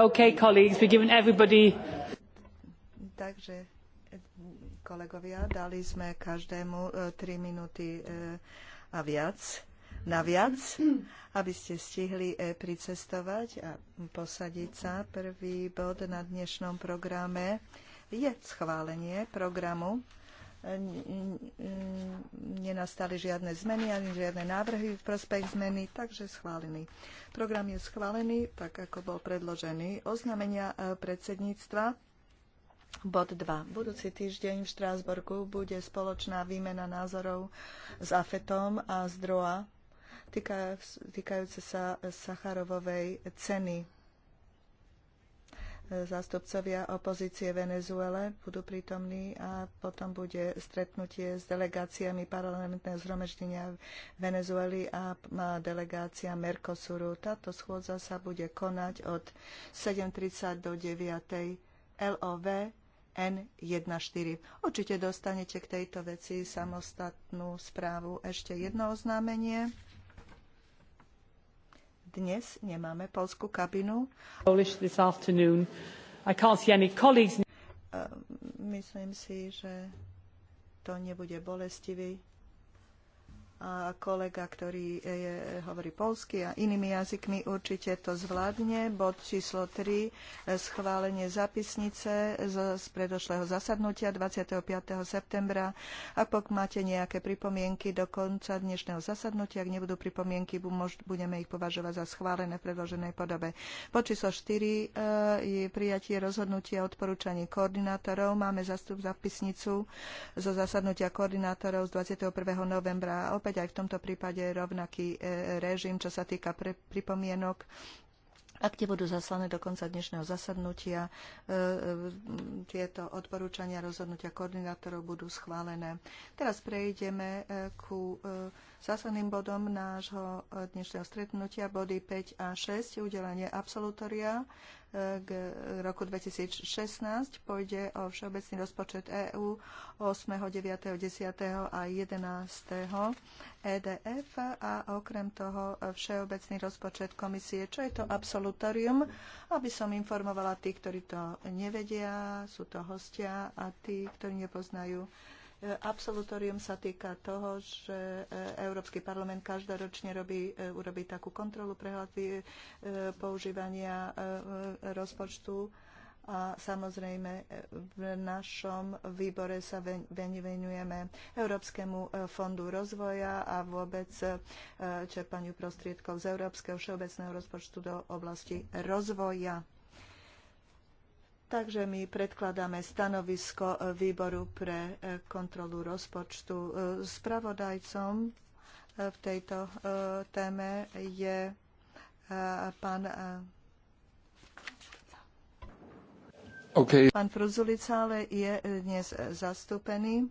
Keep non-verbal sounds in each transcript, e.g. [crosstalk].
Okay, colleagues, we've given everybody... Takže, kolegovia, dali sme každému 3 e, minúty e, a viac, na viac, aby ste stihli e, pricestovať a posadiť sa. Prvý bod na dnešnom programe je schválenie programu nenastali žiadne zmeny ani žiadne návrhy v prospech zmeny, takže schválený. Program je schválený, tak ako bol predložený. Oznamenia e, predsedníctva. Bod 2. Budúci týždeň v Štrásburgu bude spoločná výmena názorov s AFETom a z DROA týkajúce sa Sacharovovej ceny zástupcovia opozície Venezuele budú prítomní a potom bude stretnutie s delegáciami parlamentného zhromaždenia Venezuely a delegácia Mercosuru. Táto schôdza sa bude konať od 7.30 do 9.00 LOV N14. Určite dostanete k tejto veci samostatnú správu. Ešte jedno oznámenie. Dnes nemáme polskú kabinu. Ehm, myslím si, že to nebude bolestivý a kolega, ktorý je, hovorí polsky a inými jazykmi, určite to zvládne. Bod číslo 3, e, schválenie zapisnice z, z predošlého zasadnutia 25. septembra. A pok máte nejaké pripomienky do konca dnešného zasadnutia, ak nebudú pripomienky, budeme ich považovať za schválené v predloženej podobe. Bod číslo 4 e, je prijatie rozhodnutia a odporúčaní koordinátorov. Máme zastup zapisnicu zo zasadnutia koordinátorov z 21. novembra. Opäť opäť aj v tomto prípade rovnaký e, režim, čo sa týka pripomienok ak tie budú zaslané do konca dnešného zasadnutia, e, e, tieto odporúčania rozhodnutia koordinátorov budú schválené. Teraz prejdeme ku zásadným bodom nášho eh, dnešného stretnutia body 5 a 6, udelenie absolutoria eh, k eh, roku 2016. Pôjde o všeobecný rozpočet EÚ 8., 9., 10. a 11. EDF a okrem toho všeobecný rozpočet komisie. Čo je to absolutorium? Aby som informovala tých, ktorí to nevedia, sú to hostia a tí, ktorí nepoznajú Absolutorium sa týka toho, že e, Európsky parlament každoročne robí, e, urobí takú kontrolu prehľady e, používania rozpočtu a samozrejme v našom výbore sa venujeme Európskemu fondu rozvoja a vôbec čerpaniu prostriedkov z Európskeho všeobecného rozpočtu do oblasti rozvoja. Takže my predkladáme stanovisko e, výboru pre e, kontrolu rozpočtu. E, spravodajcom v tejto téme je pán, okay. pán Fruzulica, ale je dnes zastúpený.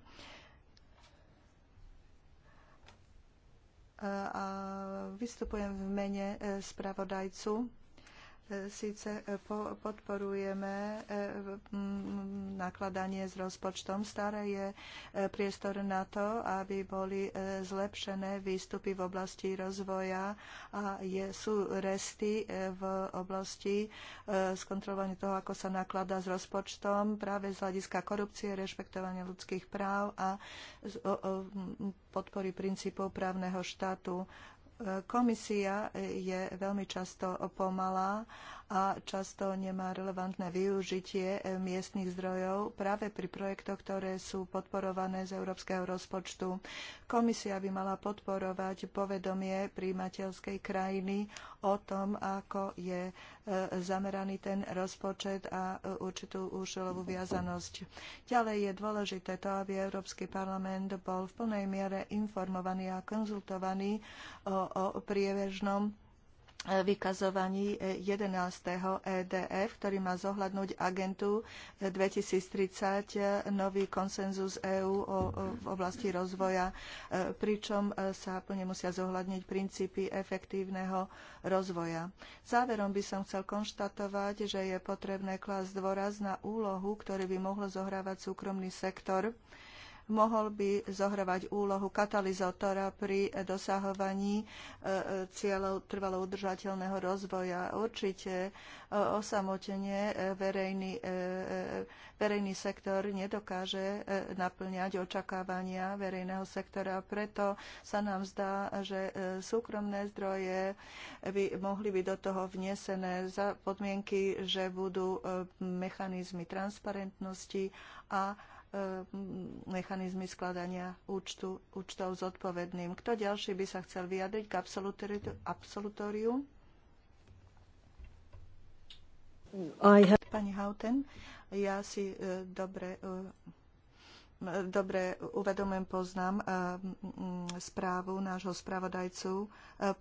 A vystupujem v mene spravodajcu síce e, podporujeme e, nakladanie s rozpočtom, staré je e, priestor na to, aby boli zlepšené výstupy v oblasti rozvoja a je, sú resty v oblasti skontrolovania toho, ako sa naklada s rozpočtom práve z hľadiska korupcie, rešpektovania ľudských práv a podpory princípov právneho štátu Komisia je veľmi často pomalá a často nemá relevantné využitie eh, miestnych zdrojov práve pri projektoch, ktoré sú podporované z európskeho rozpočtu. Komisia by mala podporovať povedomie príjimateľskej krajiny o tom, ako je eh, zameraný ten rozpočet a eh, určitú účelovú viazanosť. Ďalej je dôležité to, aby Európsky parlament bol v plnej miere informovaný a konzultovaný o, o priebežnom vykazovaní 11. EDF, ktorý má zohľadnúť agentu 2030, nový konsenzus EÚ v oblasti rozvoja, e, pričom e, sa plne musia zohľadniť princípy efektívneho rozvoja. Záverom by som chcel konštatovať, že je potrebné klásť dôraz na úlohu, ktorý by mohol zohrávať súkromný sektor mohol by zohrávať úlohu katalizátora pri dosahovaní e, e, cieľov trvalo udržateľného rozvoja. Určite e, osamotene verejný, verejný sektor nedokáže naplňať očakávania verejného sektora. Preto sa nám zdá, že súkromné zdroje by mohli byť do toho vnesené za podmienky, že budú mechanizmy transparentnosti a E, mechanizmy skladania účtu, účtov zodpovedným. Kto ďalší by sa chcel vyjadriť k absolutóriu? Pani Hauten, ja si e, dobre, e, dobre uvedomujem, poznám správu nášho spravodajcu,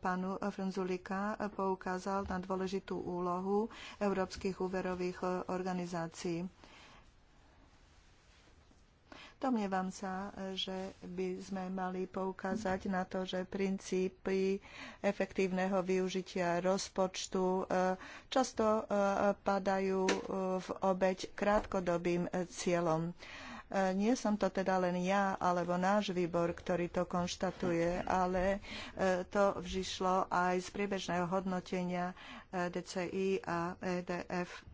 panu Frunzulika, poukázal na dôležitú úlohu európskych úverových organizácií Domnievam sa, že by sme mali poukázať na to, že princípy efektívneho využitia rozpočtu eh, často eh, padajú eh, v obeď krátkodobým cieľom. Nie som to teda len ja alebo náš výbor, ktorý to konštatuje, ale to vžišlo aj z priebežného hodnotenia DCI a EDF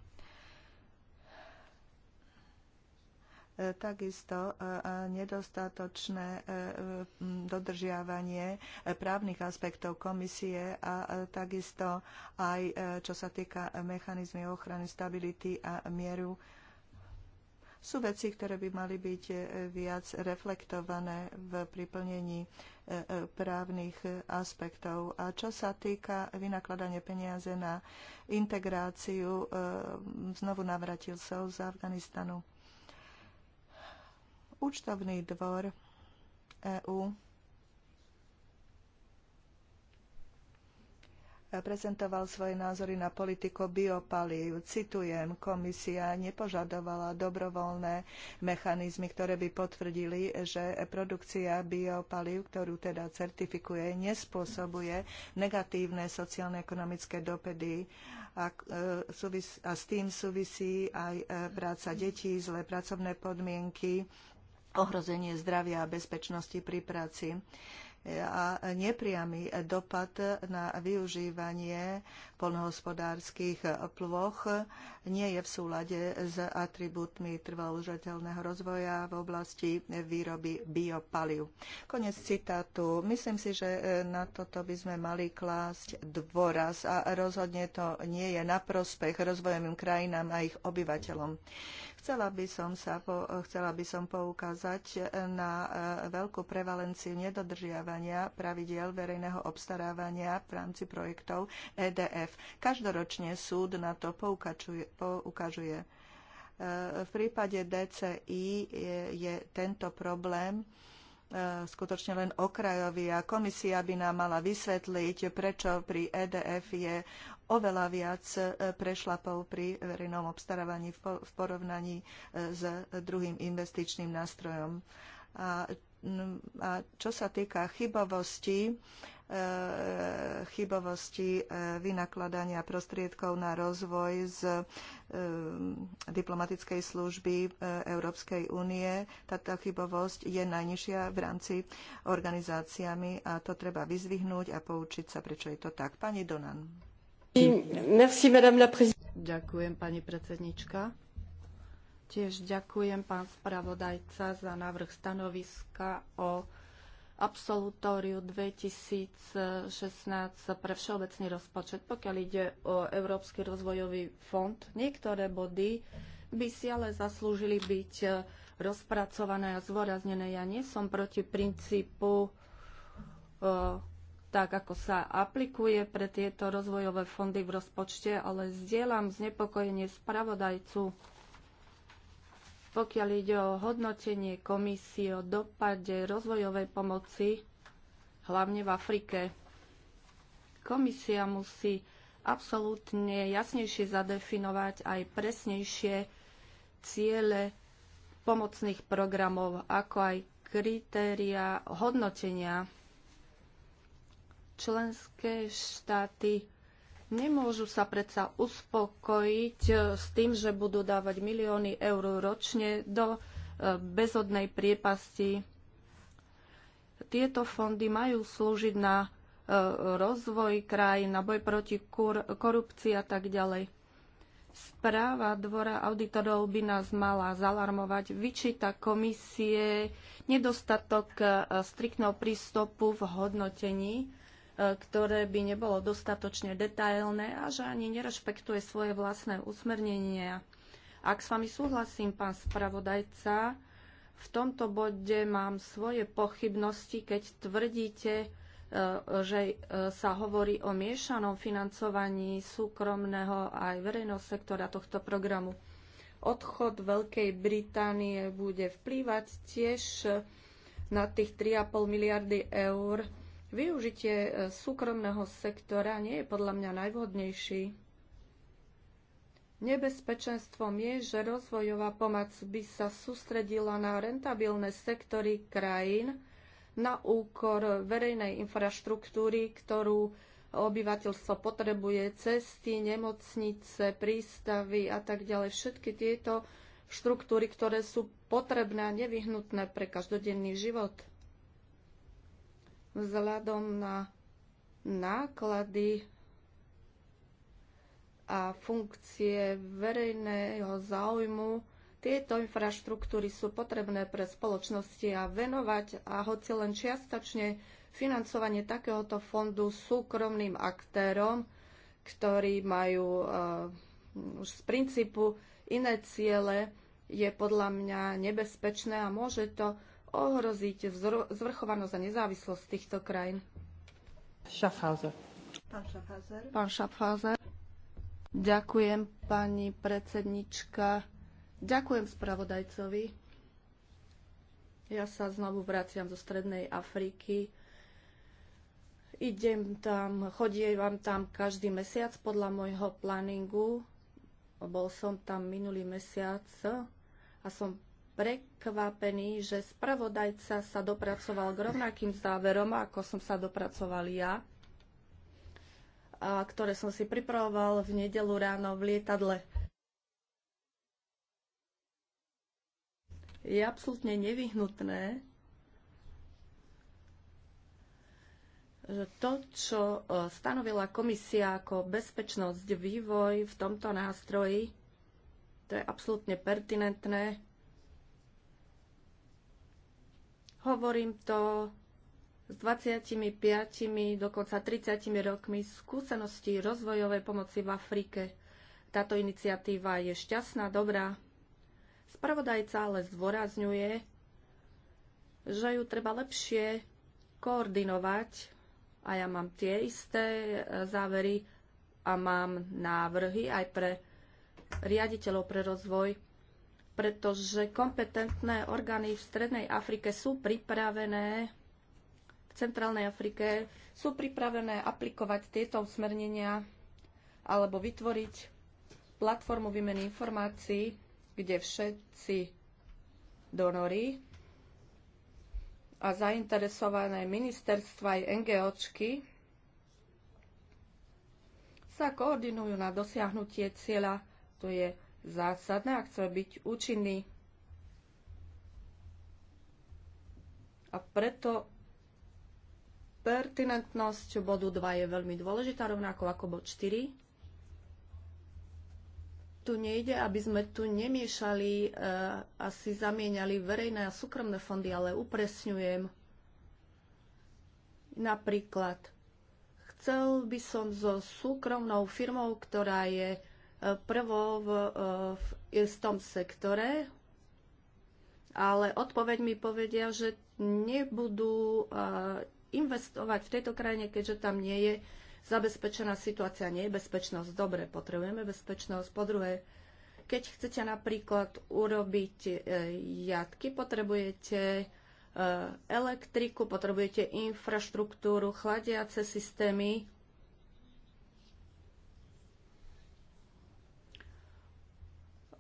takisto e, nedostatočné e, dodržiavanie e, právnych aspektov komisie a takisto aj čo sa týka mechanizmy ochrany stability a mieru sú veci, ktoré by mali byť viac reflektované v priplnení právnych aspektov. A čo sa týka vynakladania peniaze na integráciu znovu navratilcov z Afganistanu. Účtovný dvor EÚ prezentoval svoje názory na politiku biopalív. Citujem, komisia nepožadovala dobrovoľné mechanizmy, ktoré by potvrdili, že produkcia biopalív, ktorú teda certifikuje, nespôsobuje negatívne sociálne-ekonomické dopedy a, e, a s tým súvisí aj e, práca detí, zlé pracovné podmienky, ohrozenie zdravia a bezpečnosti pri práci e, a nepriamy dopad na využívanie polnohospodárskych ploch nie je v súlade s atribútmi trvalúžateľného rozvoja v oblasti výroby biopaliu. Konec citátu. Myslím si, že e, na toto by sme mali klásť dôraz a rozhodne to nie je na prospech rozvojovým krajinám a ich obyvateľom. Chcela by som, sa po, chcela by som poukázať na e, veľkú prevalenciu nedodržiavania pravidiel verejného obstarávania v rámci projektov EDF. Každoročne súd na to poukačuje, poukazuje. E, v prípade DCI je, je tento problém E, skutočne len okrajový a komisia by nám mala vysvetliť, prečo pri EDF je oveľa viac e, prešlapov pri verejnom obstarávaní v porovnaní e, s druhým investičným nástrojom. a čo sa týka chybovosti, E, chybovosti e, vynakladania prostriedkov na rozvoj z e, diplomatickej služby Európskej únie. Táto chybovosť je najnižšia v rámci organizáciami a to treba vyzvihnúť a poučiť sa, prečo je to tak. Pani Donan. Ďakujem, pani predsednička. Tiež ďakujem, pán spravodajca, za návrh stanoviska o absolutóriu 2016 pre všeobecný rozpočet, pokiaľ ide o Európsky rozvojový fond. Niektoré body by si ale zaslúžili byť rozpracované a zvoraznené. Ja nie som proti princípu o, tak, ako sa aplikuje pre tieto rozvojové fondy v rozpočte, ale zdieľam znepokojenie spravodajcu pokiaľ ide o hodnotenie komisie o dopade rozvojovej pomoci, hlavne v Afrike, komisia musí absolútne jasnejšie zadefinovať aj presnejšie ciele pomocných programov, ako aj kritéria hodnotenia. Členské štáty Nemôžu sa predsa uspokojiť e, s tým, že budú dávať milióny eur ročne do e, bezodnej priepasti. Tieto fondy majú slúžiť na e, rozvoj krajín, na boj proti korupcii a tak ďalej. Správa Dvora auditorov by nás mala zalarmovať. Vyčíta komisie nedostatok striktného prístupu v hodnotení ktoré by nebolo dostatočne detailné a že ani nerešpektuje svoje vlastné usmernenia. Ak s vami súhlasím, pán spravodajca, v tomto bode mám svoje pochybnosti, keď tvrdíte, e, že e, sa hovorí o miešanom financovaní súkromného aj verejného sektora tohto programu. Odchod Veľkej Británie bude vplývať tiež na tých 3,5 miliardy eur Využitie e, súkromného sektora nie je podľa mňa najvhodnejší. Nebezpečenstvom je, že rozvojová pomoc by sa sústredila na rentabilné sektory krajín na úkor verejnej infraštruktúry, ktorú obyvateľstvo potrebuje, cesty, nemocnice, prístavy a tak ďalej. Všetky tieto štruktúry, ktoré sú potrebné a nevyhnutné pre každodenný život vzhľadom na náklady a funkcie verejného záujmu tieto infraštruktúry sú potrebné pre spoločnosti a venovať a hoci len čiastočne financovanie takéhoto fondu súkromným aktérom, ktorí majú uh, už z princípu iné ciele, je podľa mňa nebezpečné a môže to ohroziť zvrchovanosť a nezávislosť týchto krajín. Schaffhauser. Pán Schaffhauser. Pán Schaffhauser. Ďakujem, pani predsednička. Ďakujem spravodajcovi. Ja sa znovu vraciam zo Strednej Afriky. Idem tam, chodievam tam každý mesiac podľa môjho planingu. Bol som tam minulý mesiac a som prekvapený, že spravodajca sa dopracoval k rovnakým záverom, ako som sa dopracoval ja, a ktoré som si pripravoval v nedelu ráno v lietadle. Je absolútne nevyhnutné, že to, čo e, stanovila komisia ako bezpečnosť vývoj v tomto nástroji, to je absolútne pertinentné Hovorím to s 25, dokonca 30 rokmi skúsenosti rozvojovej pomoci v Afrike. Táto iniciatíva je šťastná, dobrá. Spravodajca ale zdôrazňuje, že ju treba lepšie koordinovať a ja mám tie isté e, závery a mám návrhy aj pre riaditeľov pre rozvoj pretože kompetentné orgány v Strednej Afrike sú pripravené, v Centrálnej Afrike sú pripravené aplikovať tieto usmernenia alebo vytvoriť platformu výmeny informácií, kde všetci donory a zainteresované ministerstva aj NGOčky sa koordinujú na dosiahnutie cieľa, to je zásadné a chcel byť účinný. A preto pertinentnosť bodu 2 je veľmi dôležitá, rovnako ako bod 4. Tu nejde, aby sme tu nemiešali e, a si zamieňali verejné a súkromné fondy, ale upresňujem. Napríklad, chcel by som so súkromnou firmou, ktorá je prvo v, e, v istom sektore, ale odpoveď mi povedia, že nebudú e, investovať v tejto krajine, keďže tam nie je zabezpečená situácia, nie je bezpečnosť. Dobre, potrebujeme bezpečnosť. Po druhé, keď chcete napríklad urobiť e, jatky, potrebujete elektriku, potrebujete infraštruktúru, chladiace systémy,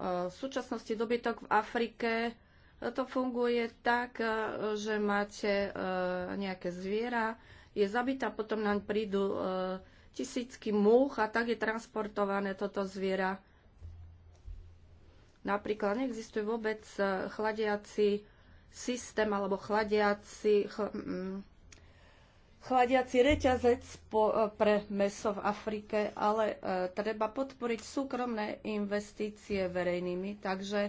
V súčasnosti dobytok v Afrike to funguje tak, e, že máte e, nejaké zviera, je zabitá, potom naň prídu e, tisícky múch a tak je transportované toto zviera. Napríklad neexistuje vôbec chladiaci systém alebo chladiaci, chl- chladiaci reťazec po, e, pre meso v Afrike, ale e, treba podporiť súkromné investície verejnými. Takže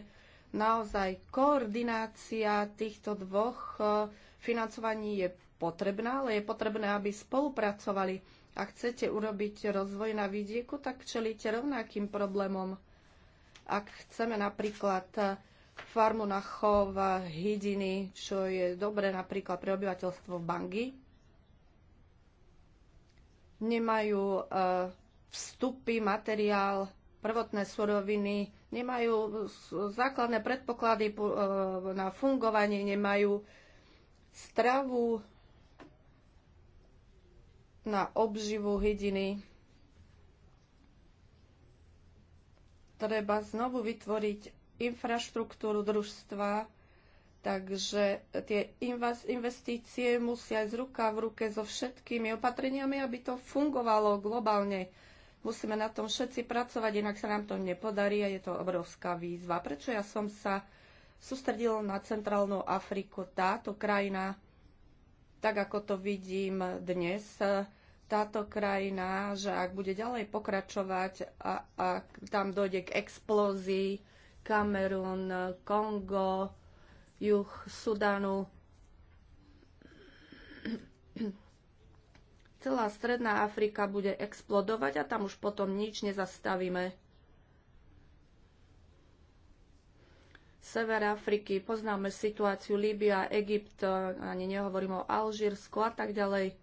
naozaj koordinácia týchto dvoch e, financovaní je potrebná, ale je potrebné, aby spolupracovali. Ak chcete urobiť rozvoj na vidieku, tak čelíte rovnakým problémom. Ak chceme napríklad e, farmu na chov hydiny, čo je dobre napríklad pre obyvateľstvo v Bangi, nemajú e, vstupy, materiál, prvotné suroviny, nemajú základné predpoklady e, na fungovanie, nemajú stravu na obživu hydiny. Treba znovu vytvoriť infraštruktúru družstva, Takže tie investície musia ísť ruka v ruke so všetkými opatreniami, aby to fungovalo globálne. Musíme na tom všetci pracovať, inak sa nám to nepodarí a je to obrovská výzva. Prečo ja som sa sústredil na Centrálnu Afriku? Táto krajina, tak ako to vidím dnes, táto krajina, že ak bude ďalej pokračovať a, a tam dojde k explózii, Kamerun, Kongo, juh Sudánu, celá Stredná Afrika bude explodovať a tam už potom nič nezastavíme. Sever Afriky, poznáme situáciu Líbia, Egypt, ani nehovorím o Alžírsku a tak ďalej.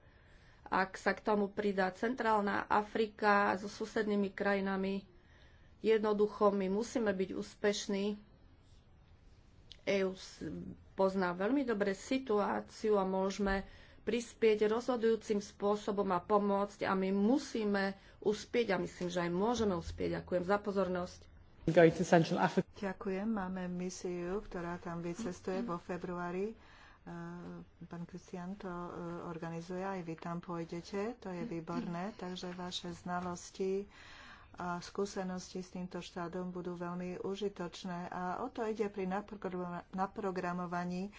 Ak sa k tomu pridá Centrálna Afrika so susednými krajinami, jednoducho my musíme byť úspešní EÚ pozná veľmi dobre situáciu a môžeme prispieť rozhodujúcim spôsobom a pomôcť a my musíme uspieť a myslím, že aj môžeme uspieť. Ďakujem za pozornosť. Ďakujem. Máme misiu, ktorá tam vycestuje vo februári. E, pán Kristian to e, organizuje, aj vy tam pôjdete, to je výborné, takže vaše znalosti a skúsenosti s týmto štátom budú veľmi užitočné. A o to ide pri naprogramovaní e,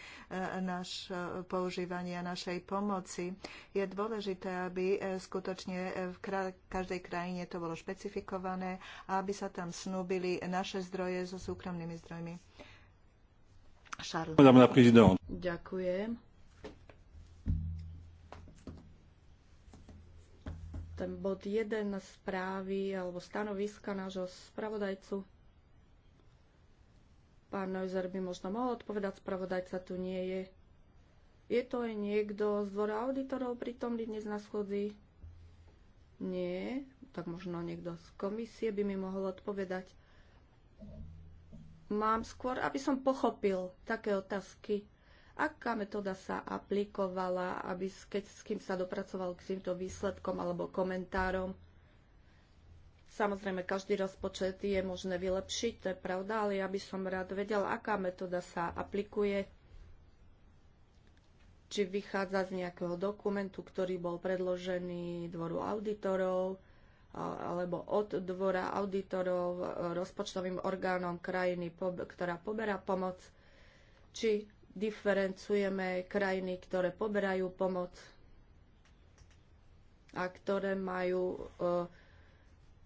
naš, e, používania našej pomoci. Je dôležité, aby e, skutočne v každej krajine to bolo špecifikované a aby sa tam snúbili naše zdroje so súkromnými zdrojmi. Charles. Ďakujem. ten bod 1 správy alebo stanoviska nášho spravodajcu. Pán Neuser by možno mohol odpovedať, spravodajca tu nie je. Je to aj niekto z dvora auditorov pritomný dnes na schodzi? Nie, tak možno niekto z komisie by mi mohol odpovedať. Mám skôr, aby som pochopil také otázky aká metóda sa aplikovala, aby keď, s kým sa dopracoval k týmto výsledkom alebo komentárom. Samozrejme, každý rozpočet je možné vylepšiť, to je pravda, ale ja by som rád vedel, aká metóda sa aplikuje, či vychádza z nejakého dokumentu, ktorý bol predložený dvoru auditorov, alebo od dvora auditorov e, rozpočtovým orgánom krajiny, ktorá poberá pomoc, či diferencujeme krajiny, ktoré poberajú pomoc a ktoré majú e,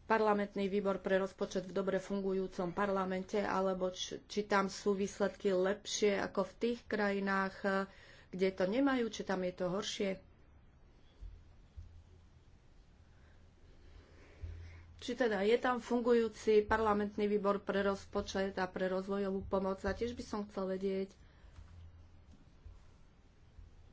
parlamentný výbor pre rozpočet v dobre fungujúcom parlamente, alebo či, či tam sú výsledky lepšie ako v tých krajinách, e, kde to nemajú, či tam je to horšie. či teda je tam fungujúci parlamentný výbor pre rozpočet a pre rozvojovú pomoc a tiež by som chcel vedieť,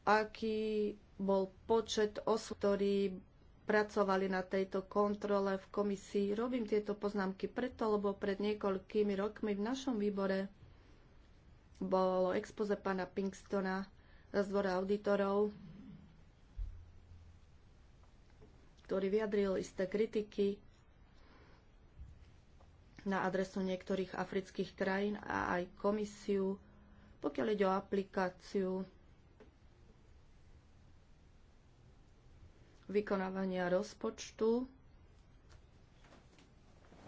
aký bol počet osôb, ktorí pracovali na tejto kontrole v komisii. Robím tieto poznámky preto, lebo pred niekoľkými rokmi v našom výbore bolo expoze pána Pinkstona z dvora auditorov, ktorý vyjadril isté kritiky na adresu niektorých afrických krajín a aj komisiu, pokiaľ ide o aplikáciu vykonávania rozpočtu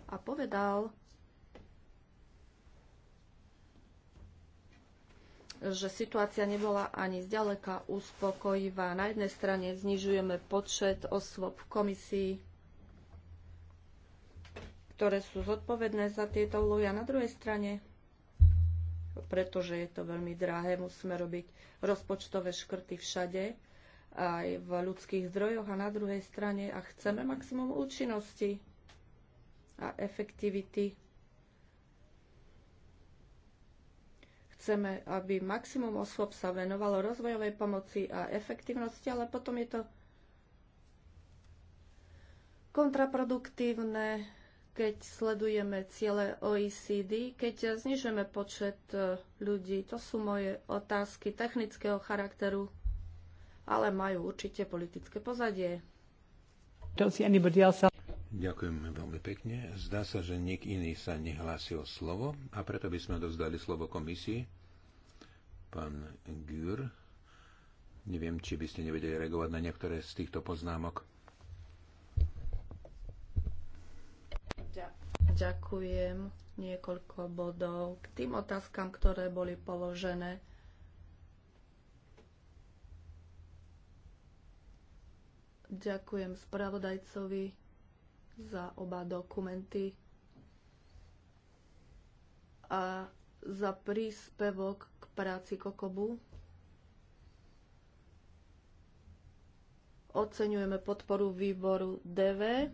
a povedal, že situácia nebola ani zďaleka uspokojivá. Na jednej strane znižujeme počet osôb v komisii, ktoré sú zodpovedné za tieto úlohy a na druhej strane, pretože je to veľmi drahé, musíme robiť rozpočtové škrty všade aj v ľudských zdrojoch a na druhej strane a chceme maximum účinnosti a efektivity. Chceme, aby maximum osôb sa venovalo rozvojovej pomoci a efektivnosti, ale potom je to kontraproduktívne, keď sledujeme ciele OECD, keď znižujeme počet eh, ľudí. To sú moje otázky technického charakteru ale majú určite politické pozadie. Ďakujem veľmi pekne. Zdá sa, že nik iný sa nehlásil slovo a preto by sme dozdali slovo komisii. Pán Gür, neviem, či by ste nevedeli reagovať na niektoré z týchto poznámok. Ďakujem. Niekoľko bodov k tým otázkam, ktoré boli položené Ďakujem spravodajcovi za oba dokumenty a za príspevok k práci Kokobu. Oceňujeme podporu výboru DV.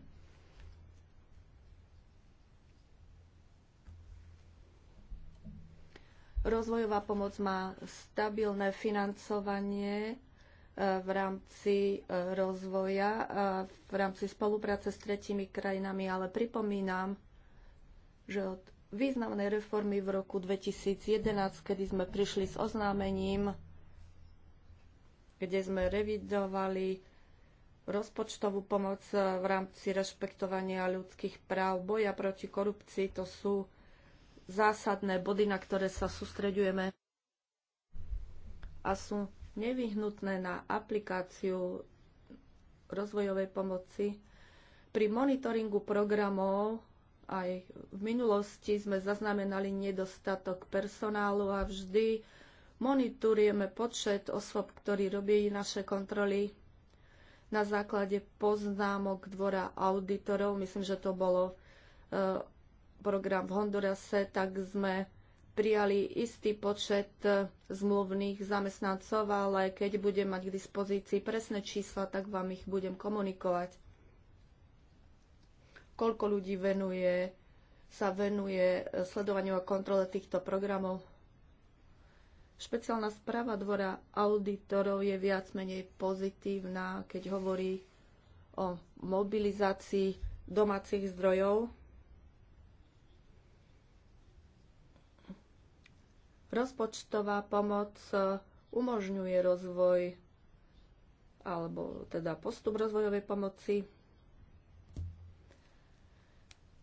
Rozvojová pomoc má stabilné financovanie v rámci e, rozvoja, e, v rámci spolupráce s tretimi krajinami, ale pripomínam, že od významnej reformy v roku 2011, kedy sme prišli s oznámením, kde sme revidovali rozpočtovú pomoc e, v rámci rešpektovania ľudských práv, boja proti korupcii, to sú zásadné body, na ktoré sa sústreďujeme a sú nevyhnutné na aplikáciu rozvojovej pomoci. Pri monitoringu programov aj v minulosti sme zaznamenali nedostatok personálu a vždy monitorujeme počet osôb, ktorí robí naše kontroly na základe poznámok dvora auditorov. Myslím, že to bolo e, program v Hondurase, tak sme prijali istý počet e, zmluvných zamestnancov, ale keď budem mať k dispozícii presné čísla, tak vám ich budem komunikovať. Koľko ľudí venuje, sa venuje e, sledovaniu a kontrole týchto programov? Špeciálna správa dvora auditorov je viac menej pozitívna, keď hovorí o mobilizácii domácich zdrojov Rozpočtová pomoc e, umožňuje rozvoj alebo teda postup rozvojovej pomoci.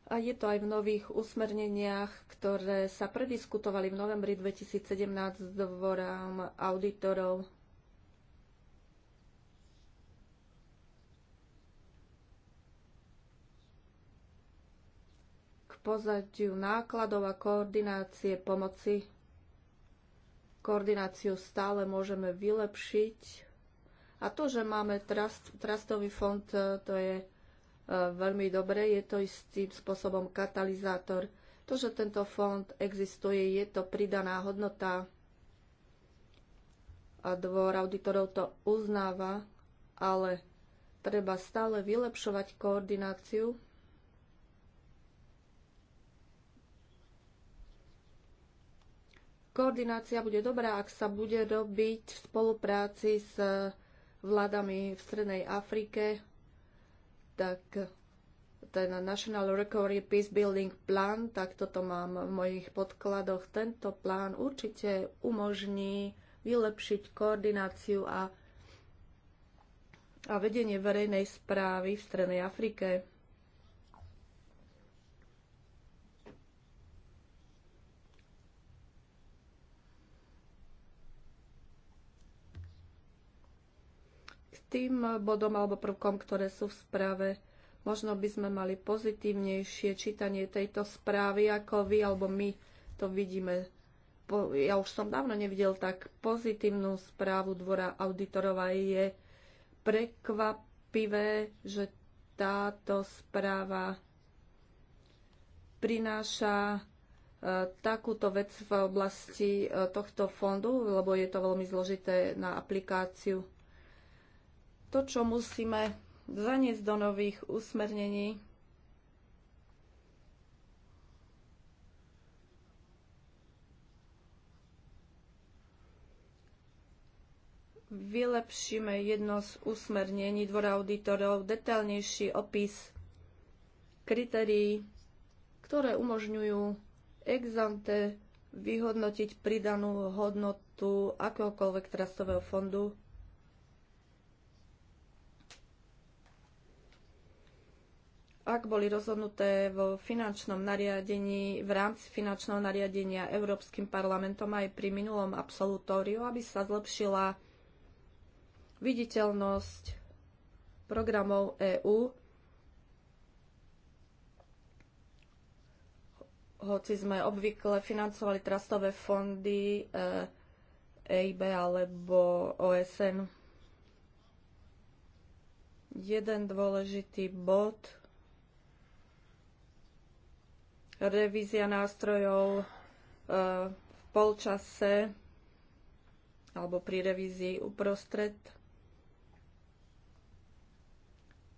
A je to aj v nových usmerneniach, ktoré sa prediskutovali v novembri 2017 s dvorám auditorov. K pozadiu nákladov a koordinácie pomoci koordináciu stále môžeme vylepšiť. A to, že máme trust, trustový fond, e, to je e, veľmi dobré, je to istým spôsobom katalizátor. To, že tento fond existuje, je to pridaná hodnota a dvor auditorov to uznáva, ale treba stále vylepšovať koordináciu Koordinácia bude dobrá, ak sa bude robiť v spolupráci s eh, vládami v Strednej Afrike, tak ten National Recovery Peace Building tak toto mám v mojich podkladoch. Tento plán určite umožní vylepšiť koordináciu a, a vedenie verejnej správy v Strednej Afrike. tým bodom alebo prvkom, ktoré sú v správe. Možno by sme mali pozitívnejšie čítanie tejto správy ako vy alebo my to vidíme. Ja už som dávno nevidel tak pozitívnu správu dvora auditorova je prekvapivé, že táto správa prináša e, takúto vec v oblasti e, tohto fondu, lebo je to veľmi zložité na aplikáciu to, čo musíme zaniesť do nových usmernení, vylepšíme jedno z usmernení dvora auditorov, detailnejší opis kritérií, ktoré umožňujú exante vyhodnotiť pridanú hodnotu akéhokoľvek trastového fondu ak boli rozhodnuté v finančnom nariadení, v rámci finančného nariadenia Európskym parlamentom aj pri minulom absolutóriu, aby sa zlepšila viditeľnosť programov EÚ, hoci sme obvykle financovali trastové fondy EIB eh, e alebo OSN. Jeden dôležitý bod – revízia nástrojov e, v polčase alebo pri revízii uprostred.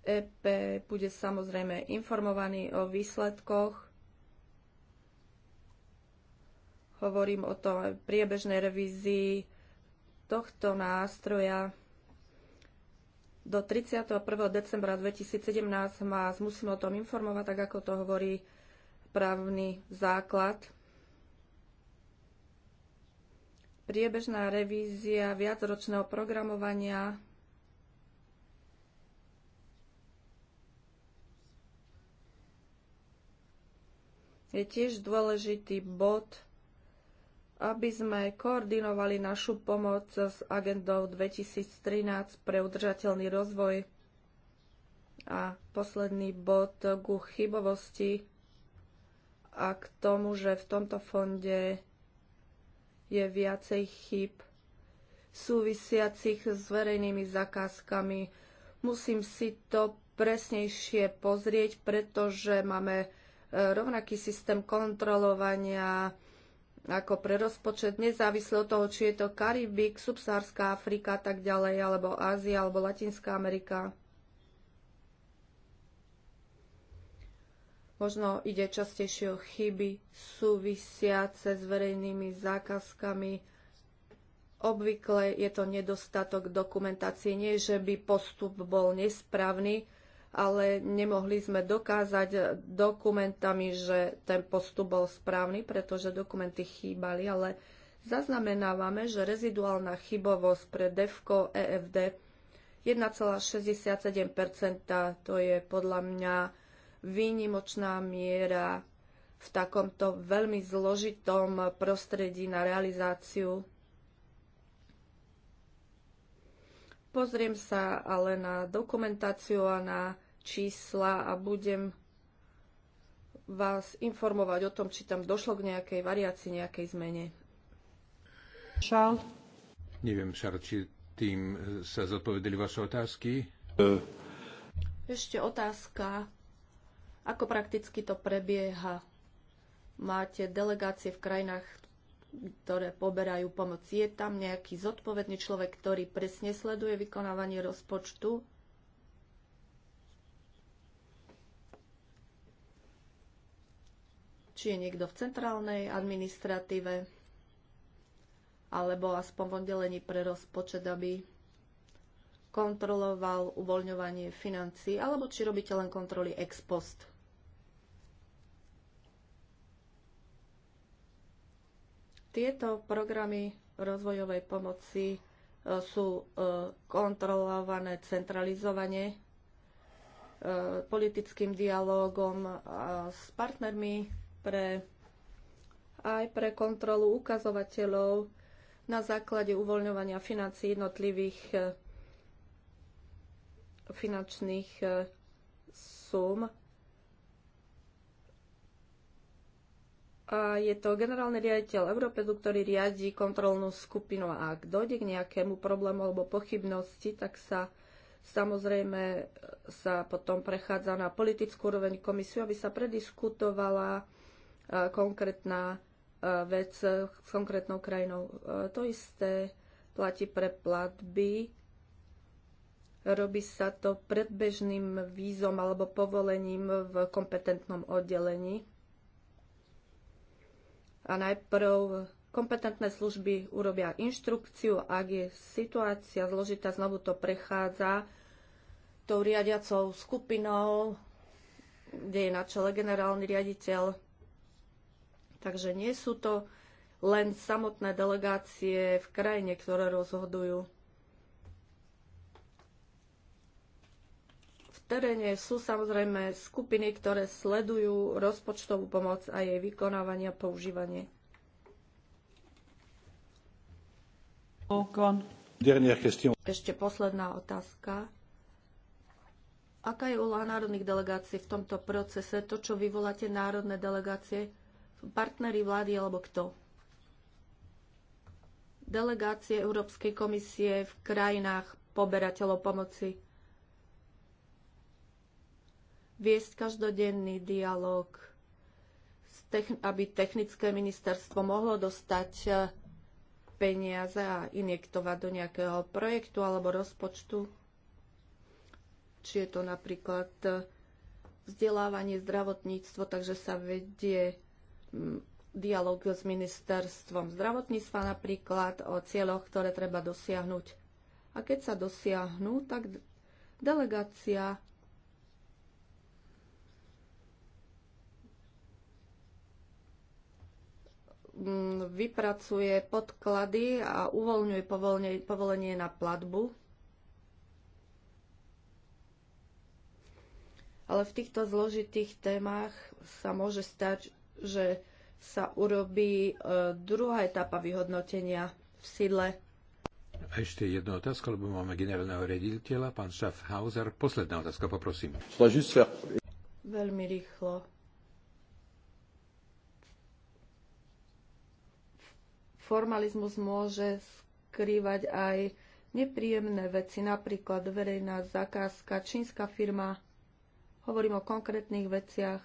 EP bude samozrejme informovaný o výsledkoch. Hovorím o tom priebežnej revízii tohto nástroja. Do 31. decembra 2017 vás musím o tom informovať, tak ako to hovorí právny základ. Priebežná revízia viacročného programovania je tiež dôležitý bod, aby sme koordinovali našu pomoc s agendou 2013 pre udržateľný rozvoj. A posledný bod ku chybovosti a k tomu, že v tomto fonde je viacej chyb súvisiacich s verejnými zakázkami. Musím si to presnejšie pozrieť, pretože máme e, rovnaký systém kontrolovania ako pre rozpočet, nezávisle od toho, či je to Karibik, Subsárska Afrika tak ďalej, alebo Ázia, alebo Latinská Amerika. Možno ide častejšie o chyby súvisiace s verejnými zákazkami. Obvykle je to nedostatok dokumentácie. Nie, že by postup bol nesprávny, ale nemohli sme dokázať dokumentami, že ten postup bol správny, pretože dokumenty chýbali, ale zaznamenávame, že reziduálna chybovosť pre DEFCO EFD 1,67%, to je podľa mňa výnimočná miera v takomto veľmi zložitom prostredí na realizáciu. Pozriem sa ale na dokumentáciu a na čísla a budem vás informovať o tom, či tam došlo k nejakej variácii, nejakej zmene. Šal? Neviem, Šar, či tým sa zodpovedali vaše otázky. E. Ešte otázka ako prakticky to prebieha? Máte delegácie v krajinách, ktoré poberajú pomoc. Je tam nejaký zodpovedný človek, ktorý presne sleduje vykonávanie rozpočtu? Či je niekto v centrálnej administratíve? Alebo aspoň v oddelení pre rozpočet, aby kontroloval uvoľňovanie financií? Alebo či robíte len kontroly ex post? Tieto programy rozvojovej pomoci e, sú e, kontrolované centralizovanie, e, politickým dialogom s partnermi pre, aj pre kontrolu ukazovateľov na základe uvoľňovania financí jednotlivých finančných sum je to generálny riaditeľ Europedu, ktorý riadi kontrolnú skupinu a ak dojde k nejakému problému alebo pochybnosti, tak sa samozrejme sa potom prechádza na politickú úroveň komisiu, aby sa prediskutovala e, konkrétna e, vec s konkrétnou krajinou. E, to isté platí pre platby. Robí sa to predbežným vízom alebo povolením v kompetentnom oddelení a najprv kompetentné služby urobia inštrukciu, ak je situácia zložitá, znovu to prechádza tou riadiacou skupinou, kde je na čele generálny riaditeľ. Takže nie sú to len samotné delegácie v krajine, ktoré rozhodujú. teréne sú samozrejme skupiny, ktoré sledujú rozpočtovú pomoc a jej vykonávanie a používanie. Ešte posledná otázka. Aká je úloha národných delegácií v tomto procese? To, čo vyvoláte národné delegácie, partnery vlády alebo kto? Delegácie Európskej komisie v krajinách poberateľov pomoci viesť každodenný dialog, aby technické ministerstvo mohlo dostať eh, peniaze a injektovať do nejakého projektu alebo rozpočtu. Či je to napríklad eh, vzdelávanie, zdravotníctvo, takže sa vedie mm, dialog s ministerstvom zdravotníctva napríklad o cieľoch, ktoré treba dosiahnuť. A keď sa dosiahnu, tak delegácia vypracuje podklady a uvoľňuje povolenie na platbu. Ale v týchto zložitých témach sa môže stať, že sa urobí e, druhá etapa vyhodnotenia v sídle. Ešte jedna otázka, lebo máme generálneho rediteľa, pán Schaffhauser. Posledná otázka, poprosím. Veľmi rýchlo formalizmus môže skrývať aj nepríjemné veci, napríklad verejná zakázka, čínska firma. Hovorím o konkrétnych veciach.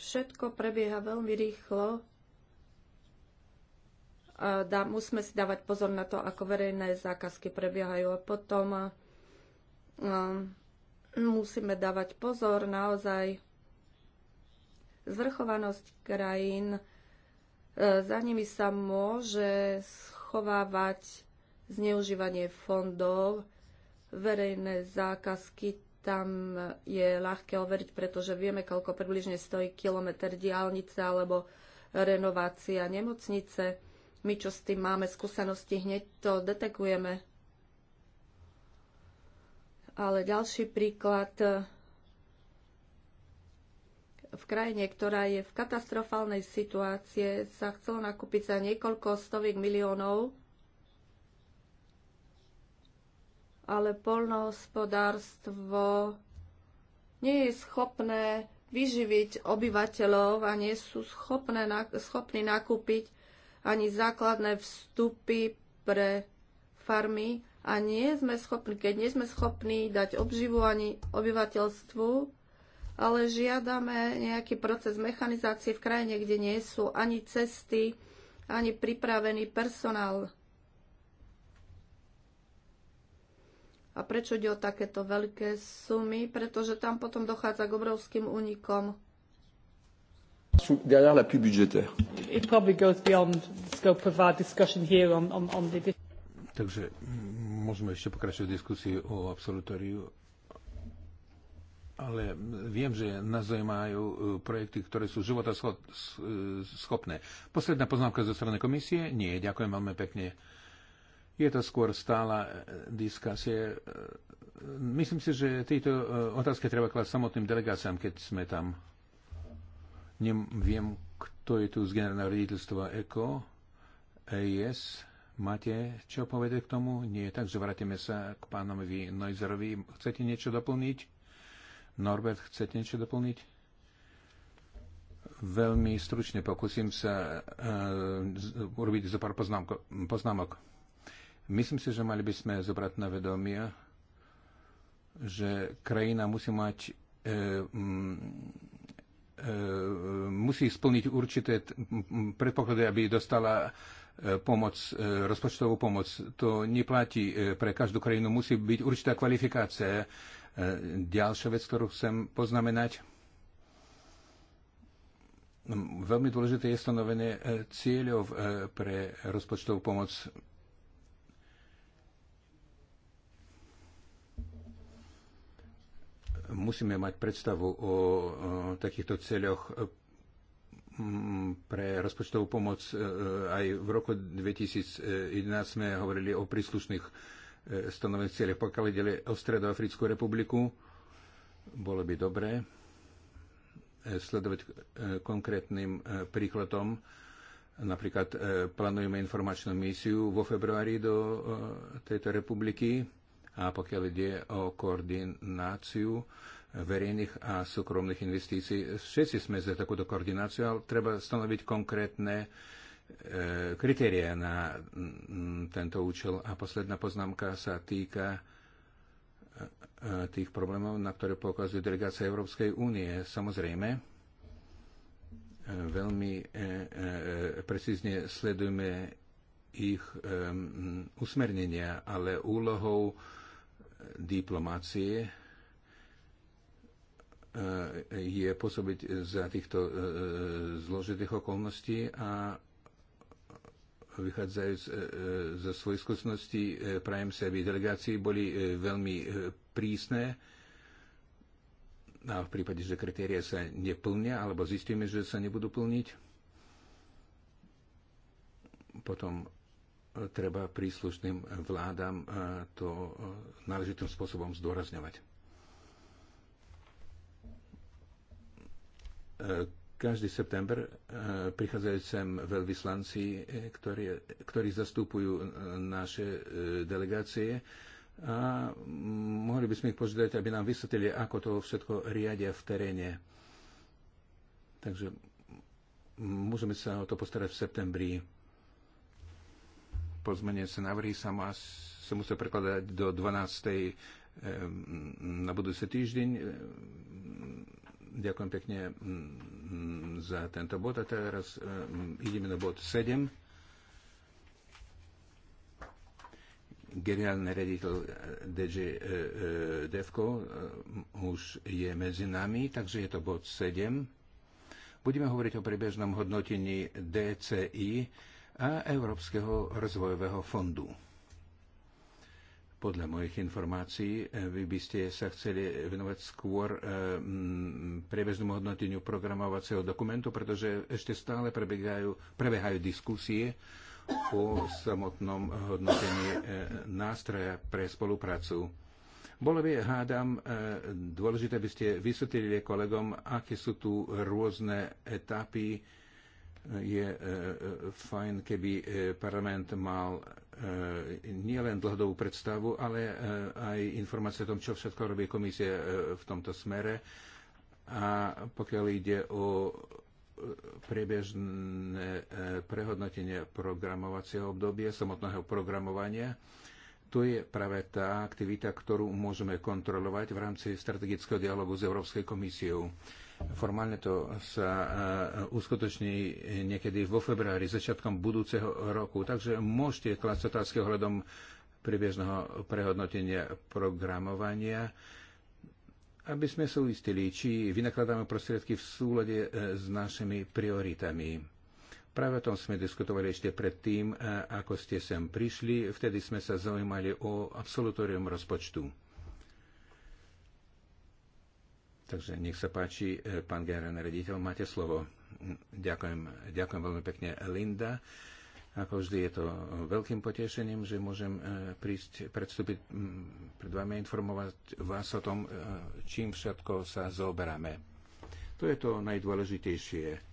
Všetko prebieha veľmi rýchlo, dá, musíme si dávať pozor na to, ako verejné zákazky prebiehajú. A potom Ehm, musíme dávať pozor naozaj zvrchovanosť krajín, e, za nimi sa môže schovávať zneužívanie fondov, verejné zákazky, tam je ľahké overiť, pretože vieme, koľko približne stojí kilometr diálnice alebo renovácia nemocnice. My, čo s tým máme skúsenosti, hneď to detekujeme. Ale ďalší príklad eh, v krajine, ktorá je v katastrofálnej situácie, sa chcelo nakúpiť za niekoľko stoviek miliónov, ale polnohospodárstvo nie je schopné vyživiť obyvateľov a nie sú schopné, schopní nakúpiť ani základné vstupy pre farmy a nie sme schopní, keď nie sme schopní dať obživu ani obyvateľstvu, ale žiadame nejaký proces mechanizácie v krajine, kde nie sú ani cesty, ani pripravený personál. A prečo ide o takéto veľké sumy? Pretože tam potom dochádza k obrovským únikom. Derrière la budgétaire. It probably goes beyond the scope of our discussion here on, on, on the... Takže môžeme ešte pokračovať diskusiu o absolutóriu, ale viem, že nás zaujímajú e, projekty, ktoré sú života e, schopné. Posledná poznámka zo strany komisie? Nie, ďakujem veľmi pekne. Je to skôr stála e, diskusie. Myslím si, že tejto otázky treba klásť samotným delegáciám, keď sme tam. Neviem, kto je tu z generálneho riaditeľstva ECO, AES. Máte čo povedať k tomu? Nie, takže vrátime sa k pánovi Noizerovi. Chcete niečo doplniť? Norbert, chcete niečo doplniť? Veľmi stručne pokúsim sa uh, urobiť zo pár poznámok. Myslím si, že mali by sme zobrať na vedomie, že krajina musí mať uh, uh, musí splniť určité predpoklady, aby dostala uh, pomoc, e, rozpočtovú pomoc. To neplatí e, pre každú krajinu. Musí byť určitá kvalifikácia. E, ďalšia vec, ktorú chcem poznamenať, no, veľmi dôležité je stanovenie cieľov pre rozpočtovú pomoc. Musíme mať predstavu o takýchto cieľoch Mm, pre rozpočtovú pomoc e, e, aj v roku 2011 sme hovorili o príslušných e, stanovených cieľoch. Pokiaľ ide o Stredoafrickú republiku, bolo by dobré sledovať konkrétnym príkladom. Napríklad plánujeme informačnú misiu vo februári do tejto republiky a pokiaľ ide o koordináciu, verejných a súkromných investícií. Všetci sme za takúto koordináciu, ale treba stanoviť konkrétne e, kritéria na tento účel. A posledná poznámka sa týka e, e, tých problémov, na ktoré pokazuje delegácia Európskej únie. Samozrejme, veľmi precízne sledujeme ich usmernenia, ale úlohou diplomácie Eh, je pôsobiť za týchto eh, zložitých okolností a vychádzajúc eh, zo svojej skúsenosti, prajem sa, aby delegácii boli veľmi prísne a v prípade, že kritéria sa neplnia alebo zistíme, že sa nebudú plniť, potom treba príslušným vládam to náležitým spôsobom zdôrazňovať. E, každý september e, prichádzajú sem veľvyslanci, e, ktorí, ktorí zastupujú naše delegácie a mohli by sme ich požiadať, aby nám vysvetlili, ako to všetko riadia v teréne. Takže môžeme sa o to postarať v septembri. Pozmenie sa návrhy sa, má, sa musia prekladať do 12. na budúci týždeň. Ďakujem pekne mm, mm, za tento bod. A teraz e, mm, ideme na bod 7. Generálny rediteľ e, DG e, Devko už je medzi nami, takže je to bod 7. Budeme hovoriť o priebežnom hodnotení DCI a Európskeho rozvojového fondu. Podľa mojich informácií e, vy by ste sa chceli venovať skôr e, priebežnému hodnoteniu programovacieho dokumentu, pretože ešte stále prebiehajú, prebiehajú diskusie o samotnom hodnotení e, nástroja pre spoluprácu. Bolo by, hádam, dôležité, by ste vysvetlili kolegom, aké sú tu rôzne etapy je e, e, fajn, keby e, parlament mal nielen dlhodobú predstavu, ale aj informácie o tom, čo všetko robí komisie v tomto smere. A pokiaľ ide o priebežné prehodnotenie programovacieho obdobia, samotného programovania, to je práve tá aktivita, ktorú môžeme kontrolovať v rámci strategického dialogu s Európskej komisiou. Formálne to sa e, uskutoční niekedy vo februári, začiatkom budúceho roku. Takže môžete klásť otázky ohľadom priebežného prehodnotenia programovania, aby sme sa uistili, či vynakladáme prostriedky v súlade e, s našimi prioritami. Práve o tom sme diskutovali ešte predtým, e, ako ste sem prišli. Vtedy sme sa zaujímali o absolutórium rozpočtu. Takže nech sa páči, e, pán generálny rediteľ, máte slovo. Ďakujem, ďakujem veľmi pekne, Linda. Ako vždy je to veľkým potešením, že môžem e, prísť, predstúpiť pred vami a informovať vás o tom, e, čím všetko sa zoberáme. To je to najdôležitejšie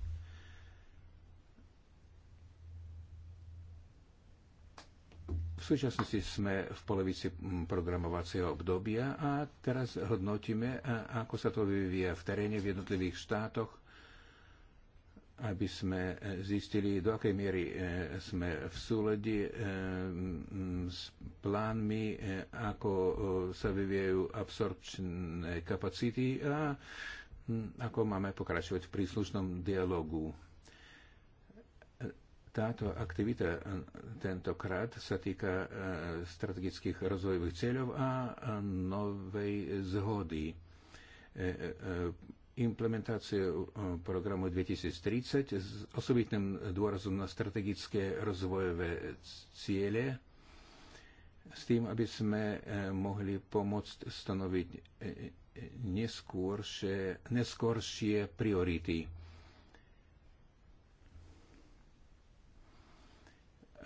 V súčasnosti sme v polovici programovacieho obdobia a teraz hodnotíme, ako sa to vyvíja v teréne v jednotlivých štátoch, aby sme e, zistili, do akej miery e, sme v súledi e, s plánmi, ako sa vyvíjajú absorpčné kapacity a ako máme pokračovať v príslušnom dialogu táto aktivita eh, tentokrát sa týka eh, strategických rozvojových cieľov a eh, novej zhody. Implementáciu programu 2030 s osobitným dôrazom na strategické rozvojové ciele s tým, aby sme mohli pomôcť stanoviť neskôršie, neskôršie priority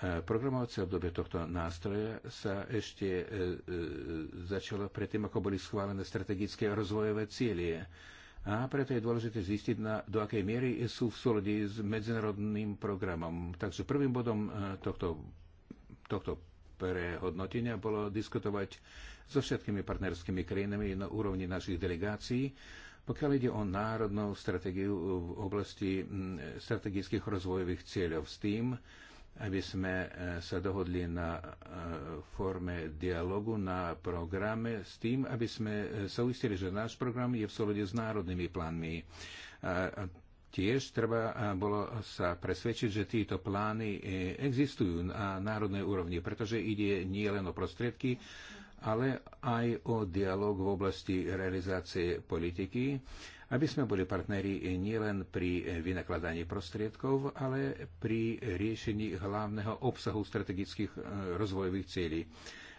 Programovacie obdobie tohto nástroja sa ešte e, e, začalo predtým, ako boli schválené strategické rozvojové cieľe. A preto je dôležité zistiť, na, do akej miery sú v súlade s medzinárodným programom. Takže prvým bodom e, tohto, tohto prehodnotenia bolo diskutovať so všetkými partnerskými krajinami na úrovni našich delegácií, pokiaľ ide o národnú stratégiu v oblasti strategických rozvojových cieľov s tým, aby sme eh, sa dohodli na eh, forme dialogu, na programe s tým, aby sme eh, sa uistili, že náš program je v súlade s národnými plánmi. A tiež treba bolo sa presvedčiť, že títo plány existujú na národnej úrovni, pretože ide nie len o prostriedky, ale aj o dialog v oblasti realizácie politiky aby sme boli partneri nielen pri vynakladaní prostriedkov, ale pri riešení hlavného obsahu strategických e, rozvojových cieľí.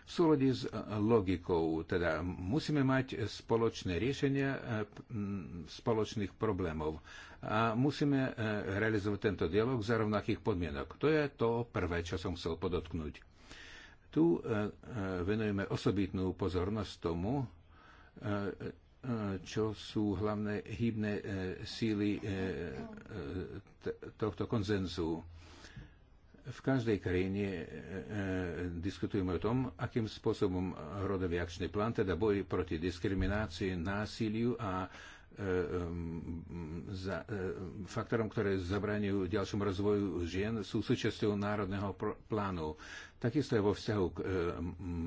V súlade s e, logikou, teda musíme mať spoločné riešenia e, spoločných problémov a musíme realizovať tento dialog za rovnakých podmienok. To je to prvé, čo som chcel podotknúť. Tu venujeme osobitnú pozornosť tomu, čo sú hlavné hybné e, síly e, e, tohto konzenzu. V každej krajine diskutujeme o tom, akým spôsobom rodový akčný plán, teda boj proti diskriminácii, násiliu a za, faktorom, ktoré zabraňujú ďalšom rozvoju žien, sú súčasťou národného plánu. Takisto aj vo vzťahu k e,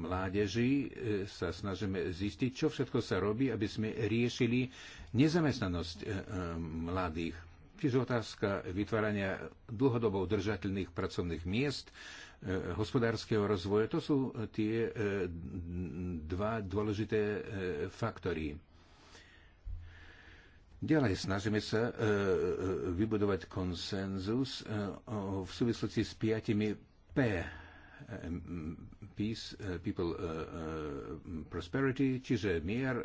mládeži e, sa snažíme zistiť, čo všetko sa robí, aby sme riešili nezamestnanosť e, mladých. Čiže otázka vytvárania dlhodobo udržateľných pracovných miest, hospodárskeho rozvoja, to sú tie dva dôležité faktory. Ďalej snažíme sa vybudovať konsenzus v súvislosti s piatimi P Uh, peace, uh, People, uh, Prosperity, čiže mier,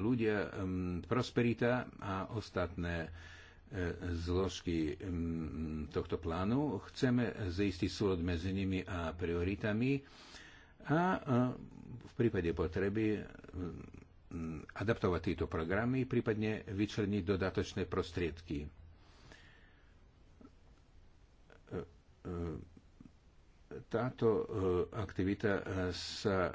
ľudia, um, prosperita a ostatné zložky um, tohto plánu. Chceme zistiť súlod medzi nimi a prioritami a v prípade potreby um, adaptovať tieto programy, prípadne vyčleniť dodatočné prostriedky táto eh, aktivita eh, sa eh,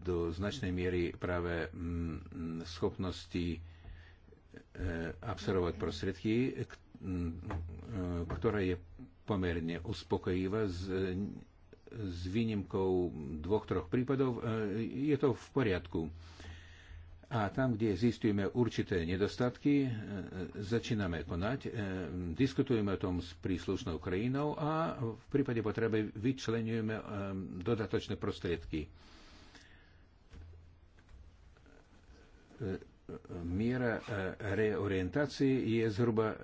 do značnej miery práve mm, schopnosti absorbovať prostriedky, mm, ktorá je pomerne uspokojivá s, s výnimkou dvoch, troch prípadov. Je to v poriadku a tam, kde zistujeme určité nedostatky, e, e, začíname konať, e, diskutujeme o tom s príslušnou krajinou a v prípade potreby vyčlenujeme dodatočné prostriedky. Miera reorientácie je zhruba 5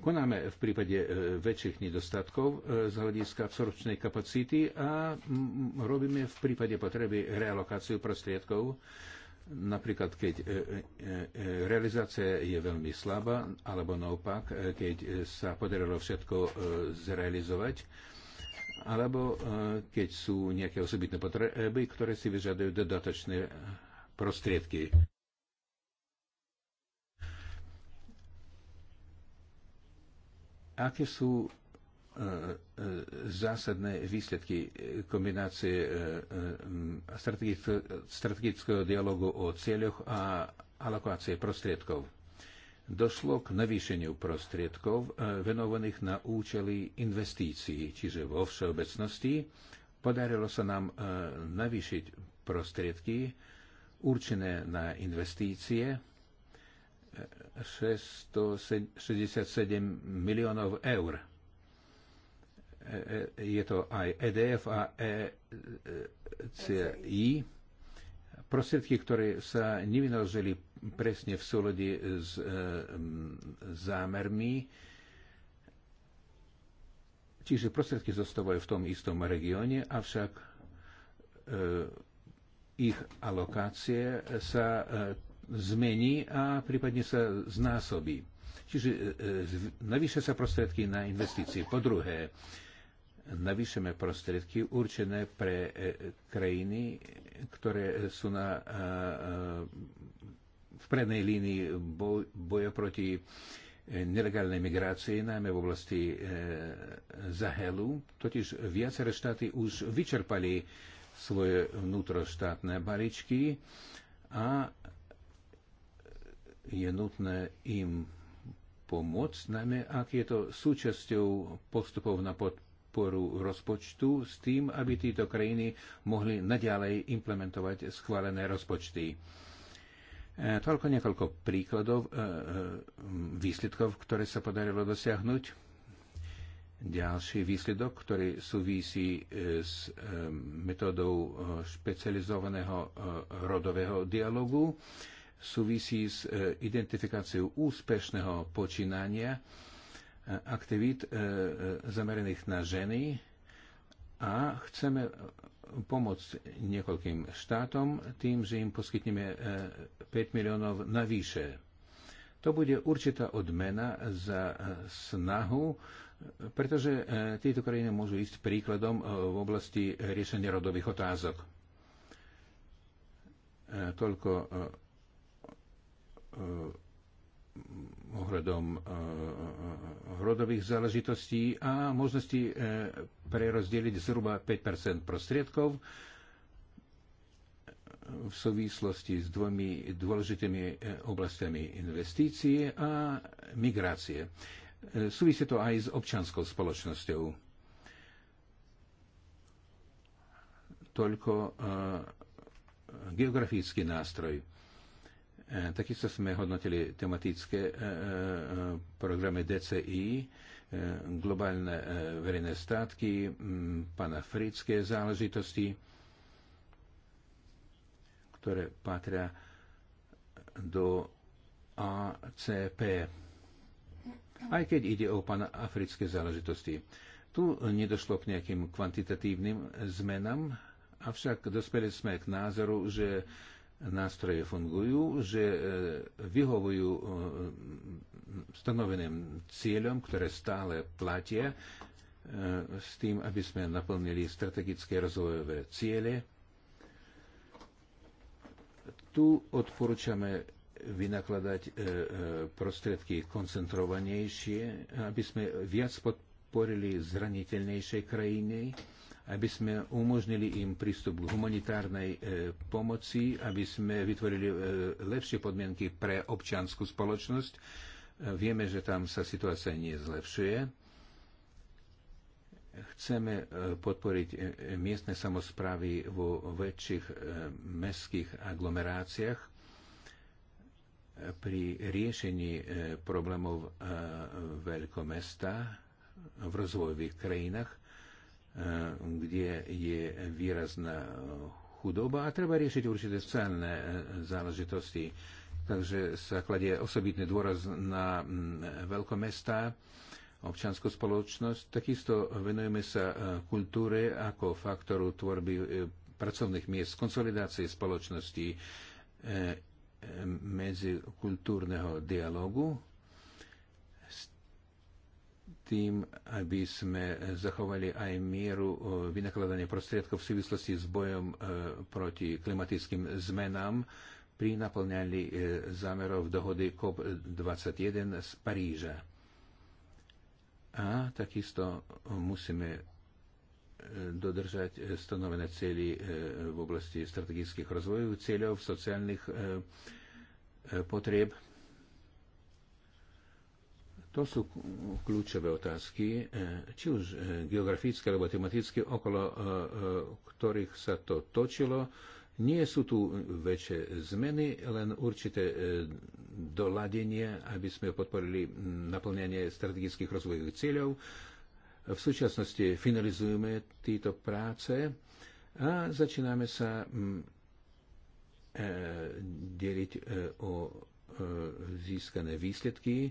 konáme v prípade e, väčších nedostatkov e, z hľadiska absorpčnej kapacity a mm, robíme v prípade potreby realokáciu prostriedkov. Napríklad, keď e, realizácia je veľmi slabá, alebo naopak, keď sa podarilo všetko zrealizovať, alebo keď sú nejaké osobitné potreby, ktoré si vyžadujú dodatočné prostriedky. Aké sú e, e, zásadné výsledky e, kombinácie strategického dialogu o cieľoch a alokácie prostriedkov. Došlo k navýšeniu prostriedkov venovaných na účely investícií, čiže vo všeobecnosti podarilo sa nám navýšiť prostriedky určené na investície 667 miliónov eur. E, e, je to aj EDF a ECI. Prostriedky, ktoré sa nevynaložili presne v súlade s e, zámermi, čiže prostriedky zostávajú v tom istom regióne, avšak ich alokácie sa zmení a prípadne sa znásobí. Čiže e, e, navýšia sa prostriedky na investície. Po druhé, navýšeme prostriedky určené pre e, krajiny, ktoré sú na, v prednej línii boja proti nelegálnej migrácii, najmä v oblasti Zahelu. Totiž viaceré štáty už vyčerpali svoje vnútroštátne baričky a je nutné im pomôcť, najmä ak je to súčasťou postupov na podporu rozpočtu s tým, aby títo krajiny mohli naďalej implementovať schválené rozpočty. E, toľko niekoľko príkladov, e, e, výsledkov, ktoré sa podarilo dosiahnuť. Ďalší výsledok, ktorý súvisí s metodou špecializovaného rodového dialogu, súvisí s e, identifikáciou úspešného počínania e, aktivít e, zameraných na ženy a chceme pomôcť niekoľkým štátom tým, že im poskytneme 5 miliónov navýše. To bude určitá odmena za snahu, pretože tieto krajiny môžu ísť príkladom v oblasti riešenia rodových otázok. Toľko Eh, ohľadom hrodových eh, eh, záležitostí a možnosti prerozdeliť zhruba 5 prostriedkov v súvislosti s dvomi dôležitými oblastiami investície a migrácie. Súvisí to aj s občanskou spoločnosťou. Toľko geografický nástroj E, takisto sme hodnotili tematické e, e, programy DCI, globálne verejné státky, panafrické záležitosti, ktoré patria do ACP. Aj keď ide o panafrické záležitosti. Tu nedošlo k nejakým kvantitatívnym zmenám, avšak dospeli sme k názoru, že nástroje fungujú, že e, vyhovujú e, stanoveným cieľom, ktoré stále platia, e, s tým, aby sme naplnili strategické rozvojové ciele. Tu odporúčame vynakladať prostriedky koncentrovanejšie, aby sme viac podporili zraniteľnejšie krajiny, aby sme umožnili im prístup k humanitárnej e, pomoci, aby sme vytvorili e, lepšie podmienky pre občianskú spoločnosť. E, vieme, že tam sa situácia nezlepšuje chceme podporiť miestne samozprávy vo väčších mestských aglomeráciách pri riešení problémov veľkomesta v rozvojových krajinách Eh, kde je výrazná chudoba a treba riešiť určité sociálne eh, záležitosti. Takže sa kladie osobitný dôraz na mm, veľkomestá, občanskú spoločnosť. Takisto venujeme sa eh, kultúre ako faktoru tvorby pracovných miest, konsolidácie spoločnosti, medzikultúrneho dialogu tým, aby sme zachovali aj mieru e, vynakladania prostriedkov v súvislosti s bojom e, proti klimatickým zmenám pri naplňaní e, zámerov dohody COP21 z Paríža. A takisto musíme dodržať stanovené cieľy v oblasti strategických rozvojov, cieľov, sociálnych potrieb to sú kľúčové otázky, e, či už e, geografické alebo tematické, okolo e, ktorých sa to točilo. Nie sú tu väčšie zmeny, len určité doladenie, aby sme podporili naplňanie strategických rozvojových cieľov. V súčasnosti finalizujeme tieto práce a začíname sa deliť o získané výsledky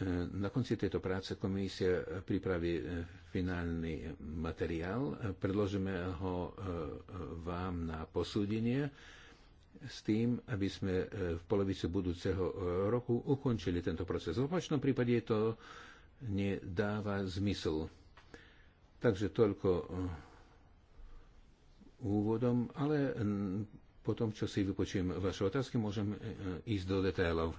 E, na konci tejto práce komisia pripraví e, finálny materiál, e, predložíme ho vám na posúdenie s tým, aby sme v polovici budúceho roku ukončili tento proces. V opačnom prípade to nedáva zmysel. Takže toľko úvodom, ale potom, čo si vypočujem vaše otázky, môžem ísť do detailov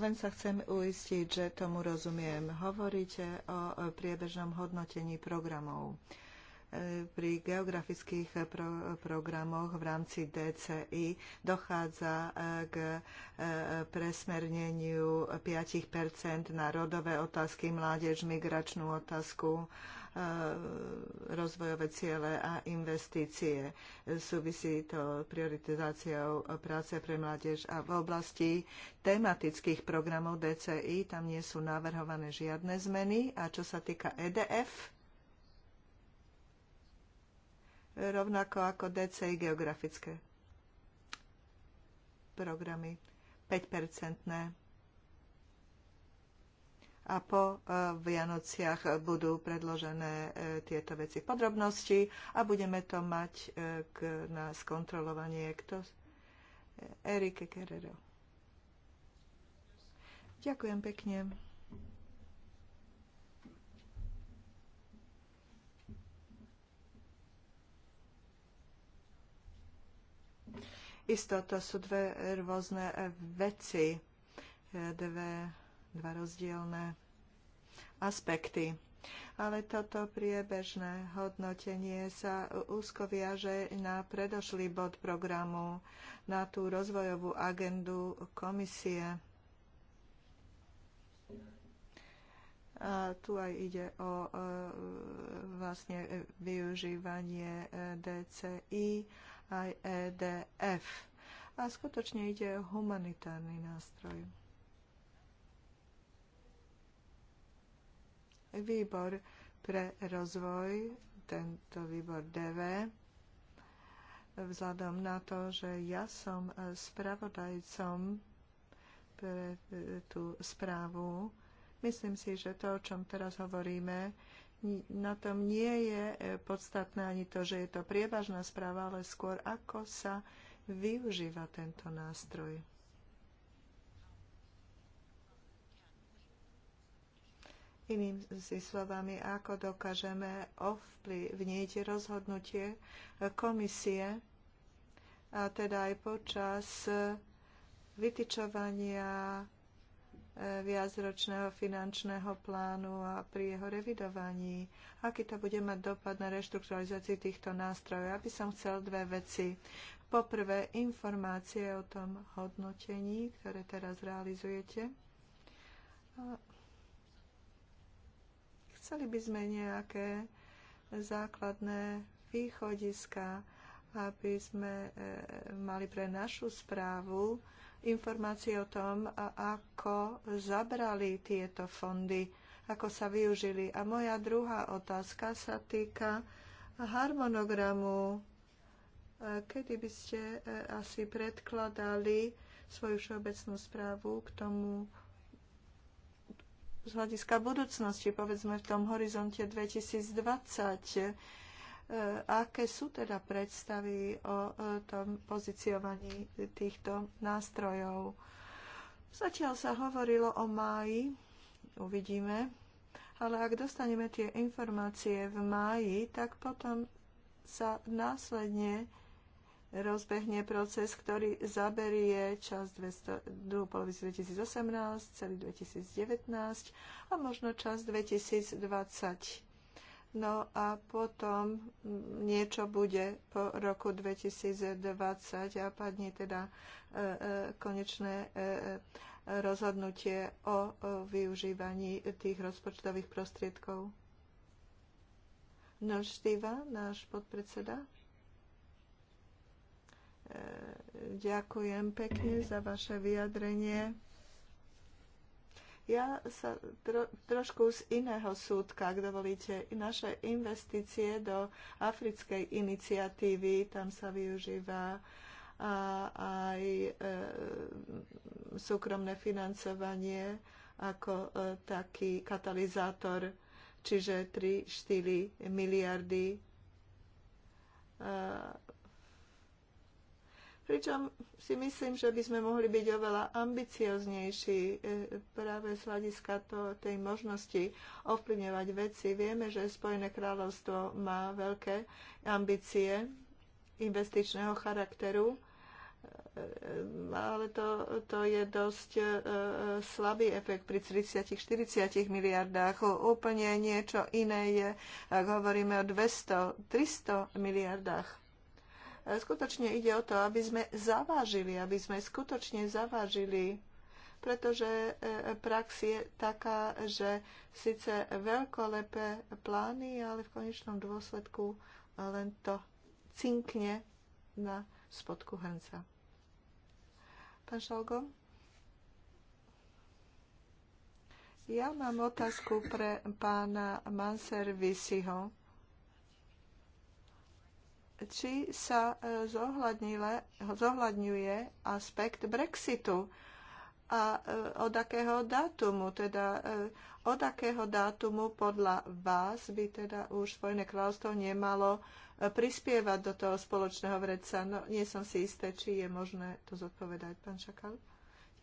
len sa chcem uistiť, že tomu rozumiem. Hovoríte o priebežnom hodnotení programov. E, pri geografických pro- programoch v rámci DCI dochádza e, k e, presmerneniu 5 na rodové otázky, mládež, migračnú otázku E, rozvojové ciele a investície. Súvisí to prioritizáciou práce pre mládež a v oblasti tematických programov DCI tam nie sú navrhované žiadne zmeny a čo sa týka EDF, rovnako ako DCI geografické programy. 5-percentné a po e, Vianociach budú predložené e, tieto veci v podrobnosti a budeme to mať e, k, na skontrolovanie. Kto? Erike Kerero. Ďakujem pekne. Isto, to sú dve rôzne veci, dve dva rozdielne aspekty. Ale toto priebežné hodnotenie sa úzko viaže na predošlý bod programu, na tú rozvojovú agendu komisie. A tu aj ide o e, vlastne e, využívanie e, DCI aj EDF. A skutočne ide o humanitárny nástroj. výbor pre rozvoj, tento výbor DV, vzhľadom na to, že ja som spravodajcom pre e, tú správu. Myslím si, že to, o čom teraz hovoríme, na tom nie je e, podstatné ani to, že je to priebažná správa, ale skôr ako sa využíva tento nástroj. Inými slovami, ako dokážeme ovplyvniť rozhodnutie komisie a teda aj počas vytyčovania e, viacročného finančného plánu a pri jeho revidovaní. Aký to bude mať dopad na reštrukturalizáciu týchto nástrojov? Ja by som chcel dve veci. Poprvé, informácie o tom hodnotení, ktoré teraz realizujete. Chceli by sme nejaké základné východiska, aby sme e, mali pre našu správu informácie o tom, ako zabrali tieto fondy, ako sa využili. A moja druhá otázka sa týka harmonogramu, e, kedy by ste e, asi predkladali svoju všeobecnú správu k tomu z hľadiska budúcnosti, povedzme v tom horizonte 2020, e, aké sú teda predstavy o e, tom pozíciovaní týchto nástrojov. Zatiaľ sa hovorilo o máji, uvidíme, ale ak dostaneme tie informácie v máji, tak potom sa následne rozbehne proces, ktorý zaberie čas 200, druhú polovicu 2018, celý 2019 a možno čas 2020. No a potom niečo bude po roku 2020 a padne teda e, e, konečné e, rozhodnutie o využívaní tých rozpočtových prostriedkov. Nož štýva náš podpredseda. Ďakujem pekne za vaše vyjadrenie. Ja sa tro, trošku z iného súdka, ak dovolíte. Naše investície do africkej iniciatívy, tam sa využíva a aj e, súkromné financovanie ako e, taký katalizátor, čiže 3-4 miliardy e, Pričom si myslím, že by sme mohli byť oveľa ambicioznejší e, práve z hľadiska to, tej možnosti ovplyvňovať veci. Vieme, že Spojené kráľovstvo má veľké ambície investičného charakteru, e, ale to, to je dosť e, slabý efekt pri 30-40 miliardách. Úplne niečo iné je, ak hovoríme o 200-300 miliardách Skutočne ide o to, aby sme zavážili, aby sme skutočne zavážili pretože e, prax je taká, že síce veľkolepé plány, ale v konečnom dôsledku len to cinkne na spodku hrnca. Pán Šalgo? Ja mám otázku pre pána Manservisiho či sa e, zohľadňuje aspekt Brexitu a e, od akého dátumu, teda e, od akého dátumu podľa vás by teda už Spojené kráľovstvo nemalo prispievať do toho spoločného vreca. No, nie som si isté, či je možné to zodpovedať, pán Šakal.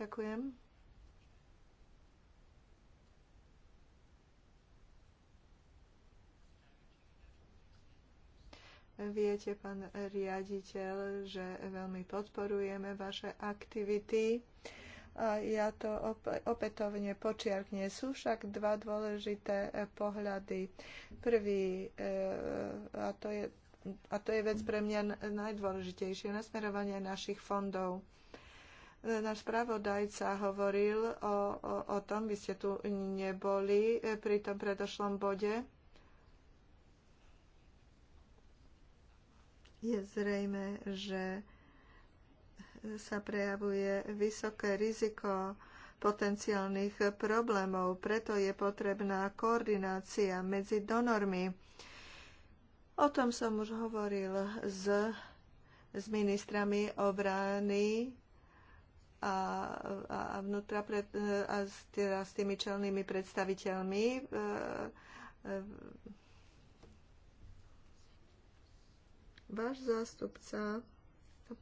Ďakujem. Viete, pán riaditeľ, že veľmi podporujeme vaše aktivity. A ja to opätovne počiarknem. Sú však dva dôležité e, pohľady. Prvý, e, a to je, a to je vec pre mňa najdôležitejšie, nasmerovanie našich fondov. E, náš spravodajca hovoril o, o, o tom, vy ste tu neboli pri tom predošlom bode, je zrejme, že sa prejavuje vysoké riziko potenciálnych problémov. Preto je potrebná koordinácia medzi donormi. O tom som už hovoril s, s ministrami obrany a, a vnútra pred, a s, teda s tými čelnými predstaviteľmi e, e, Váš zástupca,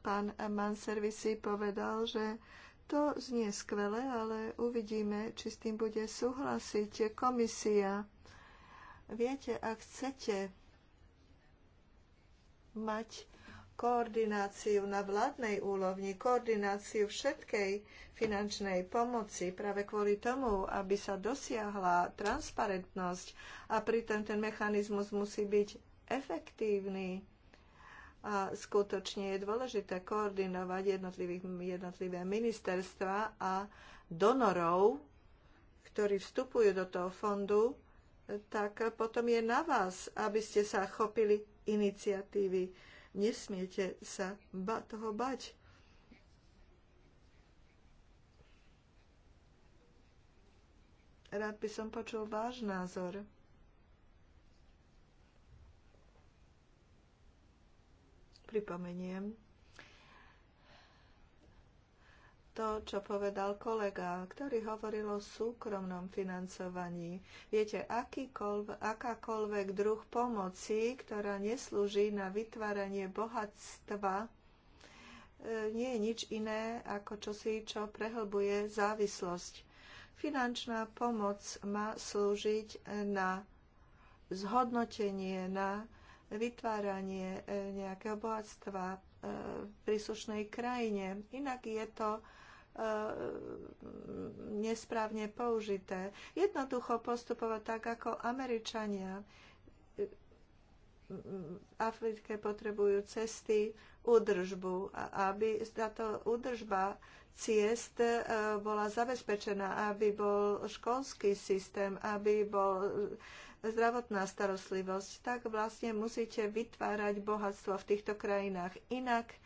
pán Manservisi, povedal, že to znie skvele, ale uvidíme, či s tým bude súhlasiť komisia. Viete, ak chcete mať koordináciu na vládnej úrovni, koordináciu všetkej finančnej pomoci práve kvôli tomu, aby sa dosiahla transparentnosť a pritom ten mechanizmus musí byť efektívny a skutočne je dôležité koordinovať jednotlivé ministerstva a donorov, ktorí vstupujú do toho fondu, tak potom je na vás, aby ste sa chopili iniciatívy. Nesmiete sa ba- toho bať. Rád by som počul váš názor. pripomeniem to, čo povedal kolega, ktorý hovoril o súkromnom financovaní. Viete, akákoľvek druh pomoci, ktorá neslúži na vytváranie bohatstva, e, nie je nič iné ako čosi, čo prehlbuje závislosť. Finančná pomoc má slúžiť na zhodnotenie, na vytváranie e, nejakého bohatstva e, v príslušnej krajine. Inak je to e, nesprávne použité. Jednoducho postupovať tak, ako Američania. V Afrike potrebujú cesty, údržbu, aby táto údržba ciest bola zabezpečená, aby bol školský systém, aby bol zdravotná starostlivosť, tak vlastne musíte vytvárať bohatstvo v týchto krajinách. Inak e,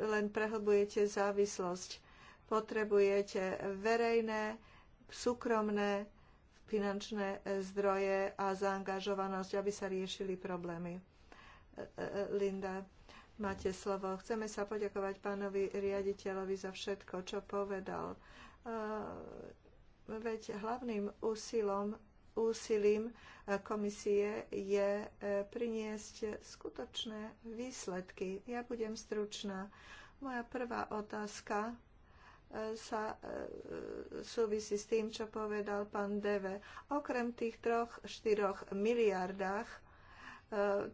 len prehlbujete závislosť. Potrebujete verejné, súkromné finančné e, zdroje a zaangažovanosť, aby sa riešili problémy. E, Linda, máte slovo. Chceme sa poďakovať pánovi riaditeľovi za všetko, čo povedal. Veď hlavným úsilom úsilím e, komisie je e, priniesť skutočné výsledky. Ja budem stručná. Moja prvá otázka e, sa súvisí s tým, čo povedal pán Deve. Okrem tých troch, štyroch miliardách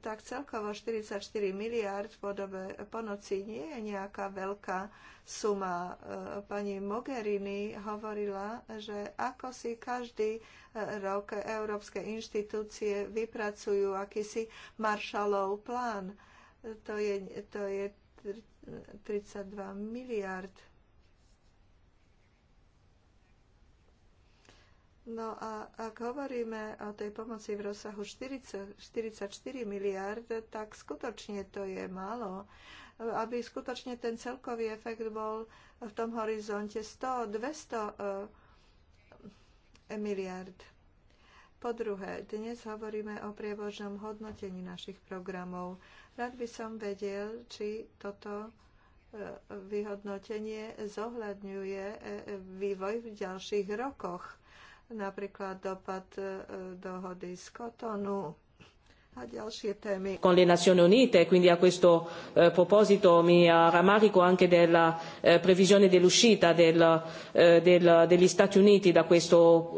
tak celkovo 44 miliard v podobe ponoci nie je nejaká veľká suma. E, pani Mogherini hovorila, že ako si každý e, rok európske inštitúcie vypracujú akýsi maršalov plán. E, to je, to je 32 miliard. No a ak hovoríme o tej pomoci v rozsahu 40, 44 miliard, tak skutočne to je málo, aby skutočne ten celkový efekt bol v tom horizonte 100-200 eh, miliard. Po druhé, dnes hovoríme o prievožnom hodnotení našich programov. Rád by som vedel, či toto eh, vyhodnotenie zohľadňuje eh, vývoj v ďalších rokoch napríklad dopad e, dohody z Kotonu a ďalšie témy. Con le Nazioni Unite, quindi a questo eh, proposito mi rammarico anche della eh, previsione dell'uscita del, eh, del, degli Stati Uniti da questo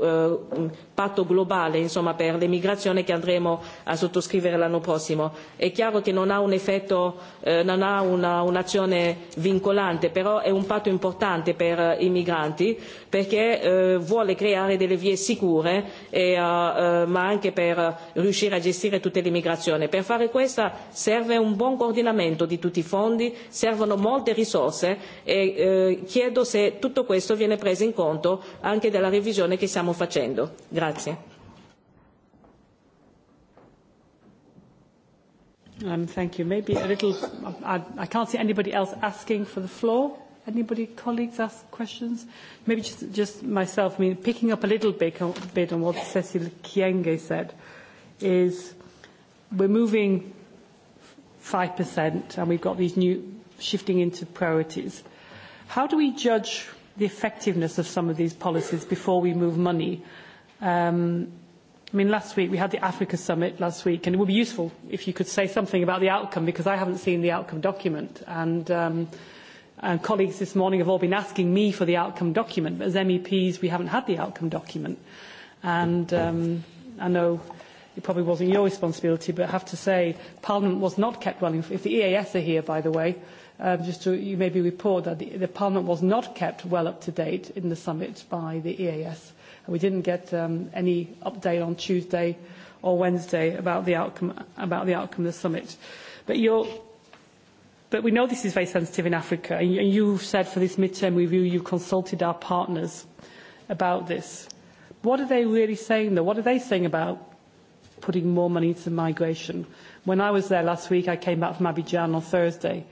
eh, patto globale insomma, per l'emigrazione che andremo a sottoscrivere l'anno prossimo. È chiaro che non ha un effetto, eh, non ha una, un'azione vincolante, però è un patto importante per eh, i migranti perché eh, vuole creare delle vie sicure, e, eh, eh ma anche per riuscire a gestire tutte le di migrazione. Per fare questo serve un buon coordinamento di tutti i fondi, servono molte risorse e eh, chiedo se tutto questo viene preso in conto anche dalla revisione che stiamo facendo. Grazie. Um, thank you. Maybe a little. I, I can't see anybody else asking for the floor. Anybody, colleagues, ask questions? Maybe just, just myself. I mean, picking up a little bit, a bit on what Cecil Kienge said is we're moving 5%, and we've got these new shifting into priorities. How do we judge the effectiveness of some of these policies before we move money? Um, I mean, last week we had the Africa summit last week, and it would be useful if you could say something about the outcome because I haven't seen the outcome document. And, um, and colleagues this morning have all been asking me for the outcome document, but as MEPs we haven't had the outcome document. And um, I know it probably wasn't your responsibility, but I have to say Parliament was not kept well informed. If the EAS are here, by the way, um, just to you maybe report that the, the Parliament was not kept well up to date in the summit by the EAS. And we didn't get um, any update on Tuesday or Wednesday about the outcome, about the outcome of the summit. But you're, But we know this is very sensitive in Africa, and you said for this midterm review you consulted our partners about this. What are they really saying, though? What are they saying about putting more money into migration. When I was there last week, I came back from Abidjan on Thursday.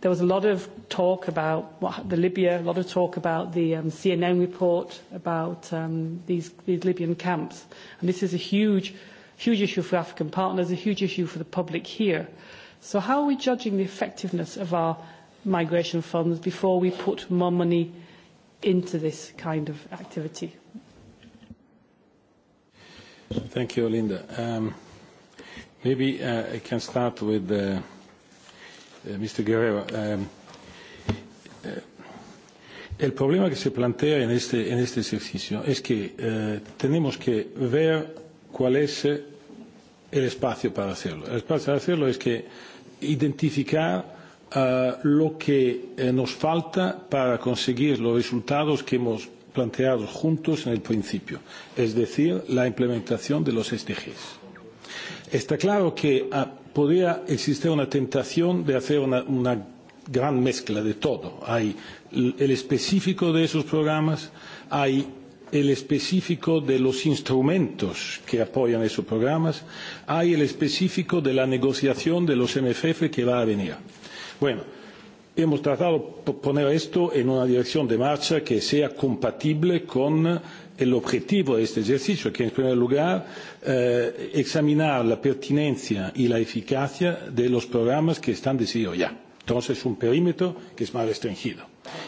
There was a lot of talk about what, the Libya, a lot of talk about the um, CNN report about um, these, these Libyan camps. And this is a huge, huge issue for African partners, a huge issue for the public here. So how are we judging the effectiveness of our migration funds before we put more money into this kind of activity? Thank you, Linda. Um, maybe uh, I can start with uh, uh, Mr. Guerrero. Um, el problema que se plantea en este, ejercicio es que tenemos que ver cuál es el espacio para hacerlo. El espacio para hacerlo es que identificar lo que eh, nos falta para conseguir los resultados que hemos planteados juntos en el principio, es decir, la implementación de los SDGs. Está claro que ah, podría existir una tentación de hacer una, una gran mezcla de todo. Hay el específico de esos programas, hay el específico de los instrumentos que apoyan esos programas, hay el específico de la negociación de los MFF que va a venir. Bueno, Hemos tratado de poner esto en una dirección de marcha que sea compatible con el objetivo de este ejercicio, que en primer lugar eh, examinar la pertinencia y la eficacia de los programas que están decididos ya. Entonces, un perímetro que es más restringido.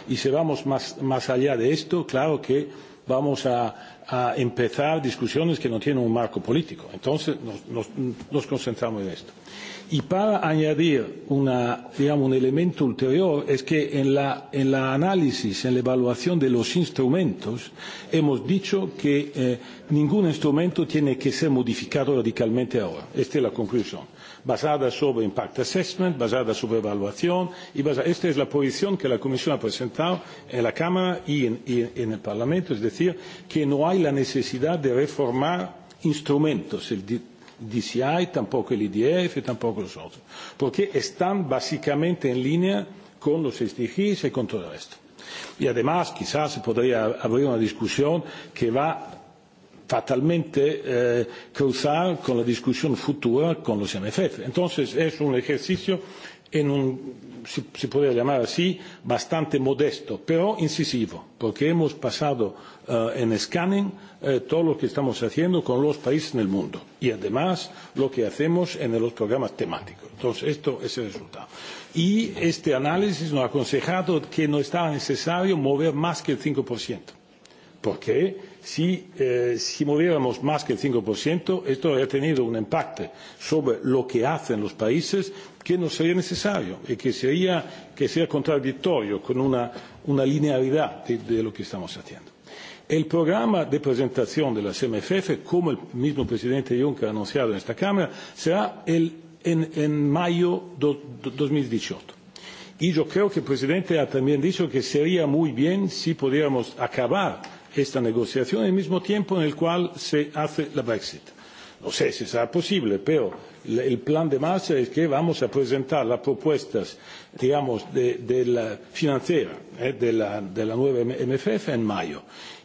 Y si vamos más, más allá de esto, claro que vamos a, a empezar discusiones que no tienen un marco político. Entonces, nos, nos, nos concentramos en esto. Eh, Y para añadir una, digamos, un elemento ulterior es que en la, en la análisis, en la evaluación de los instrumentos, hemos dicho que eh, ningún instrumento tiene que ser modificado radicalmente ahora. Esta es la conclusión. Basada sobre impact assessment, basada sobre evaluación, y basada, esta es la posición que la Comisión ha presentado en la Cámara y en, y en el Parlamento, es decir, que no hay la necesidad de reformar instrumentos. El, DCI, tampoco el IDF, tampoco los otros, porque están básicamente en línea con los SDGs y con todo esto. Y además, quizás se podría abrir una discusión que va fatalmente eh, cruzar con la discusión futura con los MFF. Entonces, es un ejercicio en un si, si podría llamar así, bastante modesto, pero incisivo, porque hemos pasado uh, en scanning uh, todo lo que estamos haciendo con los países en el mundo y además lo que hacemos en los programas temáticos. Entonces, esto es el resultado. Y este análisis nos ha aconsejado que no está necesario mover más que el 5%, porque si, eh, si moviéramos más que el 5%, esto habría tenido un impacto sobre lo que hacen los países que no sería necesario y que sería, que sería contradictorio con una, una linearidad de, de lo que estamos haciendo. El programa de presentación de la CMFF, como el mismo presidente Juncker ha anunciado en esta Cámara, será el, en, en mayo de 2018. Y yo creo que el presidente ha también dicho que sería muy bien si pudiéramos acabar esta negociación al mismo tiempo en el cual se hace la Brexit. No sé si será posible, pero el plan de marcha es que vamos a presentar las propuestas, digamos, de, de la financiera eh, de, la, de la nueva MFF en mayo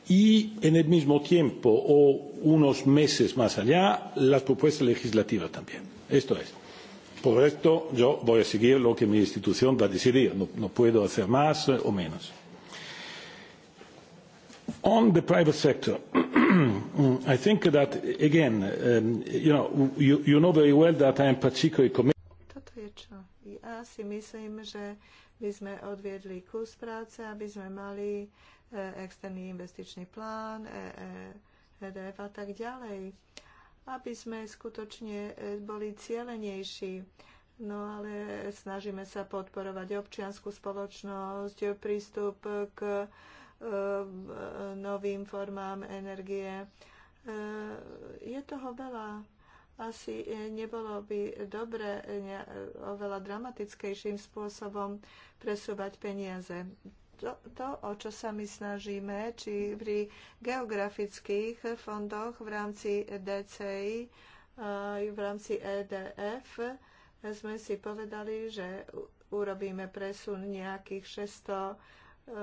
y en el mismo tiempo o unos meses más allá las propuestas legislativas también. Esto es. Por esto yo voy a seguir lo que mi institución va a decidir. No, no puedo hacer más eh, o menos. On the private sector, [clears throat] I think that, again, um, you, know, you, you know very well that I am particularly committed. Toto je čo? Ja si myslím, že by sme odviedli kus práce, aby sme mali e, externý investičný plán, EDF e, e a tak ďalej, aby sme skutočne boli cieľenejší. No ale snažíme sa podporovať občianskú spoločnosť, prístup k Eh, novým formám energie. Eh, je toho veľa. Asi eh, nebolo by dobre oveľa dramatickejším spôsobom presúvať peniaze to, to, o čo sa my snažíme, či pri geografických fondoch v rámci DCI, v rámci EDF, sme si povedali, že urobíme presun nejakých 600 E,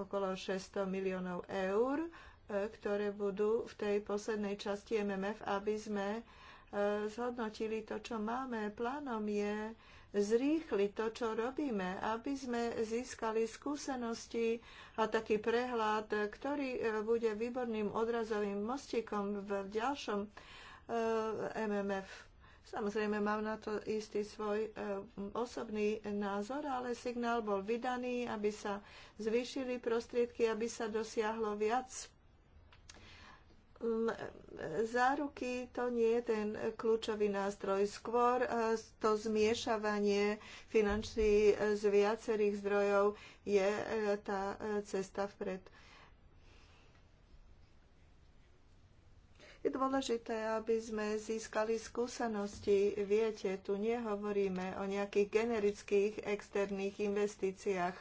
okolo 600 miliónov eur, e, ktoré budú v tej poslednej časti MMF, aby sme e, zhodnotili to, čo máme. Plánom je zrýchli to, čo robíme, aby sme získali skúsenosti a taký prehľad, ktorý bude výborným odrazovým mostíkom v ďalšom MMF. Samozrejme, mám na to istý svoj e, osobný názor, ale signál bol vydaný, aby sa zvýšili prostriedky, aby sa dosiahlo viac. Mm, e, záruky to nie je ten kľúčový nástroj. Skôr e, to zmiešavanie financí z viacerých zdrojov je tá cesta vpred. Je dôležité, aby sme získali skúsenosti. Viete, tu nehovoríme o nejakých generických externých investíciách.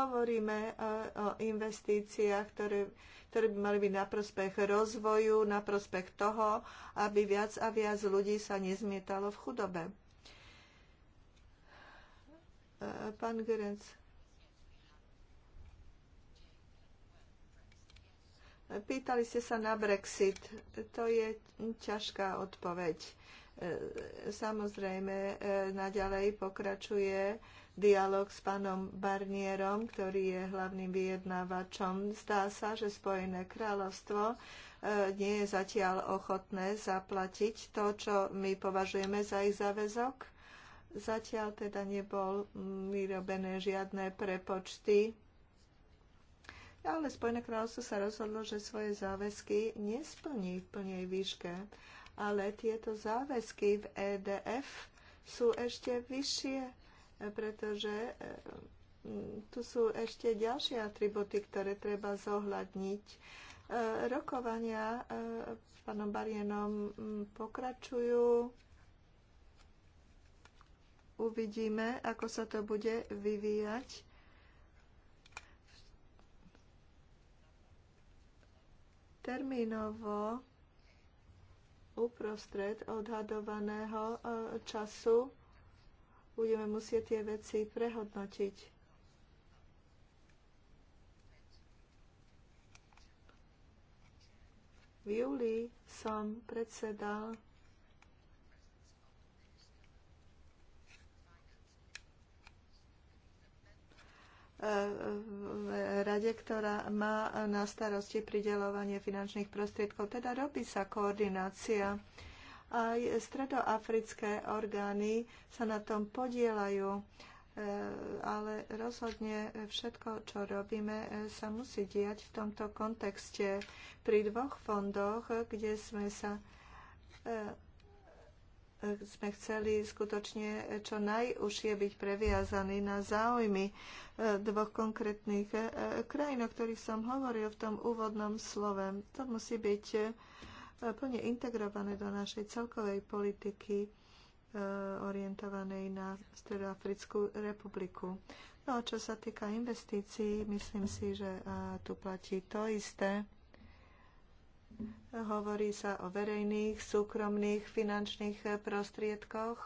Hovoríme e, o investíciách, ktoré, ktoré by mali byť na prospech rozvoju, na prospech toho, aby viac a viac ľudí sa nezmietalo v chudobe. E, pán Gerenc Pýtali ste sa na Brexit. To je ťažká odpoveď. E, samozrejme, e, naďalej pokračuje dialog s pánom Barnierom, ktorý je hlavným vyjednávačom. Zdá sa, že Spojené kráľovstvo e, nie je zatiaľ ochotné zaplatiť to, čo my považujeme za ich záväzok. Zatiaľ teda nebol vyrobené žiadne prepočty ale Spojené kráľovstvo sa rozhodlo, že svoje záväzky nesplní v plnej výške. Ale tieto záväzky v EDF sú ešte vyššie, pretože e, tu sú ešte ďalšie atributy, ktoré treba zohľadniť. E, rokovania e, s pánom Barienom pokračujú uvidíme, ako sa to bude vyvíjať. termínovo uprostred odhadovaného e, času budeme musieť tie veci prehodnotiť. V júli som predsedal rade, ktorá má na starosti pridelovanie finančných prostriedkov. Teda robí sa koordinácia. Aj stredoafrické orgány sa na tom podielajú, e, ale rozhodne všetko, čo robíme, e, sa musí diať v tomto kontexte. Pri dvoch fondoch, kde sme sa e, sme chceli skutočne čo najúžšie byť previazaní na záujmy e, dvoch konkrétnych e, krajín, o ktorých som hovoril v tom úvodnom slove. To musí byť e, plne integrované do našej celkovej politiky orientovanej na Stredoafrickú republiku. No a čo sa týka investícií, myslím si, že tu platí to isté. Hovorí sa o verejných, súkromných finančných prostriedkoch.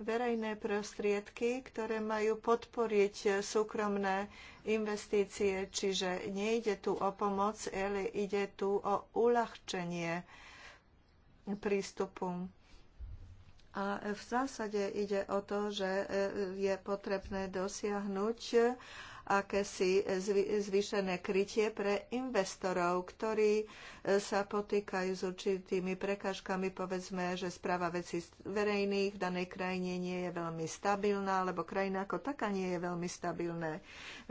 Verejné prostriedky, ktoré majú podporiť súkromné investície, čiže nejde tu o pomoc, ale ide tu o uľahčenie prístupu. A v zásade ide o to, že e, je potrebné dosiahnuť akési zvýšené krytie pre investorov, ktorí e, sa potýkajú s určitými prekážkami, povedzme, že správa vecí verejných v danej krajine nie je veľmi stabilná, alebo krajina ako taká nie je veľmi stabilná.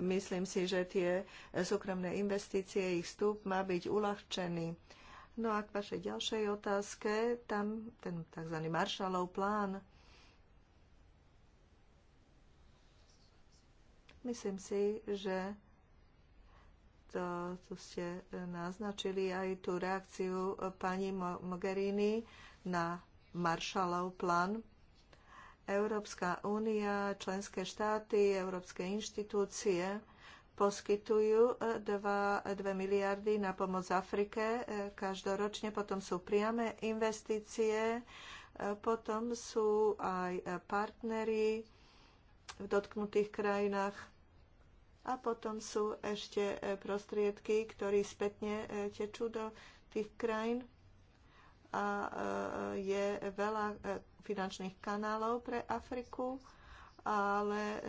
Myslím si, že tie súkromné investície, ich vstup má byť uľahčený. No a k vašej ďalšej otázke, tam ten tzv. Marshallov plán, Myslím si, že to, tu ste naznačili aj tú reakciu pani Mogherini na Marshallov plán. Európska únia, členské štáty, európske inštitúcie poskytujú 2, e, 2 miliardy na pomoc Afrike e, každoročne, potom sú priame investície, e, potom sú aj partnery, v dotknutých krajinách. A potom sú ešte e, prostriedky, ktoré spätne e, tečú do tých krajín a e, je veľa finančných kanálov pre Afriku, ale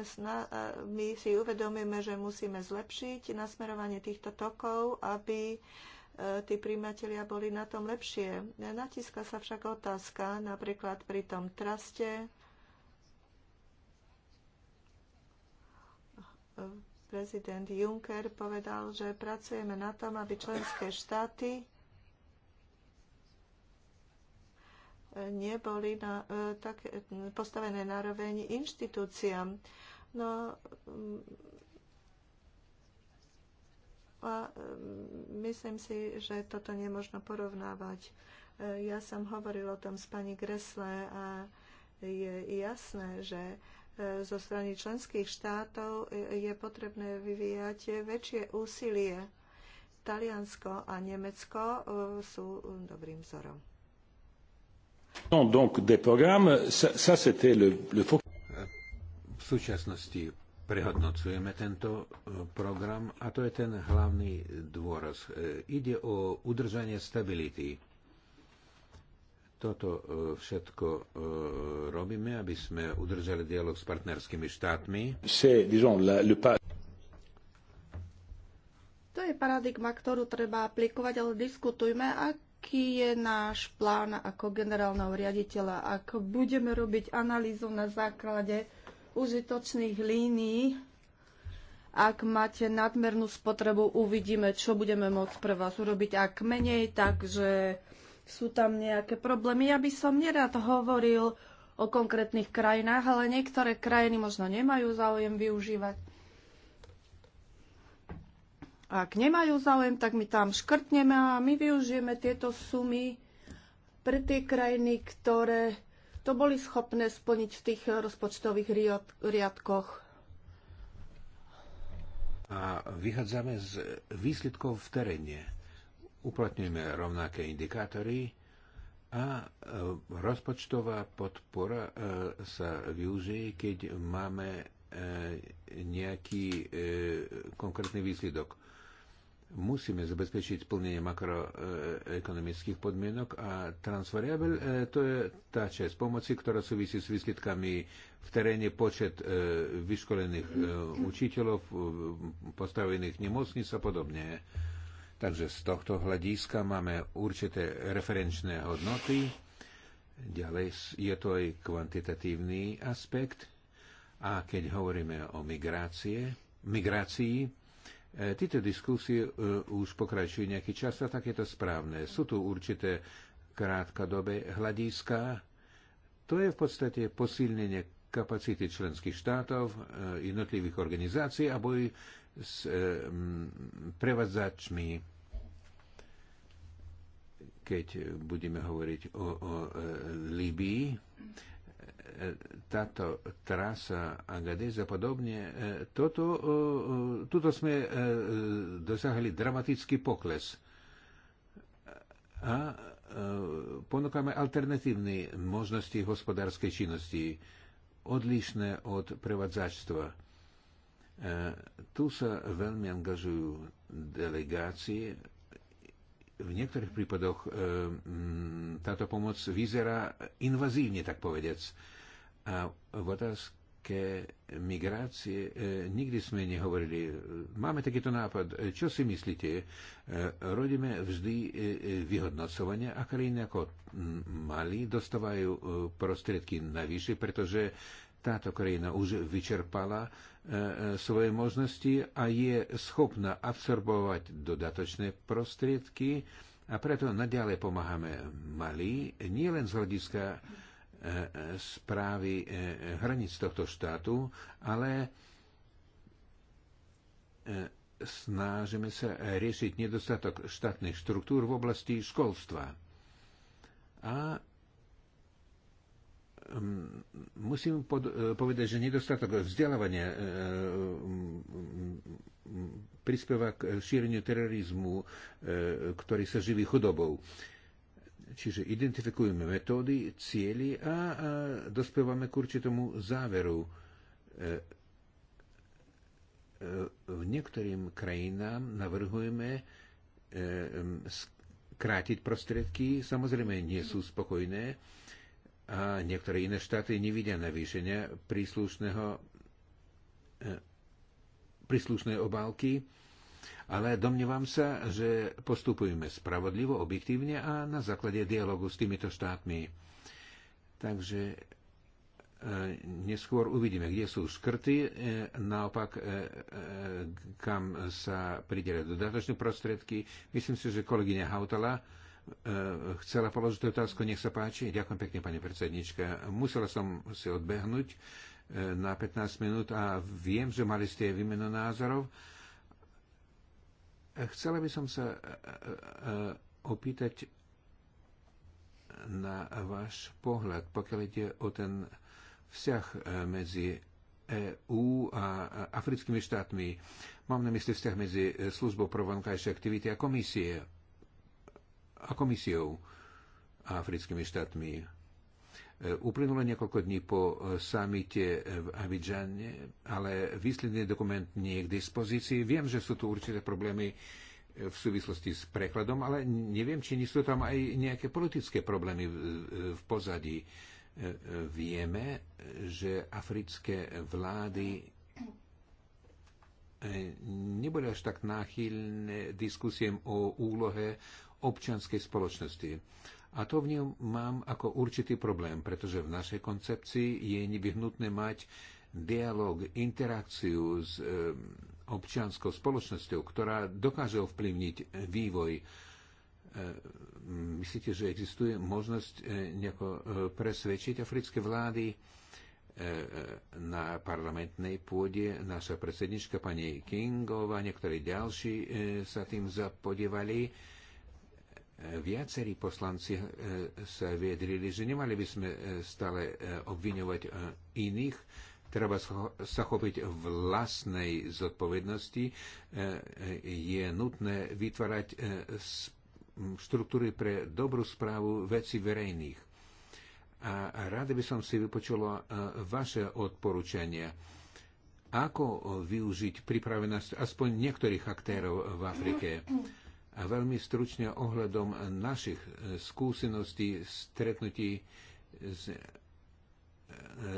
my si uvedomíme, že musíme zlepšiť nasmerovanie týchto tokov, aby tí príjmatelia boli na tom lepšie. Natíska sa však otázka, napríklad pri tom traste, prezident Juncker povedal, že pracujeme na tom, aby členské štáty neboli na, e, tak, postavené nároveň inštitúciám. No, mm, a mm, myslím si, že toto nemôžno porovnávať. E, ja som hovoril o tom s pani Gresle a je jasné, že zo strany členských štátov e, je potrebné vyvíjať väčšie úsilie. Taliansko a Nemecko e, sú e, dobrým vzorom. V súčasnosti prehodnocujeme tento program a to je ten hlavný dôraz. Ide o udržanie stability toto e, všetko e, robíme, aby sme udržali dialog s partnerskými štátmi. To je paradigma, ktorú treba aplikovať, ale diskutujme, aký je náš plán ako generálneho riaditeľa. Ak budeme robiť analýzu na základe užitočných línií, ak máte nadmernú spotrebu, uvidíme, čo budeme môcť pre vás urobiť. Ak menej, takže sú tam nejaké problémy. Ja by som nerád hovoril o konkrétnych krajinách, ale niektoré krajiny možno nemajú záujem využívať. Ak nemajú záujem, tak my tam škrtneme a my využijeme tieto sumy pre tie krajiny, ktoré to boli schopné splniť v tých rozpočtových riadkoch. A vychádzame z výsledkov v teréne uplatňujeme rovnaké indikátory a e, rozpočtová podpora e, sa využije, keď máme e, nejaký konkrétny výsledok. Musíme zabezpečiť splnenie makroekonomických podmienok a transvariabel to je tá časť pomoci, ktorá súvisí s výsledkami v teréne počet vyškolených učiteľov, postavených nemocníc a podobne. Takže z tohto hľadiska máme určité referenčné hodnoty. Ďalej je to aj kvantitatívny aspekt. A keď hovoríme o migrácie, migrácii, e, tieto diskusie e, už pokračujú nejaký čas a tak je to správne. Sú tu určité krátkodobé hľadiska. To je v podstate posilnenie kapacity členských štátov, e, jednotlivých organizácií a boj s e, prevádzačmi, keď budeme hovoriť o, o e, Libii, e, táto trasa Agadez a podobne, toto, tuto sme dosahli dramatický pokles. A ponúkame alternatívne možnosti hospodárskej činnosti, odlišné od prevádzačstva E, tu sa veľmi angažujú delegácie. V niektorých prípadoch e, táto pomoc vyzerá invazívne, tak povedec. A v otázke migrácie e, nikdy sme nehovorili, máme takýto nápad, čo si myslíte? Rodíme vždy vyhodnocovanie a krajiny ako Mali dostávajú prostriedky navyše, pretože táto krajina už vyčerpala E, e, svoje možnosti a je schopná absorbovať dodatočné prostriedky a preto naďalej pomáhame Mali, nielen z hľadiska e, správy hraníc tohto štátu, ale snažíme sa riešiť nedostatok štátnych štruktúr v oblasti školstva. A musím pod, e, povedať, že nedostatok vzdelávania e, e, prispieva k šíreniu terorizmu, ktorý sa živí chudobou. Čiže identifikujeme metódy, cieľy a, a dospievame k určitému záveru. V niektorým krajinám navrhujeme krátiť prostriedky, samozrejme nie sú spokojné, a niektoré iné štáty nevidia navýšenia príslušného e, príslušnej obálky, ale domnievam sa, že postupujeme spravodlivo, objektívne a na základe dialogu s týmito štátmi. Takže e, neskôr uvidíme, kde sú škrty, e, naopak kam sa pridelia dodatočné prostriedky. Myslím si, že kolegyňa Hautala Eh, chcela položiť otázku, nech sa páči. Ďakujem pekne, pani predsednička. Musela som si odbehnúť eh, na 15 minút a viem, že mali ste výmenu názorov. Eh, chcela by som sa opýtať na váš pohľad, pokiaľ ide o ten vzťah medzi EU a africkými štátmi. Mám na mysli vzťah medzi službou pro vonkajšie aktivity a komisie a komisiou a africkými štátmi. E, Uplynulo niekoľko dní po e, samite v Abidžane, ale výsledný dokument nie je k dispozícii. Viem, že sú tu určité problémy e, v súvislosti s prekladom, ale neviem, či nie sú tam aj nejaké politické problémy v pozadí. Vieme, že africké vlády neboli až tak náchylné diskusiem o úlohe občianskej spoločnosti. A to v ňom mám ako určitý problém, pretože v našej koncepcii je nevyhnutné mať dialog, interakciu s e, občianskou spoločnosťou, ktorá dokáže ovplyvniť vývoj. E, myslíte, že existuje možnosť e, nejako e, presvedčiť africké vlády e, e na parlamentnej pôde? Naša predsednička pani Kingová, niektorí ďalší e, sa tým zapodievali. E, Viacerí poslanci eh, sa viedrili, že nemali by sme eh, stále eh, obviňovať iných, treba sa chopiť vlastnej zodpovednosti, je nutné vytvárať štruktúry pre dobrú správu veci verejných. A rada by som si vypočula vaše odporúčania. Ako využiť pripravenosť aspoň niektorých aktérov v Afrike? A veľmi stručne ohľadom našich e, skúseností, stretnutí s, e,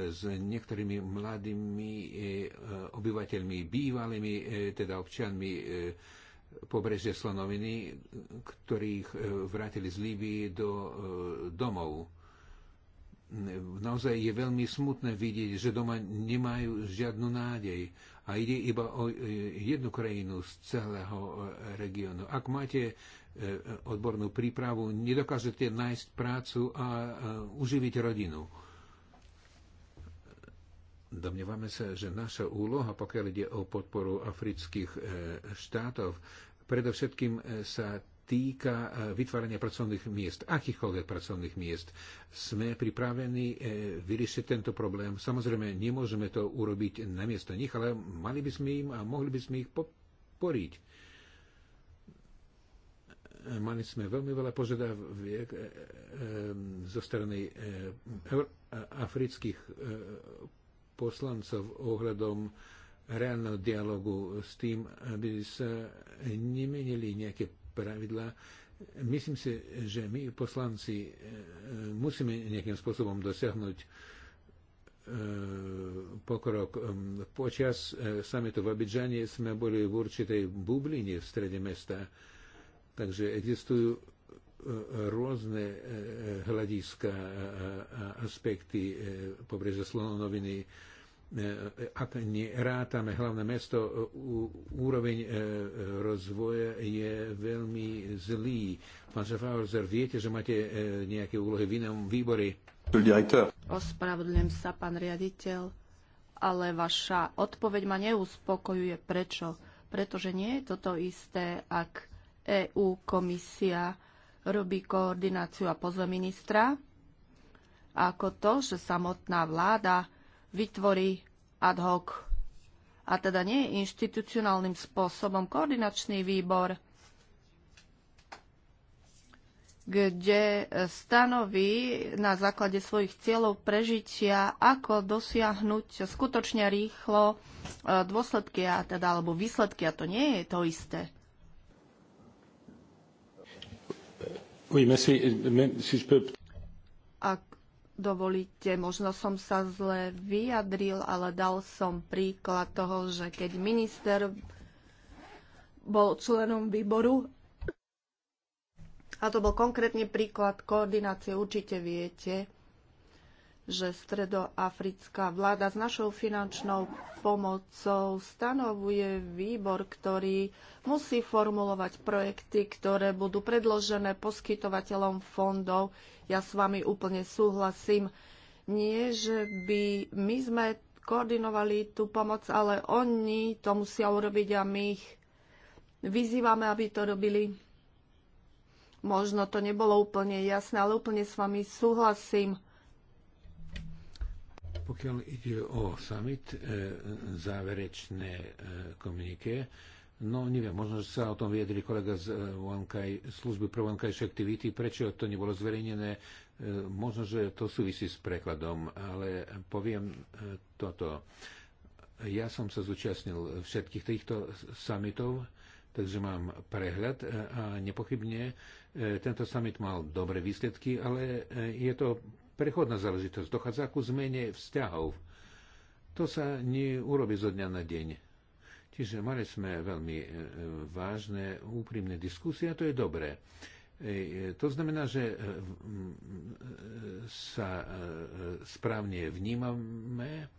s niektorými mladými e, obyvateľmi, bývalými, teda občanmi pobrežia Slonoviny, ktorých vrátili z Líbii do domov. Naozaj je veľmi smutné vidieť, že doma nemajú žiadnu nádej a ide iba o e, jednu krajinu z celého e, regiónu. Ak máte e, odbornú prípravu, nedokážete nájsť prácu a uživiť rodinu. Domnievame sa, že naša úloha, pokiaľ ide o podporu afrických štátov, predovšetkým sa týka e, vytvárania pracovných miest, akýchkoľvek pracovných miest. Sme pripravení e, vyriešiť tento problém. Samozrejme, nemôžeme to urobiť na miesto nich, ale mali by sme im a mohli by sme ich podporiť. E, mali sme veľmi veľa požiadaviek zo strany afrických poslancov ohľadom reálneho dialogu s tým, aby sa nemenili nejaké pravidla. Myslím si, že my, poslanci, e, musíme nejakým spôsobom dosiahnuť e, pokrok. E, počas samitu v Abidžane sme boli v určitej bubline v strede mesta, takže existujú rôzne hľadiska a aspekty pobreže slonoviny, E, ak nerátame hlavné mesto, e, úroveň e, rozvoja je veľmi zlý. Pán Schaffhauser, viete, že máte nejaké úlohy v inom výbore? Ospravedlňujem sa, pán riaditeľ, ale vaša odpoveď ma neuspokojuje. Prečo? Pretože nie je toto isté, ak EU komisia robí koordináciu a pozve ministra, ako to, že samotná vláda vytvorí ad hoc a teda nie inštitucionálnym spôsobom koordinačný výbor, kde stanoví na základe svojich cieľov prežitia, ako dosiahnuť skutočne rýchlo e, dôsledky a teda, alebo výsledky. A to nie je to isté. Oui, merci, merci, je peux... Ak dovolíte, možno som sa zle vyjadril, ale dal som príklad toho, že keď minister bol členom výboru, a to bol konkrétne príklad koordinácie, určite viete, že stredoafrická vláda s našou finančnou pomocou stanovuje výbor, ktorý musí formulovať projekty, ktoré budú predložené poskytovateľom fondov. Ja s vami úplne súhlasím. Nie, že by my sme koordinovali tú pomoc, ale oni to musia urobiť a my ich vyzývame, aby to robili. Možno to nebolo úplne jasné, ale úplne s vami súhlasím pokiaľ ide o summit, e, záverečné e, komunike, no neviem, možno, že sa o tom vyjadri kolega z e, služby pre vonkajšie aktivity, prečo to nebolo zverejnené, možno, že to súvisí s prekladom, ale poviem toto. Ja som sa zúčastnil všetkých týchto summitov, takže mám prehľad a nepochybne tento summit mal dobré výsledky, ale je to prechodná záležitosť. Dochádza ku zmene vzťahov. To sa neurobi zo dňa na deň. Čiže mali sme veľmi e, vážne, úprimné diskusie a to je dobré. E, to znamená, že e, sa správne vnímame,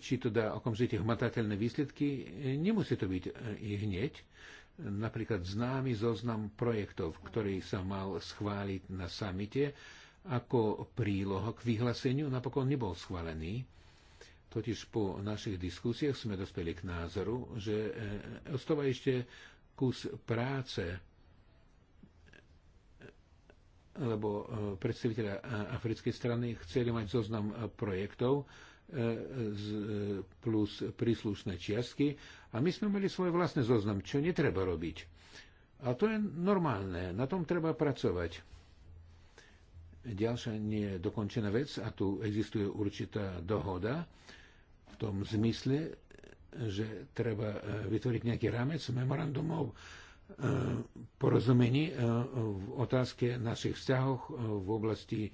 či to dá okamžite hmatateľné výsledky, nemusí to byť i hneď. Napríklad známy zoznam projektov, ktorý sa mal schváliť na samite, ako príloha k vyhláseniu napokon nebol schválený. Totiž po našich diskusiách sme dospeli k názoru, že e, ostáva ešte kus práce, lebo e, predstaviteľa africkej strany chceli mať zoznam projektov e, plus príslušné čiastky a my sme mali svoj vlastný zoznam, čo netreba robiť. A to je normálne, na tom treba pracovať ďalšia nedokončená vec a tu existuje určitá dohoda v tom zmysle, že treba e, vytvoriť nejaký rámec memorandumov e, porozumení e, v otázke našich vzťahov v oblasti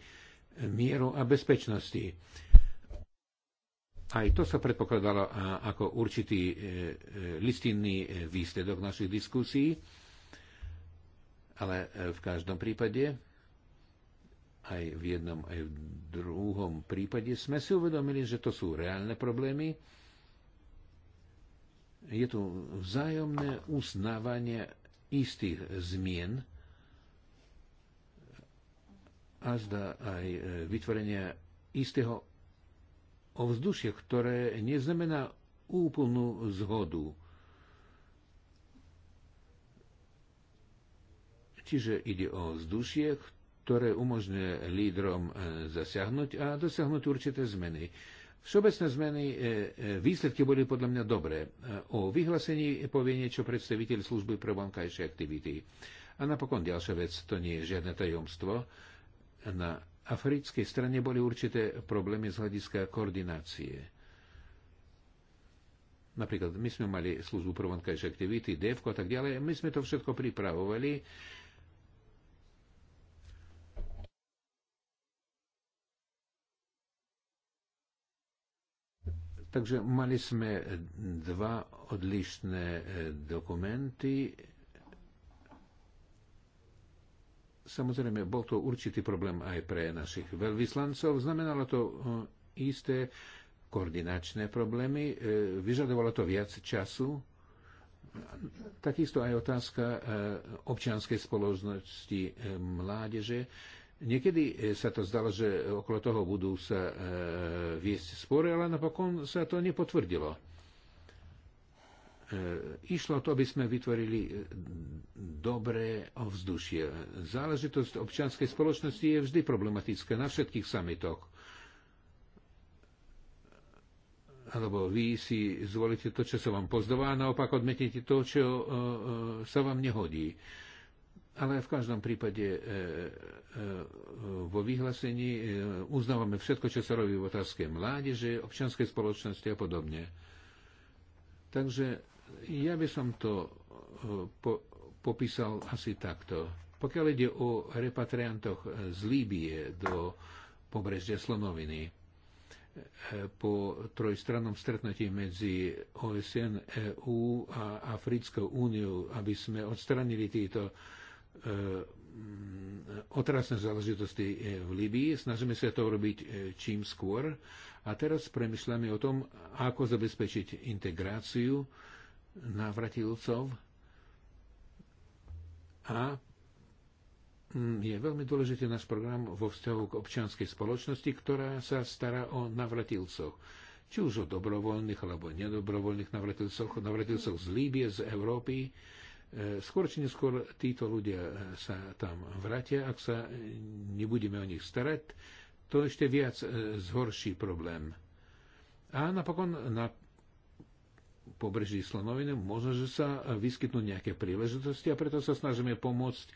mieru a bezpečnosti. Aj to sa predpokladalo ako určitý listinný výsledok našich diskusí, ale v každom prípade aj v jednom, aj v druhom prípade sme si uvedomili, že to sú reálne problémy. Je tu vzájomné uznávanie istých zmien a zda aj vytvorenie istého ovzdušia, ktoré neznamená úplnú zhodu. Čiže ide o vzdušie, ktoré umožňuje lídrom e, zasiahnuť a dosiahnuť určité zmeny. Všeobecné zmeny, e, e, výsledky boli podľa mňa dobré. O vyhlásení povie niečo predstaviteľ služby pre vonkajšie aktivity. A napokon ďalšia vec, to nie je žiadne tajomstvo. Na africkej strane boli určité problémy z hľadiska koordinácie. Napríklad my sme mali službu pre vonkajšie aktivity, DEVKO a tak ďalej. My sme to všetko pripravovali Takže mali sme dva odlišné e, dokumenty. Samozrejme, bol to určitý problém aj pre našich veľvyslancov. Znamenalo to e, isté koordinačné problémy, e, vyžadovalo to viac času. Takisto aj otázka občianskej spoločnosti mládeže Niekedy e, sa to zdalo, že okolo toho budú sa e, viesť spory, ale napokon sa to nepotvrdilo. E, išlo to, aby sme vytvorili e, dobré ovzdušie. Záležitosť občianskej spoločnosti je vždy problematická na všetkých samitoch. Alebo vy si zvolíte to, čo sa vám pozdová, a naopak odmetnete to, čo e, e, sa vám nehodí. E, ale v každom prípade e, e, e, vo vyhlásení uznávame všetko, čo sa robí v otázke mládeže, občianskej spoločnosti a podobne. Takže ja by som to po, popísal asi takto. Pokiaľ ide o repatriantoch z Líbie do pobrežia Slonoviny, po trojstrannom stretnutí medzi OSN, EU a Africkou úniou, aby sme odstranili tieto E, otrasné záležitosti e, v Libii. Snažíme sa to robiť e, čím skôr. A teraz premyšľame o tom, ako zabezpečiť integráciu návratilcov. A mm, je veľmi dôležitý náš program vo vzťahu k občianskej spoločnosti, ktorá sa stará o navratilcov. Či už o dobrovoľných alebo nedobrovoľných navratilcoch, navratilcoch z Líbie, z Európy, E, skôr či neskôr títo ľudia e, sa tam vrátia, ak sa nebudeme o nich starať, to ešte viac e, zhorší problém. A napokon na pobreží Slonoviny možno, že sa vyskytnú nejaké príležitosti a preto sa snažíme pomôcť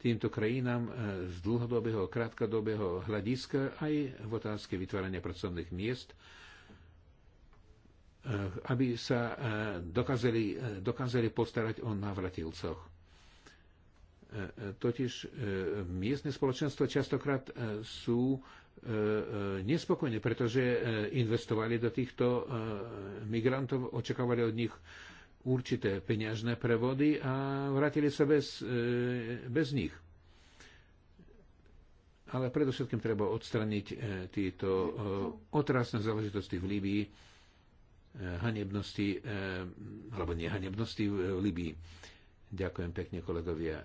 týmto krajinám z dlhodobého, krátkodobého hľadiska aj v otázke vytvárania pracovných miest Eh, aby sa eh, dokázali, eh, dokázali postarať o navratilcoch. Totiž miestne spoločenstva častokrát sú nespokojné, pretože investovali do týchto migrantov, očakávali od nich určité peňažné prevody a vrátili sa bez, bez nich. Ale predovšetkým treba odstraniť tieto otrasné záležitosti v Líbii, hanebnosti, eh, alebo nehanebnosti eh, v Libii. Ďakujem pekne, kolegovia.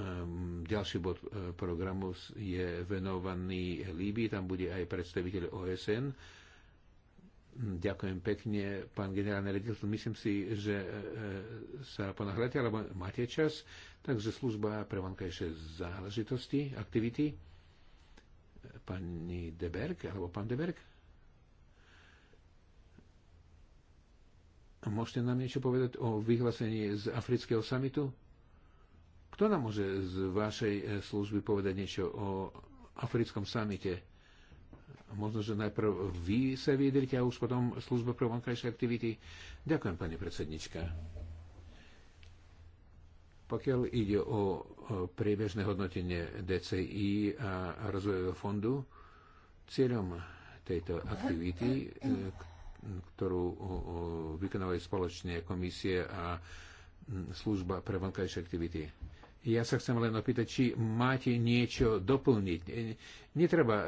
Ehm, ďalší bod eh, programu je venovaný Líbii, tam bude aj predstaviteľ OSN. Ďakujem pekne, pán generálny rediteľ. Myslím si, že sa ponahľadte, alebo máte čas. Takže služba pre vonkajšie záležitosti, aktivity. Pani Deberg, alebo pán Deberg? Môžete nám niečo povedať o vyhlásení z afrického samitu? Kto nám môže z vašej e, služby povedať niečo o africkom samite? Možno, že najprv vy sa vyjadrite a už potom služba pre vonkajšie aktivity. Ďakujem, pani predsednička. Pokiaľ ide o priebežné hodnotenie DCI a rozvojového fondu, cieľom tejto aktivity, e, ktorú vykonávajú spoločne komisie a služba pre vonkajšie aktivity. Ja sa chcem len opýtať, či máte niečo doplniť. E, netreba e,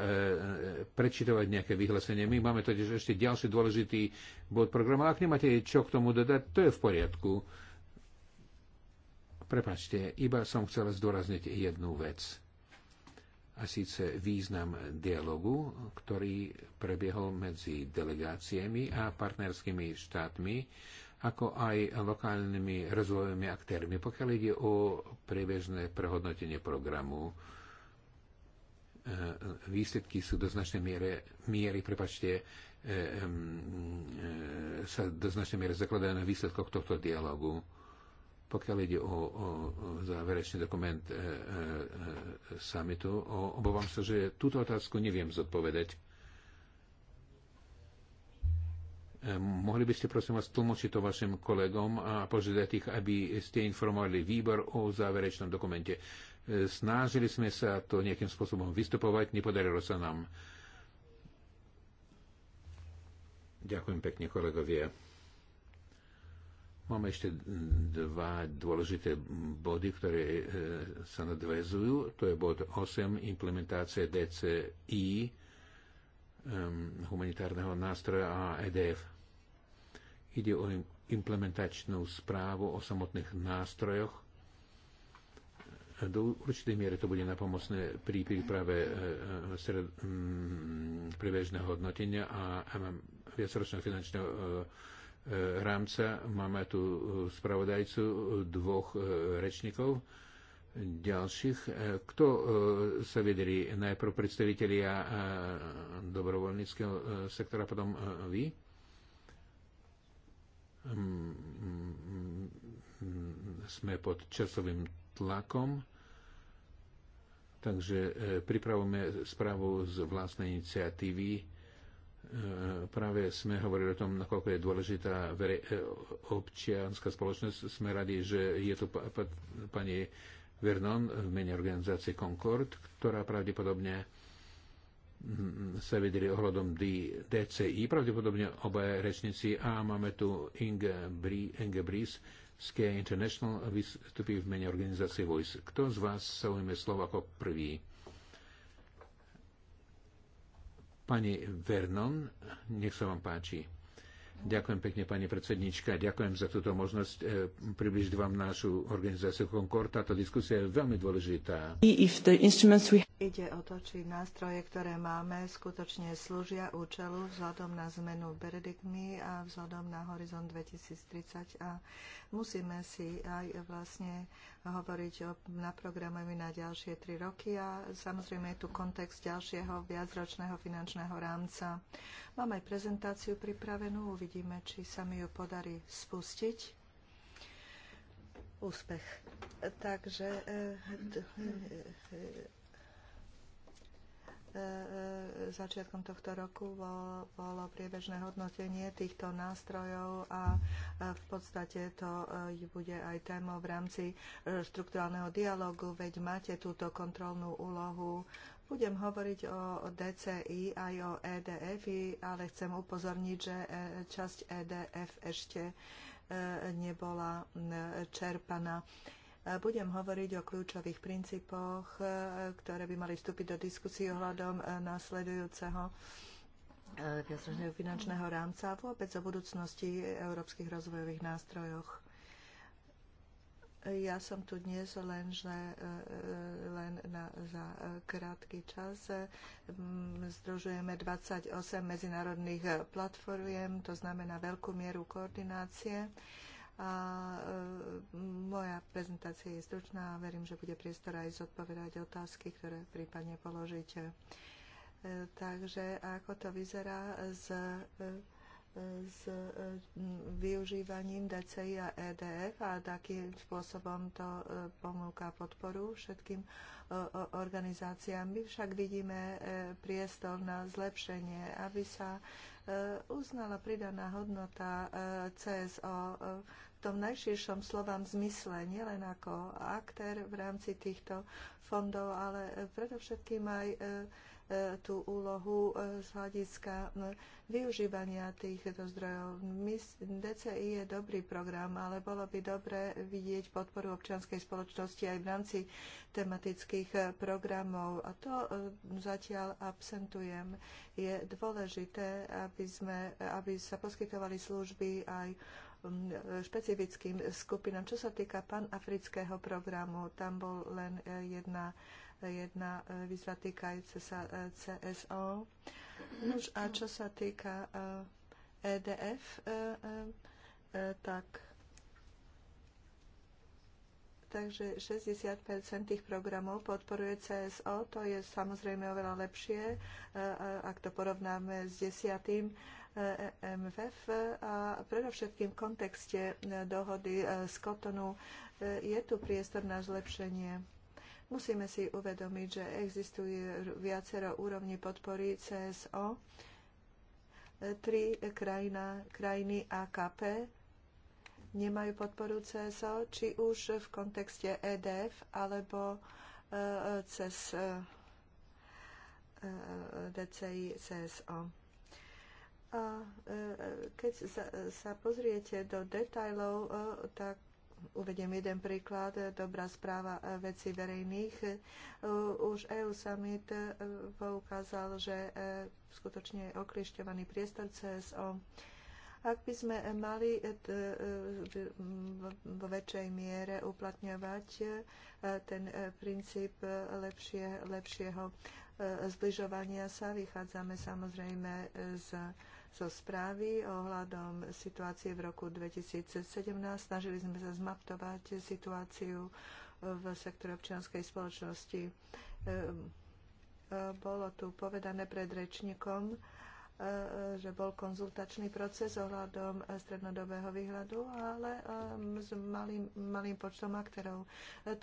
prečítovať nejaké vyhlásenie. My máme totiž ešte ďalší dôležitý bod programu. Ak nemáte čo k tomu dodať, to je v poriadku. Prepačte, iba som chcela zdôrazniť jednu vec a síce význam dialogu, ktorý prebiehol medzi delegáciami a partnerskými štátmi, ako aj lokálnymi rozvojovými aktérmi. Pokiaľ ide o priebežné prehodnotenie programu, e, výsledky sú do značnej miery, miery prepačte, e, e, sa do značnej miery zakladajú na výsledkoch tohto dialogu pokiaľ ide o, o záverečný dokument e, e, e, samitu, o, obávam sa, že túto otázku neviem zodpovedať. E, mohli by ste prosím vás tlmočiť to vašim kolegom a požiadať ich, aby ste informovali výbor o záverečnom dokumente. E, snažili sme sa to nejakým spôsobom vystupovať, nepodarilo sa nám. Ďakujem pekne, kolegovia. Máme ešte dva dôležité body, ktoré e, sa nadvezujú. To je bod 8, implementácia DCI, humanitárneho nástroja a EDF. Ide o implementačnú správu o samotných nástrojoch. Do určitej miery to bude napomocné pri príprave e, e, prebežného hodnotenia a viacročného finančného rámca. Máme tu eh, spravodajcu eh, dvoch eh, rečníkov ďalších. Kto sa vedeli? Najprv predstavitelia dobrovoľníckého sektora, potom vy? Mm, mm, mm, sme pod časovým tlakom, takže pripravujeme správu z vlastnej iniciatívy E, práve sme hovorili o tom, nakoľko je dôležitá e, občianská spoločnosť. Sme radi, že je tu pani Vernon v mene organizácie Concord, ktorá pravdepodobne mm, sa vedeli ohľadom DCI, pravdepodobne obaja rečníci a máme tu Inge, Bri, Inge Bries z Care International vystupí v mene organizácie Voice. Kto z vás sa ujme slovo ako prvý? Pani Vernon, nech sa vám páči. Ďakujem pekne, pani predsednička. Ďakujem za túto možnosť e, približiť vám našu organizáciu Concord. Táto diskusia je veľmi dôležitá. Ide o to, či nástroje, ktoré máme, skutočne slúžia účelu vzhľadom na zmenu paradigmy a vzhľadom na horizont 2030 a musíme si aj vlastne hovoriť o naprogramujeme na ďalšie tri roky a samozrejme je tu kontext ďalšieho viacročného finančného rámca. Mám aj prezentáciu pripravenú, uvidíme, či sa mi ju podarí spustiť úspech. Takže eh, eh, E, e, začiatkom tohto roku bolo priebežné hodnotenie týchto nástrojov a v podstate to e, bude aj téma v rámci štruktúrálneho dialogu, veď máte túto kontrolnú úlohu budem hovoriť o DCI aj o EDF, ale chcem upozorniť, že časť EDF ešte nebola čerpaná. Budem hovoriť o kľúčových princípoch, e, ktoré by mali vstúpiť do diskusie ohľadom e, následujúceho e, viacročného finančného rámca a vôbec o budúcnosti európskych rozvojových nástrojoch. Ja som tu dnes len, že, len na, za krátky čas. Združujeme 28 medzinárodných platformiem, to znamená veľkú mieru koordinácie a e, moja prezentácia je stručná a verím, že bude priestor aj zodpovedať otázky, ktoré prípadne položíte. E, takže ako to vyzerá s, e, s využívaním DCI a EDF a takým spôsobom to pomúka podporu všetkým organizáciám. My však vidíme priestor na zlepšenie, aby sa uznala pridaná hodnota CSO tom najširšom slovám zmysle, nielen ako aktér v rámci týchto fondov, ale predovšetkým aj e, e, tú úlohu e, z hľadiska využívania týchto zdrojov. DCI je dobrý program, ale bolo by dobre vidieť podporu občianskej spoločnosti aj v rámci tematických programov. A to zatiaľ absentujem. Je dôležité, aby, sme, aby sa poskytovali služby aj E, špecifickým skupinám. Čo sa týka panafrického programu, tam bol len e, jedna, jedna e, výzva týkajúca sa CSO. a čo sa týka EDF, tak takže 60 tých programov podporuje CSO. To je samozrejme oveľa lepšie, ak to porovnáme s desiatým E e MFF a predovšetkým v kontekste e, dohody z Kotonu je tu priestor na zlepšenie. Musíme si uvedomiť, že existuje viacero úrovní podpory CSO, tri krajina, krajiny AKP nemajú podporu CSO, či už v kontexte EDF alebo cez DCI CSO a e, e, keď sa pozriete do detajlov, e, tak uvediem jeden príklad, dobrá správa veci verejných. Už EU Summit poukázal, že skutočne je oklišťovaný priestor CSO. Ak by sme mali vo väčšej miere uplatňovať ten princíp lepšie, lepšieho zbližovania sa, vychádzame samozrejme z zo správy ohľadom situácie v roku 2017. Snažili sme sa zmaptovať situáciu v sektore občianskej spoločnosti. Ehm, e, bolo tu povedané pred rečníkom, E, že bol konzultačný proces ohľadom e, strednodobého výhľadu, ale e, s malým, malým počtom aktérov.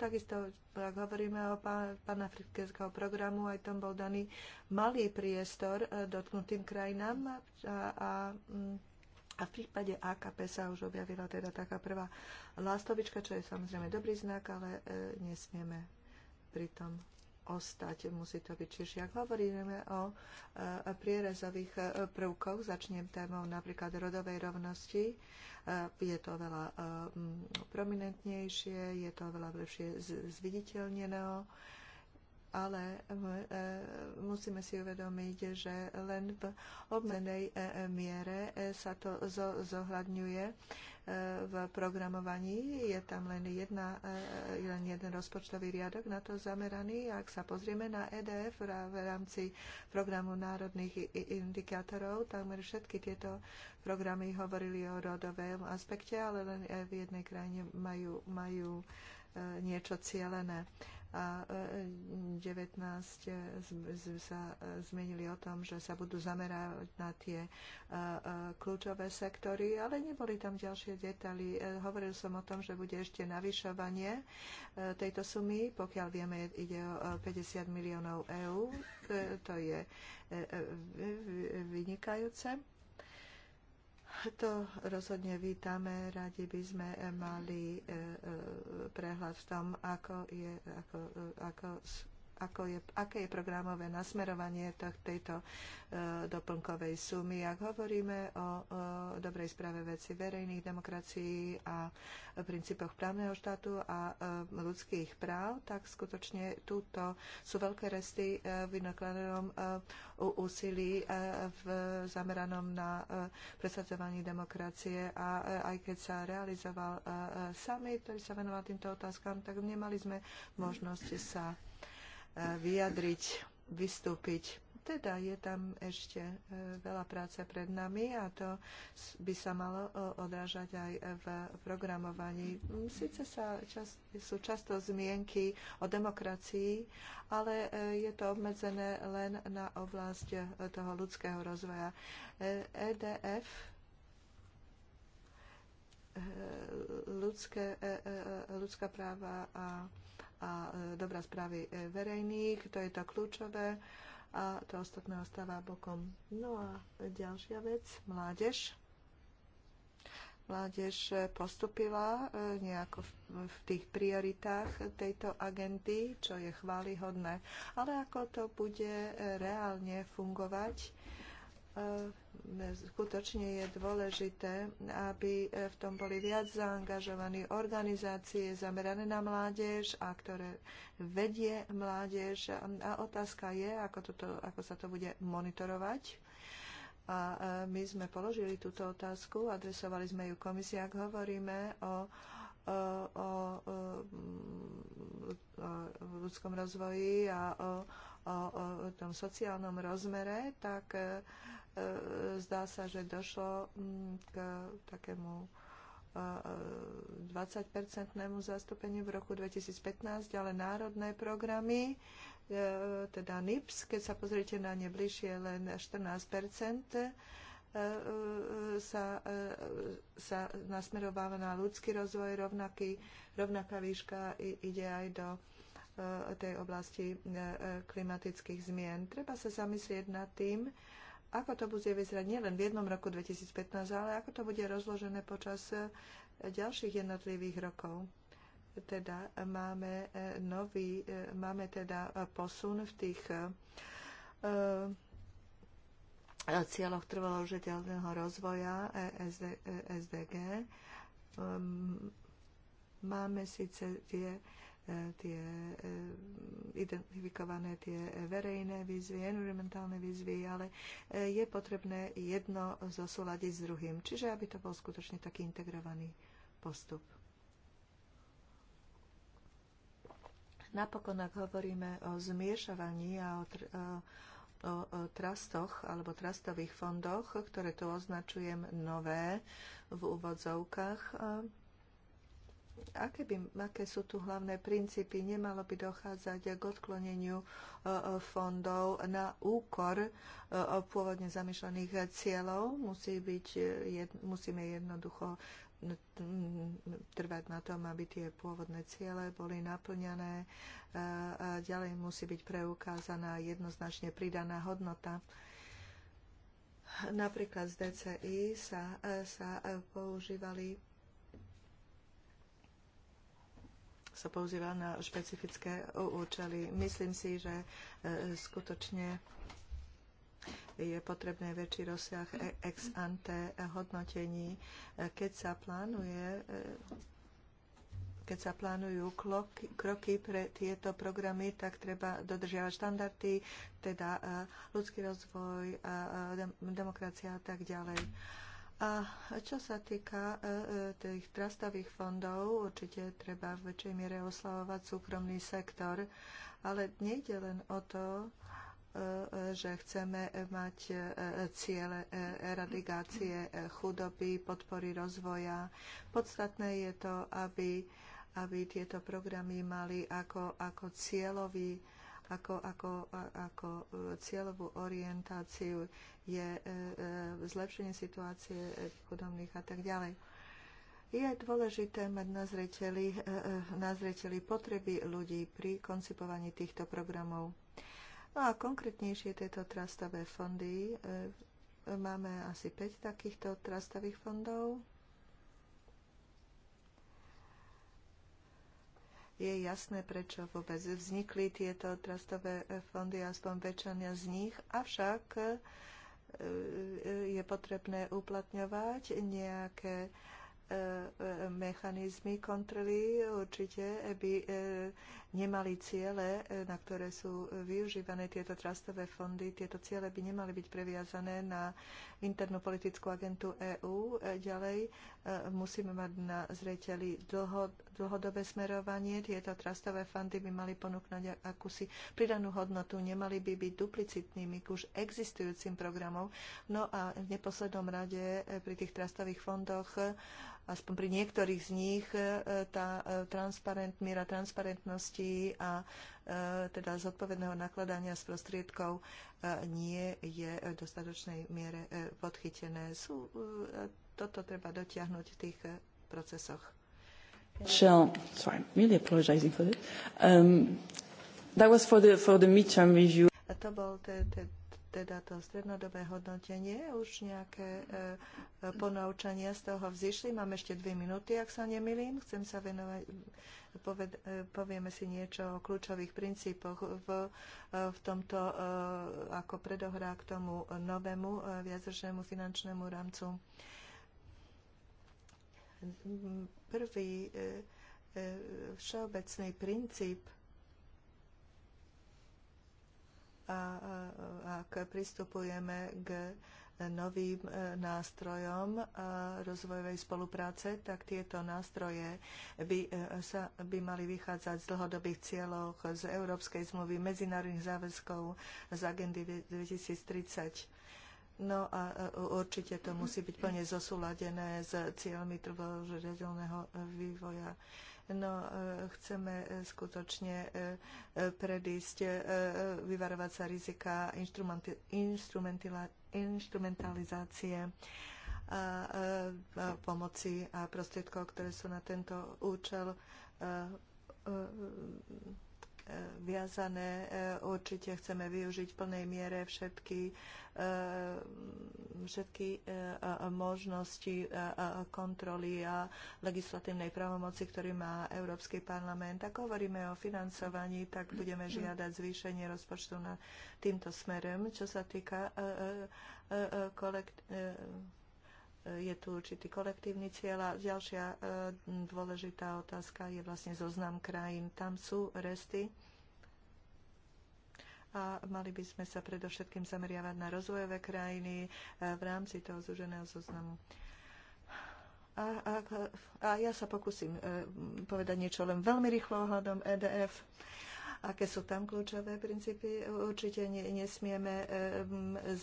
Takisto, ak hovoríme o panafrikského programu, aj tam bol daný malý priestor dotknutým krajinám a, a mm, a v prípade AKP sa už objavila teda taká prvá lastovička, čo je samozrejme dobrý znak, ale e, nesmieme pritom ostať. Musí to byť. Čiže ak hovoríme o e, prierezových e, prvkoch, začnem témou napríklad rodovej rovnosti, e, je to veľa prominentnejšie, je to veľa lepšie zviditeľnené, ale musíme si uvedomiť, že len v obmenej miere sa to zohľadňuje v programovaní. Je tam len, jedna, e, len jeden rozpočtový riadok na to zameraný. Ak sa pozrieme na EDF v rámci programu národných indikátorov, takmer všetky tieto programy hovorili o rodovom aspekte, ale len e, v jednej krajine majú, majú e, niečo cielené a 19 e, e, sa e, zmenili o tom, že sa budú zamerať na tie kľúčové sektory, ale neboli tam ďalšie detaily. Hovoril som o tom, že bude ešte navyšovanie tejto sumy, pokiaľ vieme, ide o 50 miliónov eur. To je vynikajúce to rozhodne vítame. Radi by sme eh, mali eh, eh, prehľad v tom, ako, je, ako, ako ako je, aké je programové nasmerovanie tejto e, doplnkovej sumy. Ak hovoríme o, dobrej správe veci verejných demokracií a princípoch právneho štátu a e, ľudských práv, tak skutočne túto sú veľké resty e, v vynakladanom úsilí v zameranom na presadzovanie demokracie a aj keď sa realizoval summit, ktorý sa venoval týmto otázkam, tak nemali sme možnosť sa vyjadriť, vystúpiť. Teda je tam ešte e, veľa práce pred nami a to by sa malo e, odrážať aj v programovaní. Mm, Sice sa čas, sú často zmienky o demokracii, ale e, je to obmedzené len na oblasť toho ľudského rozvoja. EDF ľudské, ľudská práva a a e, dobrá správy e, verejných, to je to kľúčové a to ostatné ostáva bokom. No a ďalšia vec, mládež. Mládež e, postupila nejako v tých prioritách tejto agendy, čo je chválihodné. Ale ako to bude reálne fungovať, E, skutočne je dôležité, aby v tom boli viac zaangažovaní organizácie zamerané na mládež a ktoré vedie mládež. A otázka je, ako, toto, ako sa to bude monitorovať. A e, my sme položili túto otázku, adresovali sme ju komisii, ak hovoríme o o, o, o ľudskom rozvoji a o, o, o tom sociálnom rozmere, tak e, E, zdá sa, že došlo mm, k takému 20-percentnému e, e, zastúpeniu v roku 2015, ale národné programy, teda NIPS, keď sa pozrite na ne bližšie, len 14 sa, sa nasmerováva na ľudský rozvoj, rovnaký, rovnaká výška ide aj do tej oblasti klimatických zmien. Treba sa zamyslieť nad tým, ako to bude vyzerať nielen v jednom roku 2015, ale ako to bude rozložené počas e, ďalších jednotlivých rokov. Teda máme e, nový, e, máme teda posun v tých cieľoch trvalo rozvoja SDG. Ehm, máme síce tie E, tie e, identifikované tie verejné výzvy, environmentálne výzvy, ale e, je potrebné jedno zosúľadiť s druhým, čiže aby to bol skutočne taký integrovaný postup. Napokon, ak hovoríme o zmiešavaní a o, o, o trastoch alebo trastových fondoch, ktoré tu označujem nové v úvodzovkách, aké, by, aké sú tu hlavné princípy? Nemalo by dochádzať k odkloneniu e, e, fondov na úkor e, pôvodne zamýšľaných cieľov. Musí byť, musíme jednoducho trvať na tom, aby tie pôvodné ciele boli naplňané. A ďalej musí byť preukázaná jednoznačne pridaná hodnota. Napríklad z DCI sa, sa používali sa používa na špecifické účely. Myslím si, že e, skutočne je potrebné väčší rozsah e- ex ante hodnotení, e, keď sa plánuje keď sa plánujú kroky pre tieto programy, tak treba dodržiavať štandardy, teda ľudský rozvoj, demokracia a tak ďalej. A čo sa týka e, e, tých trastových fondov, určite treba v väčšej miere oslavovať súkromný sektor, ale nejde len o to, e, že chceme mať ciele eradikácie chudoby, podpory rozvoja. Podstatné je to, aby, aby tieto programy mali ako, ako cieľový ako, ako, ako e, cieľovú orientáciu je e, e, zlepšenie situácie chudobných a tak ďalej. Je dôležité mať na zreteli, na zreteli potreby ľudí pri koncipovaní týchto programov. No a konkrétnejšie tieto trastové fondy. Máme asi 5 takýchto trastových fondov je jasné, prečo vôbec vznikli tieto trastové eh, fondy, aspoň väčšania z nich. Avšak eh, je potrebné uplatňovať nejaké E, e, mechanizmy kontroly určite by e, nemali ciele, na ktoré sú využívané tieto trastové fondy. Tieto ciele by nemali byť previazané na internú politickú agentu EÚ. Ďalej musíme mať na zreteli dlho, dlhodobé smerovanie. Tieto trastové fondy by mali ponúknať akúsi pridanú hodnotu. Nemali by byť duplicitnými k už existujúcim programom. No a v neposlednom rade pri tých trastových fondoch aspoň pri niektorých z nich e, e, tá e, transparent, miera transparentnosti a teda zodpovedného nakladania s prostriedkov nie je v dostatočnej miere podchytené. Sú, toto treba dotiahnuť v tých procesoch. Shall, sorry, really apologizing for this. Um, that was for the, for the midterm review. A to bol te, te, teda to strednodobé hodnotenie, už nejaké e, e, ponaučania z toho vzýšli. Mám ešte dve minúty, ak sa nemilím. Chcem sa venovať, poved, e, povieme si niečo o kľúčových princípoch v, v tomto ako predohrá k tomu novému viacročnému finančnému rámcu. Prvý všeobecný princíp a ak pristupujeme k novým e, nástrojom e, rozvojovej spolupráce, tak tieto nástroje by, e, sa, by mali vychádzať z dlhodobých cieľov z Európskej zmluvy, medzinárodných záväzkov z agendy 2030. No a určite to musí byť plne zosúladené s cieľmi trvalo vývoja. No, e, chceme e, skutočne e, predísť, vyvarovať sa rizika instrumentalizácie a, pomoci a prostriedkov, ktoré sú na tento účel viazané. E, určite chceme využiť v plnej miere všetky, e, všetky e, možnosti kontroly a legislatívnej pravomoci, ktorý má Európsky parlament. Ak hovoríme o financovaní, tak budeme žiadať zvýšenie rozpočtu na týmto smerem. Čo sa týka kolekt- E, je tu určitý kolektívny cieľ a ďalšia e, dôležitá otázka je vlastne zoznam krajín. Tam sú resty a mali by sme sa predovšetkým zameriavať na rozvojové krajiny e, v rámci toho zúženého zoznamu. A, a, a ja sa pokúsim povedať niečo len veľmi rýchlo ohľadom EDF aké sú tam kľúčové princípy. Určite nesmieme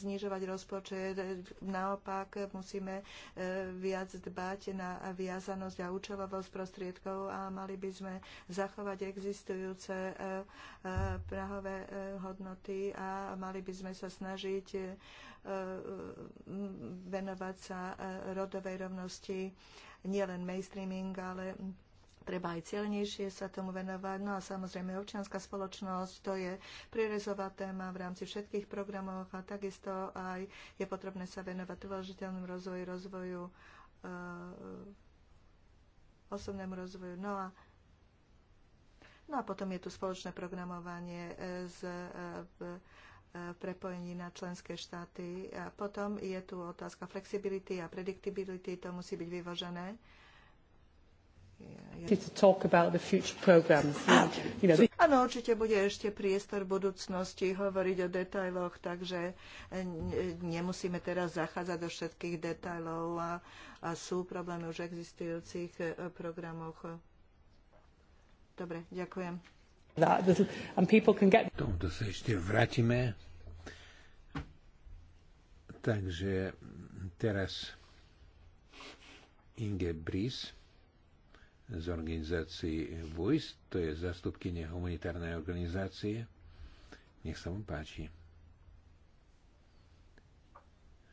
znižovať rozpočet, naopak musíme e, viac dbať na viazanosť a účelovosť prostriedkov a mali by sme zachovať existujúce e, e, prahové hodnoty a mali by sme sa snažiť venovať sa rodovej rovnosti nielen mainstreaming, ale treba aj cieľnejšie sa tomu venovať. No a samozrejme občianská spoločnosť, to je prirezová téma v rámci všetkých programov a takisto aj je potrebné sa venovať trvalžiteľnému rozvoju, rozvoju uh, osobnému rozvoju. No a, no a potom je tu spoločné programovanie eh, z, eh, v, prepojení na členské štáty. A potom je tu otázka flexibility a predictability, to musí byť vyvožené Ah. Áno, určite bude ešte priestor v budúcnosti hovoriť o detailoch, takže eh, nemusíme teraz zachádzať do všetkých detailov a, a sú problémy už existujúcich eh, programoch. Dobre, ďakujem. Get... Tomto sa ešte vrátime. Takže teraz Inge Brice z organizácií VUIS, to je zastupkynie humanitárnej organizácie. Nech sa vám páči.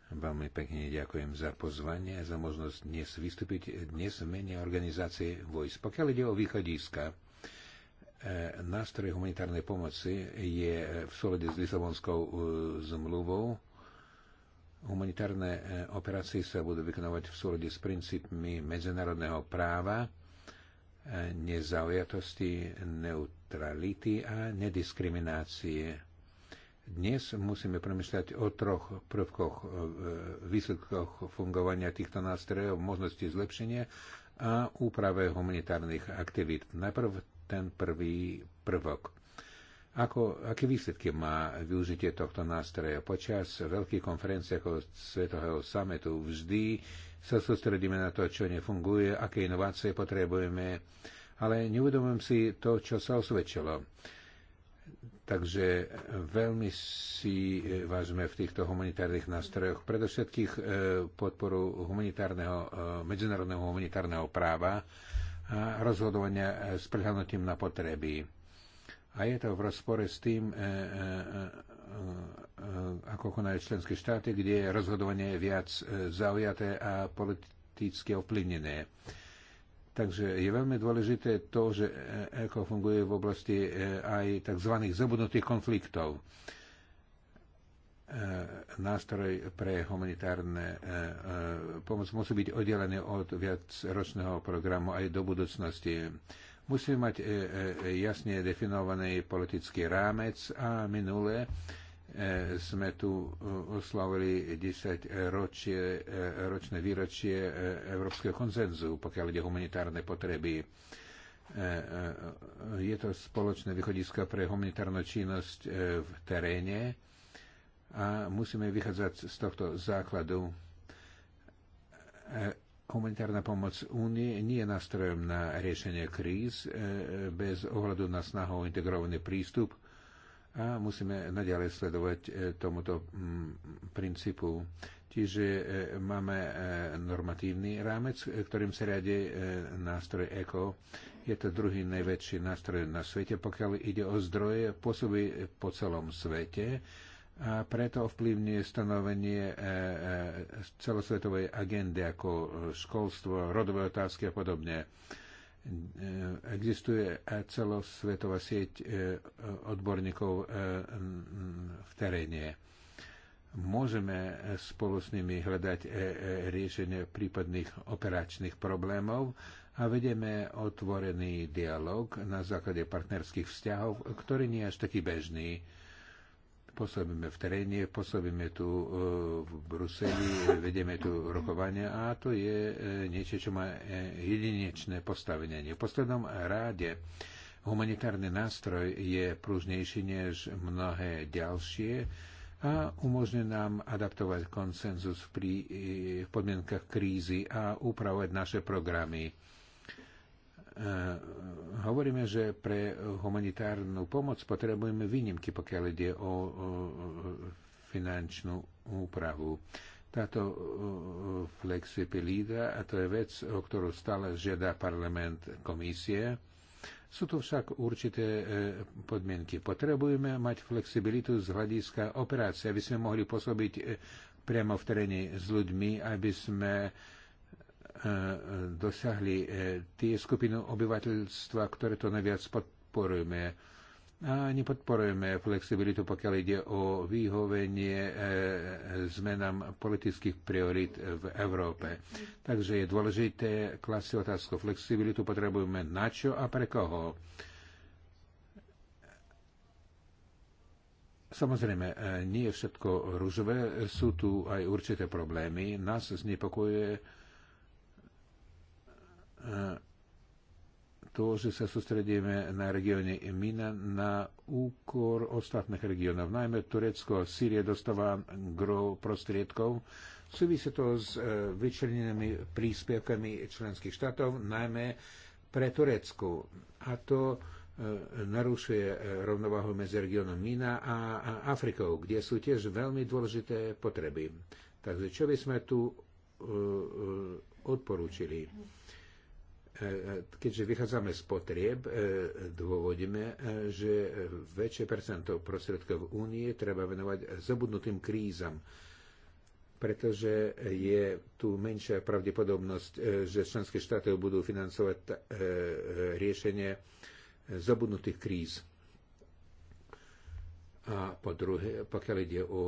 Veľmi pekne ďakujem za pozvanie a za možnosť dnes vystúpiť dnes v mene organizácie VOIS. Pokiaľ ide o východiska, e, nástroj humanitárnej pomoci je v súlade s Lisabonskou e, zmluvou. Humanitárne e, operácie sa budú vykonovať v súlade s princípmi medzinárodného práva nezaujatosti, neutrality a nediskriminácie. Dnes musíme premyšľať o troch prvkoch, e, výsledkoch fungovania týchto nástrojov, možnosti zlepšenia a úprave humanitárnych aktivít. Najprv ten prvý prvok. Ako, aké výsledky má využitie tohto nástroja? Počas veľkých konferencií ako Svetového sametu vždy sa sústredíme na to, čo nefunguje, aké inovácie potrebujeme, ale neuvedomujem si to, čo sa osvedčilo. Takže veľmi si e, vážme v týchto humanitárnych nástrojoch predovšetkých e, podporu humanitárneho, e, medzinárodného humanitárneho práva a rozhodovania s prihľadnutím na potreby. A je to v rozpore s tým, Eh, ako konajú členské štáty, kde je rozhodovanie viac eh, zaujaté a politicky ovplyvnené. Takže je veľmi dôležité to, že ECO funguje v oblasti eh, aj tzv. zabudnutých konfliktov. Nástroj pre humanitárne pomoc musí byť oddelený od viacročného programu aj do budúcnosti. Musíme mať e, e, e, jasne definovaný politický rámec a minulé sme tu oslavili 10 ročie, ročné výročie Európskeho konzenzu, pokiaľ ide o humanitárne potreby. Je to spoločné východisko pre humanitárnu činnosť v teréne a musíme vychádzať z tohto základu Humanitárna pomoc únie nie je nástrojom na riešenie kríz e, e, bez ohľadu na snahu o integrovaný prístup a musíme nadalej sledovať e, tomuto mm, princípu. Čiže máme normatívny rámec, ktorým sa riade nástroj ECO. Je to druhý najväčší nástroj na svete, pokiaľ ide o zdroje, pôsobí po celom svete a preto ovplyvňuje stanovenie e, e, celosvetovej agendy ako školstvo, rodové otázky a podobne. E, existuje celosvetová sieť odborníkov v teréne. Môžeme spolu s nimi hľadať riešenie prípadných operačných problémov a vedeme otvorený dialog na základe partnerských vzťahov, ktorý nie je až taký bežný pôsobíme v teréne, pôsobíme tu e, v Bruseli, vedeme tu rokovania a to je e, niečo, čo má e, jedinečné postavenie. V poslednom ráde humanitárny nástroj je prúžnejší než mnohé ďalšie a umožňuje nám adaptovať konsenzus pri podmienkach krízy a upravovať naše programy Eh, hovoríme, že pre humanitárnu pomoc potrebujeme výnimky, pokiaľ ide o finančnú úpravu. Táto flexibilita, a to je vec, o ktorú stále žiada parlament komisie, sú tu však určité e, podmienky. Potrebujeme mať flexibilitu z hľadiska operácie, aby sme mohli pôsobiť e, priamo v teréne s ľuďmi, aby sme E, dosiahli e, tie skupiny obyvateľstva, ktoré to najviac podporujeme. A nepodporujeme flexibilitu, pokiaľ ide o vyhovenie e, zmenám politických priorit v Európe. Takže je dôležité klasi otázku. Flexibilitu potrebujeme na čo a pre koho. Samozrejme, nie je všetko rúžové, sú tu aj určité problémy. Nás znepokojuje E, to, že sa sústredíme na regióne Emina na úkor ostatných regiónov. Najmä Turecko, a Sýrie dostáva gro prostriedkov. Súvisí to s e, vyčlenenými príspevkami členských štátov, najmä pre Turecku, A to e, narušuje rovnováhu medzi regiónom Mina a Afrikou, kde sú tiež veľmi dôležité potreby. Takže čo by sme tu odporúčili? keďže vychádzame z potrieb, e, dôvodíme, e, že väčšie percento prostriedkov únie treba venovať zabudnutým krízam, pretože je tu menšia pravdepodobnosť, e, že členské štáty budú financovať riešenie zabudnutých kríz. A po druhé, pokiaľ ide o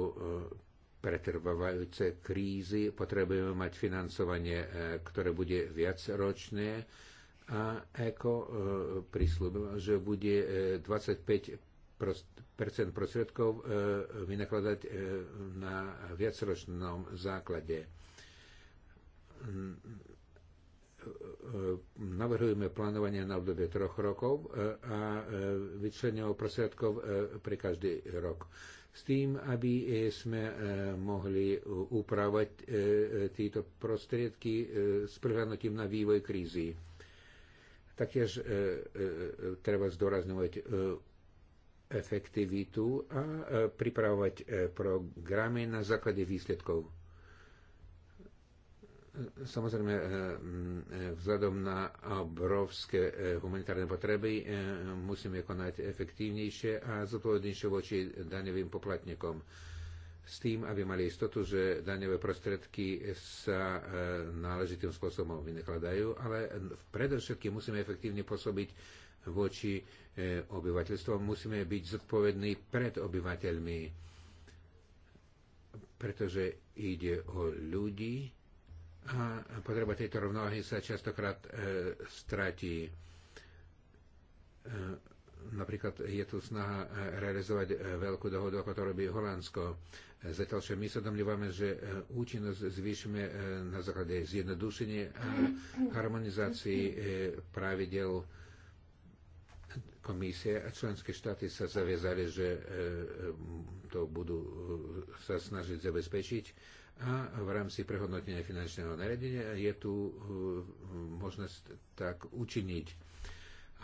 pretrvávajúce krízy, potrebujeme mať financovanie, e, ktoré bude viacročné a ECO e, prislúbil, že bude 25 e, prostriedkov vynakladať na viacročnom základe. Navrhujeme plánovanie na obdobie troch rokov a vyčlenie prostriedkov pre každý rok s tým, aby e, sme e, mohli e, upravať tieto prostriedky s prihľadnutím na vývoj krízy. Taktiež treba zdorazňovať efektivitu a pripravovať programy na základe výsledkov Samozrejme, eh, eh, vzhľadom na obrovské eh, humanitárne potreby musíme konať efektívnejšie a zodpovednejšie voči daňovým poplatníkom. S tým, aby mali istotu, že daňové prostriedky sa náležitým spôsobom vynakladajú, ale predovšetkým musíme efektívne pôsobiť voči obyvateľstvu. Musíme byť zodpovední pred obyvateľmi, pretože ide o ľudí, a potreba tejto rovnováhy sa častokrát e, stratí. E, napríklad je tu snaha e, realizovať e, veľkú dohodu, ako to robí Holandsko. E, zatiaľ, že my sa domnívame, že účinnosť zvýšime na základe zjednodušenia a harmonizácii pravidel komisie a členské štáty sa zaviazali, že to budú sa snažiť zabezpečiť E, a v rámci prehodnotenia finančného nariadenia je tu uh, možnosť tak učiniť.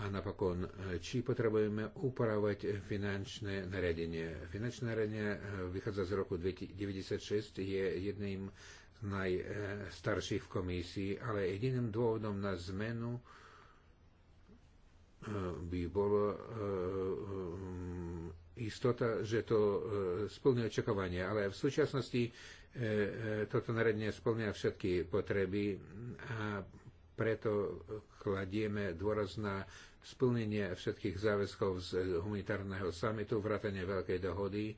A napokon, uh, či potrebujeme upravovať finančné nariadenie. Finančné nariadenie uh, vychádza z roku 1996, je jedným z najstarších v komisii, ale jediným dôvodom na zmenu by bolo um, istota, že to splňuje očakovanie. Ale v súčasnosti E, e, toto naredenie splňa všetky potreby a preto kladieme dôraz na splnenie všetkých záväzkov z humanitárneho samitu, vrátane Veľkej dohody,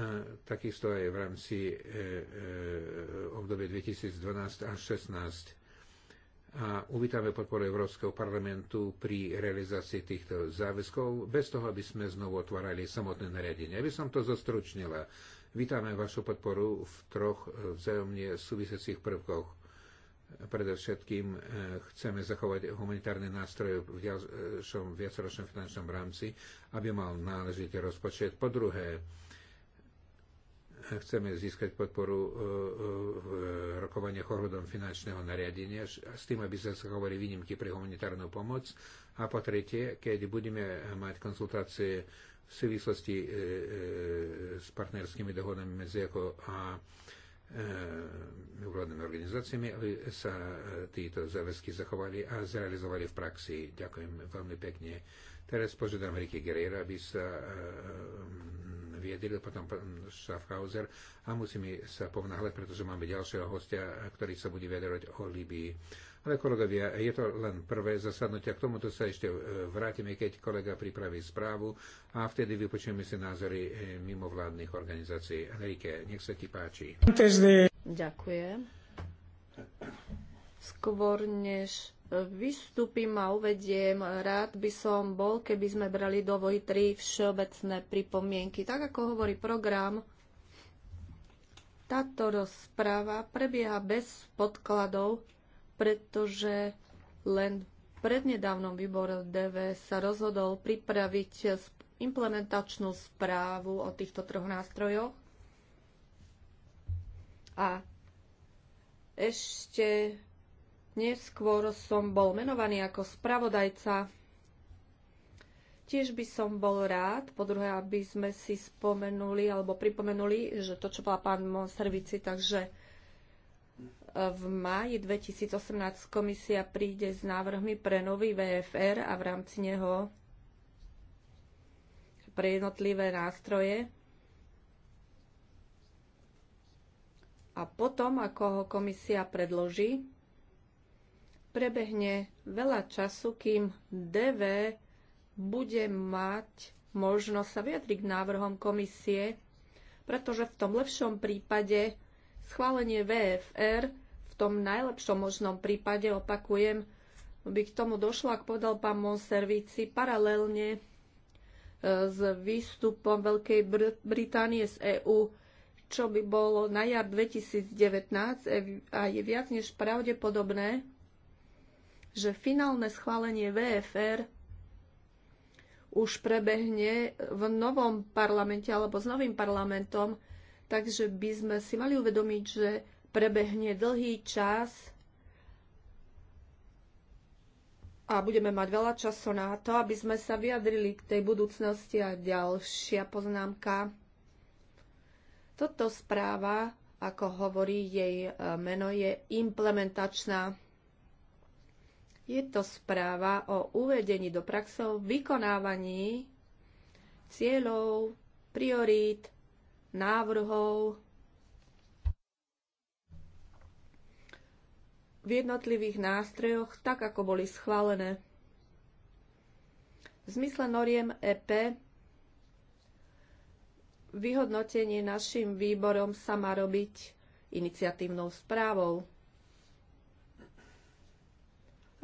a takisto aj v rámci e, e, obdobia 2012 až 2016. A uvítame podporu Európskeho parlamentu pri realizácii týchto záväzkov, bez toho, aby sme znovu otvárali samotné nariadenie. Aby som to zostručnila, Vítame vašu podporu v troch e, vzájomne súvisiacich prvkoch. Predovšetkým e, chceme zachovať humanitárne nástroje v ďalšom viacročnom finančnom rámci, aby mal náležitý rozpočet. Po druhé, e, chceme získať podporu v rokovaniach ohľadom finančného nariadenia s tým, aby sa zachovali výnimky pre humanitárnu pomoc. A po tretie, keď budeme mať konzultácie v súvislosti e, e, s partnerskými dohodami medzi ako e a mimovládnymi organizáciami, aby sa títo záväzky zachovali a zrealizovali v praxi. Ďakujem veľmi pekne. Teraz požiadam Ricky Guerrero, aby sa vyjadril, potom pán Schaffhauser a musíme sa povnáhľať, pretože máme ďalšieho hostia, ktorý sa bude vyjadrovať o Libii. Ale kolegovia, je to len prvé zasadnutie. K tomuto sa ešte e, vrátime, keď kolega pripraví správu a vtedy vypočujeme si názory e, mimovládnych organizácií. Enrique, nech sa ti páči. Ďakujem. Skôr než vystúpim a uvediem, rád by som bol, keby sme brali do voj tri všeobecné pripomienky. Tak ako hovorí program, táto rozpráva prebieha bez podkladov pretože len prednedávnom výbor DV sa rozhodol pripraviť implementačnú správu o týchto troch nástrojoch. A ešte neskôr som bol menovaný ako spravodajca. Tiež by som bol rád, po druhé, aby sme si spomenuli alebo pripomenuli, že to, čo bola pán Monservici, takže v máji 2018 komisia príde s návrhmi pre nový VFR a v rámci neho pre jednotlivé nástroje. A potom, ako ho komisia predloží, prebehne veľa času, kým DV bude mať možnosť sa vyjadriť k návrhom komisie, pretože v tom lepšom prípade schválenie VFR v tom najlepšom možnom prípade, opakujem, by k tomu došlo, ak povedal pán Monservici, paralelne e, s výstupom Veľkej Br- Británie z EÚ, čo by bolo na jar 2019 e, a je viac než pravdepodobné, že finálne schválenie VFR už prebehne v novom parlamente alebo s novým parlamentom, takže by sme si mali uvedomiť, že prebehne dlhý čas a budeme mať veľa času na to, aby sme sa vyjadrili k tej budúcnosti. A ďalšia poznámka. Toto správa, ako hovorí jej e, meno, je implementačná. Je to správa o uvedení do praxov vykonávaní cieľov, priorít, návrhov v jednotlivých nástrojoch, tak ako boli schválené. V zmysle noriem EP vyhodnotenie našim výborom sa má robiť iniciatívnou správou.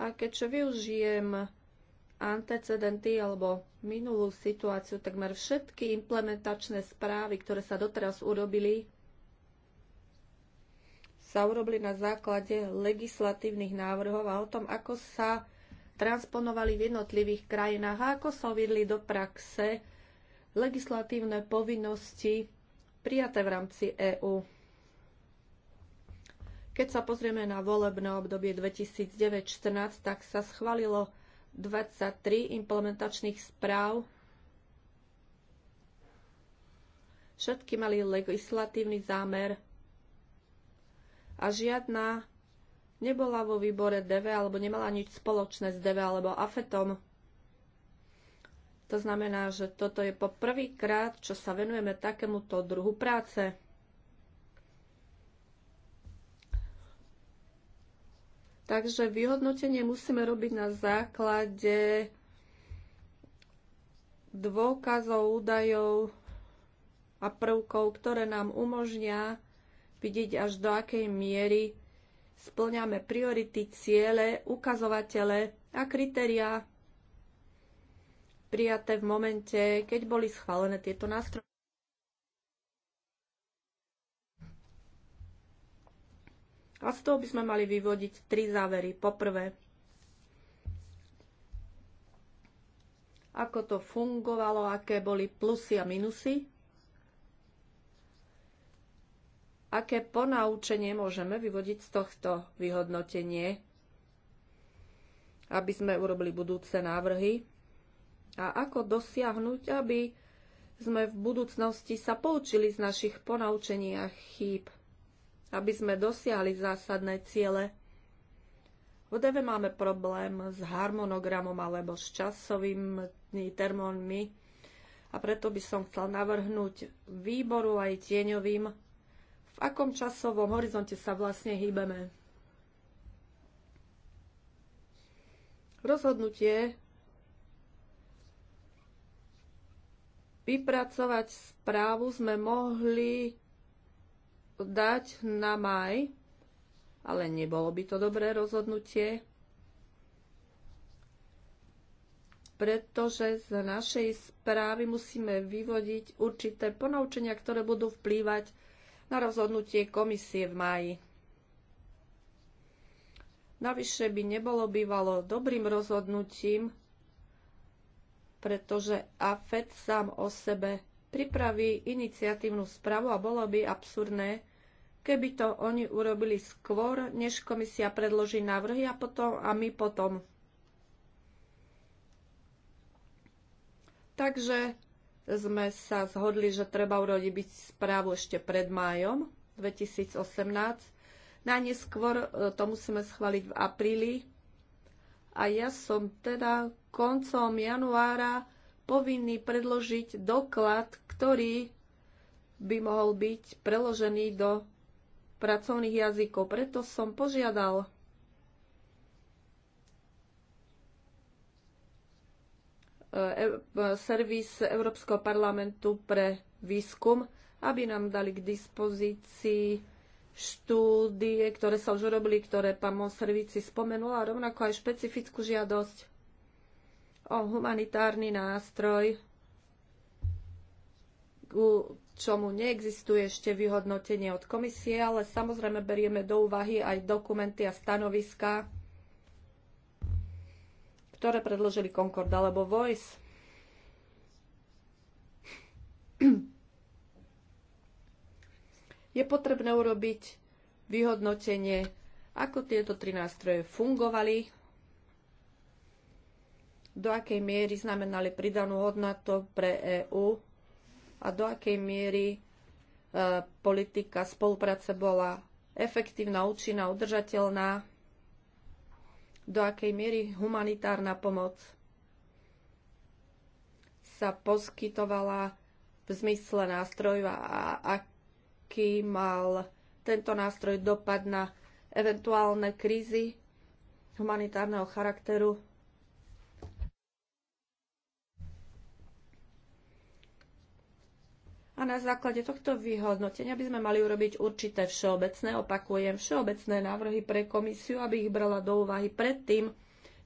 A keďže využijem antecedenty alebo minulú situáciu, takmer všetky implementačné správy, ktoré sa doteraz urobili, sa urobili na základe legislatívnych návrhov a o tom, ako sa transponovali v jednotlivých krajinách a ako sa uviedli do praxe legislatívne povinnosti prijaté v rámci EÚ. Keď sa pozrieme na volebné obdobie 2009-2014, tak sa schválilo 23 implementačných správ. Všetky mali legislatívny zámer a žiadna nebola vo výbore DV alebo nemala nič spoločné s DV alebo AFETom. To znamená, že toto je po prvýkrát, čo sa venujeme takémuto druhu práce. Takže vyhodnotenie musíme robiť na základe dôkazov, údajov a prvkov, ktoré nám umožnia vidieť, až do akej miery splňame priority, ciele, ukazovatele a kritériá prijaté v momente, keď boli schválené tieto nástroje. A z toho by sme mali vyvodiť tri závery. Poprvé, ako to fungovalo, aké boli plusy a minusy Aké ponaučenie môžeme vyvodiť z tohto vyhodnotenie, aby sme urobili budúce návrhy? A ako dosiahnuť, aby sme v budúcnosti sa poučili z našich ponaučení a chýb, aby sme dosiahli zásadné ciele? V DV máme problém s harmonogramom alebo s časovými termónmi a preto by som chcel navrhnúť výboru aj tieňovým v akom časovom horizonte sa vlastne hýbeme? Rozhodnutie vypracovať správu sme mohli dať na maj, ale nebolo by to dobré rozhodnutie, pretože z našej správy musíme vyvodiť určité ponaučenia, ktoré budú vplývať na rozhodnutie komisie v máji. Navyše by nebolo bývalo dobrým rozhodnutím, pretože AFED sám o sebe pripraví iniciatívnu správu a bolo by absurdné, keby to oni urobili skôr, než komisia predloží návrhy a, potom, a my potom. Takže sme sa zhodli, že treba urobiť správu ešte pred májom 2018. Najneskôr e, to musíme schváliť v apríli. A ja som teda koncom januára povinný predložiť doklad, ktorý by mohol byť preložený do pracovných jazykov. Preto som požiadal E, e, servis Európskeho parlamentu pre výskum, aby nám dali k dispozícii štúdie, ktoré sa už robili, ktoré pán Monservici spomenul a rovnako aj špecifickú žiadosť o humanitárny nástroj, ku čomu neexistuje ešte vyhodnotenie od komisie, ale samozrejme berieme do úvahy aj dokumenty a stanoviská ktoré predložili Concord alebo Voice. Je potrebné urobiť vyhodnotenie, ako tieto tri nástroje fungovali, do akej miery znamenali pridanú hodnotu pre EÚ a do akej miery e, politika spolupráce bola efektívna, účinná, udržateľná do akej miery humanitárna pomoc sa poskytovala v zmysle nástrojov a aký mal tento nástroj dopad na eventuálne krízy humanitárneho charakteru A na základe tohto vyhodnotenia by sme mali urobiť určité všeobecné, opakujem, všeobecné návrhy pre komisiu, aby ich brala do úvahy predtým,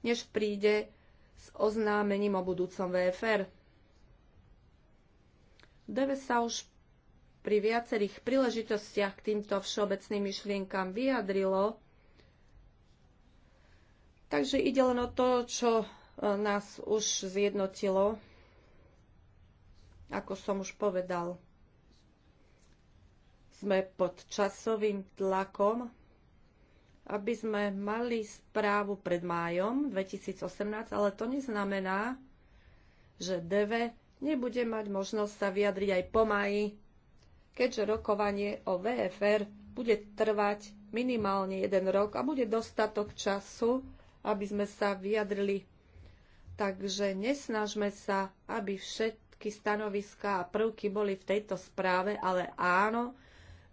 než príde s oznámením o budúcom VFR. DV sa už pri viacerých príležitostiach k týmto všeobecným myšlienkam vyjadrilo, takže ide len o to, čo e, nás už zjednotilo, ako som už povedal sme pod časovým tlakom, aby sme mali správu pred májom 2018, ale to neznamená, že DV nebude mať možnosť sa vyjadriť aj po máji, keďže rokovanie o VFR bude trvať minimálne jeden rok a bude dostatok času, aby sme sa vyjadrili. Takže nesnažme sa, aby všetky stanoviská a prvky boli v tejto správe, ale áno,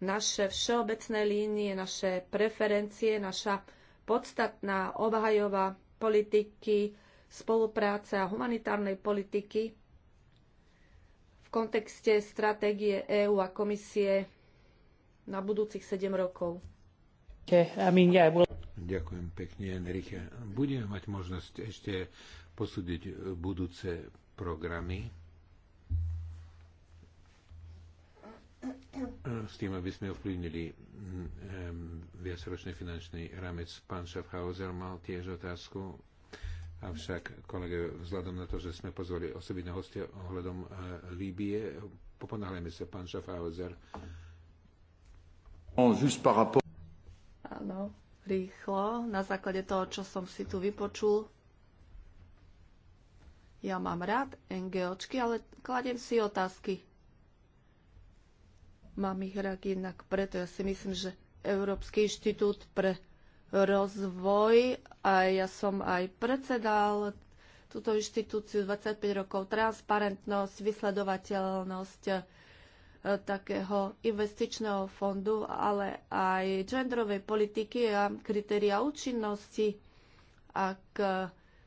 naše všeobecné línie, naše preferencie, naša podstatná obhajova politiky, spolupráce a humanitárnej politiky v kontekste stratégie EÚ a komisie na budúcich 7 rokov. Ďakujem pekne, Enrique. Budeme mať možnosť ešte posúdiť budúce programy. Eh, s tým, aby sme ovplyvnili mm, eh, viacročný finančný ramec. Pán Schaffhauser mal tiež otázku, avšak kolega, vzhľadom na to, že sme pozvali osobitného hostia ohľadom eh, Líbie, poponáhľajme sa, pán Schaffhauser. Áno, rýchlo, na základe toho, čo som si tu vypočul. Ja mám rád NGOčky, ale kladem si otázky Mám ich rád inak, preto ja si myslím, že Európsky inštitút pre rozvoj a ja som aj predsedal túto inštitúciu 25 rokov, transparentnosť, vysledovateľnosť e, takého investičného fondu, ale aj genderovej politiky a kritéria účinnosti a k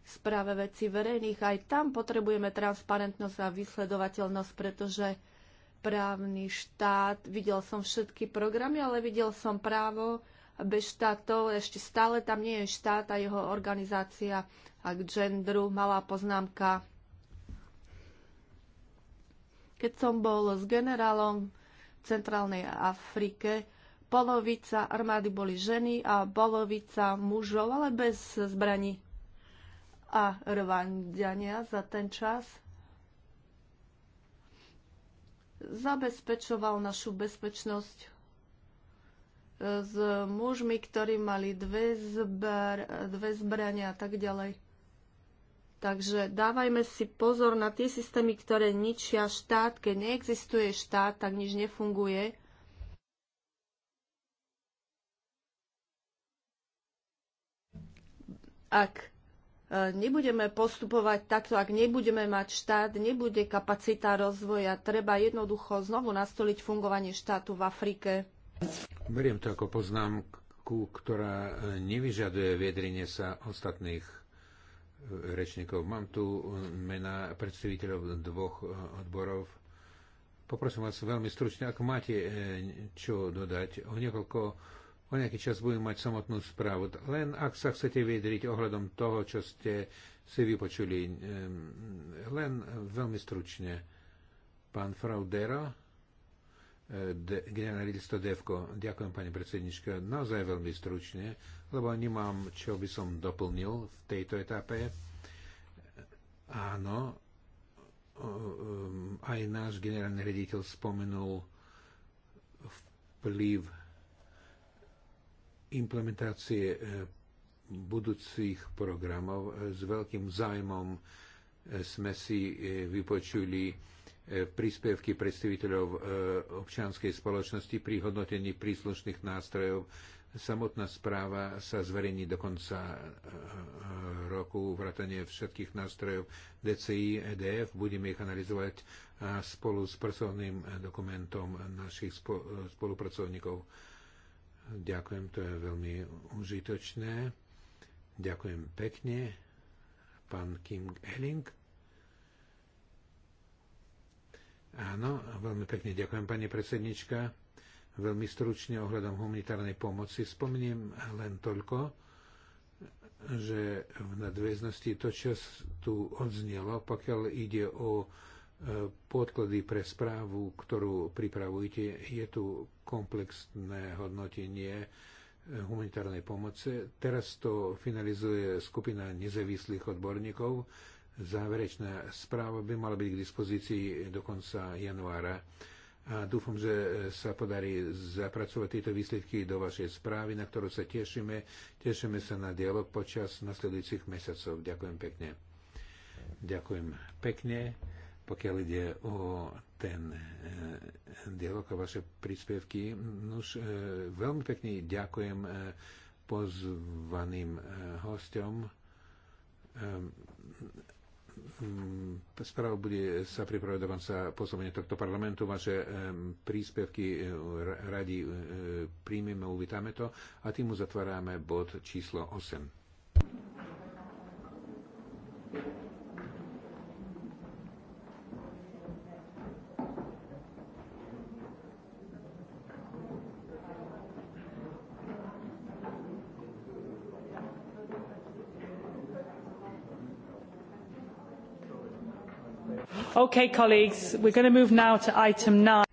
správe veci verejných. Aj tam potrebujeme transparentnosť a vysledovateľnosť, pretože právny štát, videl som všetky programy, ale videl som právo bez štátov, ešte stále tam nie je štát a jeho organizácia a k gendru, malá poznámka. Keď som bol s generálom v Centrálnej Afrike, polovica armády boli ženy a polovica mužov, ale bez zbraní. A Rwandiania za ten čas zabezpečoval našu bezpečnosť e, s mužmi, ktorí mali dve, zber, dve zbrania a tak ďalej. Takže dávajme si pozor na tie systémy, ktoré ničia štát. Keď neexistuje štát, tak nič nefunguje. Ak E, nebudeme postupovať takto, ak nebudeme mať štát, nebude kapacita rozvoja. Treba jednoducho znovu nastoliť fungovanie štátu v Afrike. Beriem to ako poznámku, ktorá e, nevyžaduje viedrenie sa ostatných e, rečníkov. Mám tu mena predstaviteľov dvoch odborov. Poprosím vás veľmi stručne, ak máte čo dodať o niekoľko O nejaký čas budem mať samotnú správu. Len ak sa chcete vyjadriť ohľadom toho, čo ste si vypočuli, len veľmi stručne. Pán Fraudera, eh, generálny riaditeľstvo e DEVKO, ďakujem pani predsednička, naozaj veľmi stručne, lebo nemám, čo by som doplnil v tejto etape. Áno, aj náš generálny riaditeľ spomenul vplyv implementácie eh, budúcich programov. Eh, s veľkým zájmom eh, sme si vypočuli príspevky predstaviteľov občianskej spoločnosti pri hodnotení príslušných nástrojov. Samotná správa sa zverejní do konca roku, vratenie všetkých nástrojov DCI, EDF. Budeme ich analyzovať spolu s pracovným dokumentom našich spolupracovníkov Ďakujem, to je veľmi užitočné. Ďakujem pekne, pán Kim Elling. Áno, veľmi pekne ďakujem, pani predsednička. Veľmi stručne ohľadom humanitárnej pomoci spomeniem len toľko, že v nadväznosti to, čo tu odznelo, pokiaľ ide o podklady pre správu, ktorú pripravujete. Je tu komplexné hodnotenie eh, humanitárnej pomoci. Teraz to finalizuje skupina nezávislých odborníkov. Záverečná správa by mala byť k dispozícii do konca januára. A dúfam, že eh, sa podarí zapracovať tieto výsledky do vašej správy, na ktorú sa tešíme. Tešíme sa na dialog počas nasledujúcich mesiacov. Ďakujem pekne. Ďakujem pekne pokiaľ ide o ten e, dialog a vaše príspevky. Nuž, e, veľmi pekne ďakujem e, pozvaným e, hostom. E, správa bude sa pripravať do konca poslovenia tohto parlamentu. Vaše e, príspevky e, radi e, príjmeme, uvítame to a tým uzatvárame bod číslo 8. Thank you. Okay,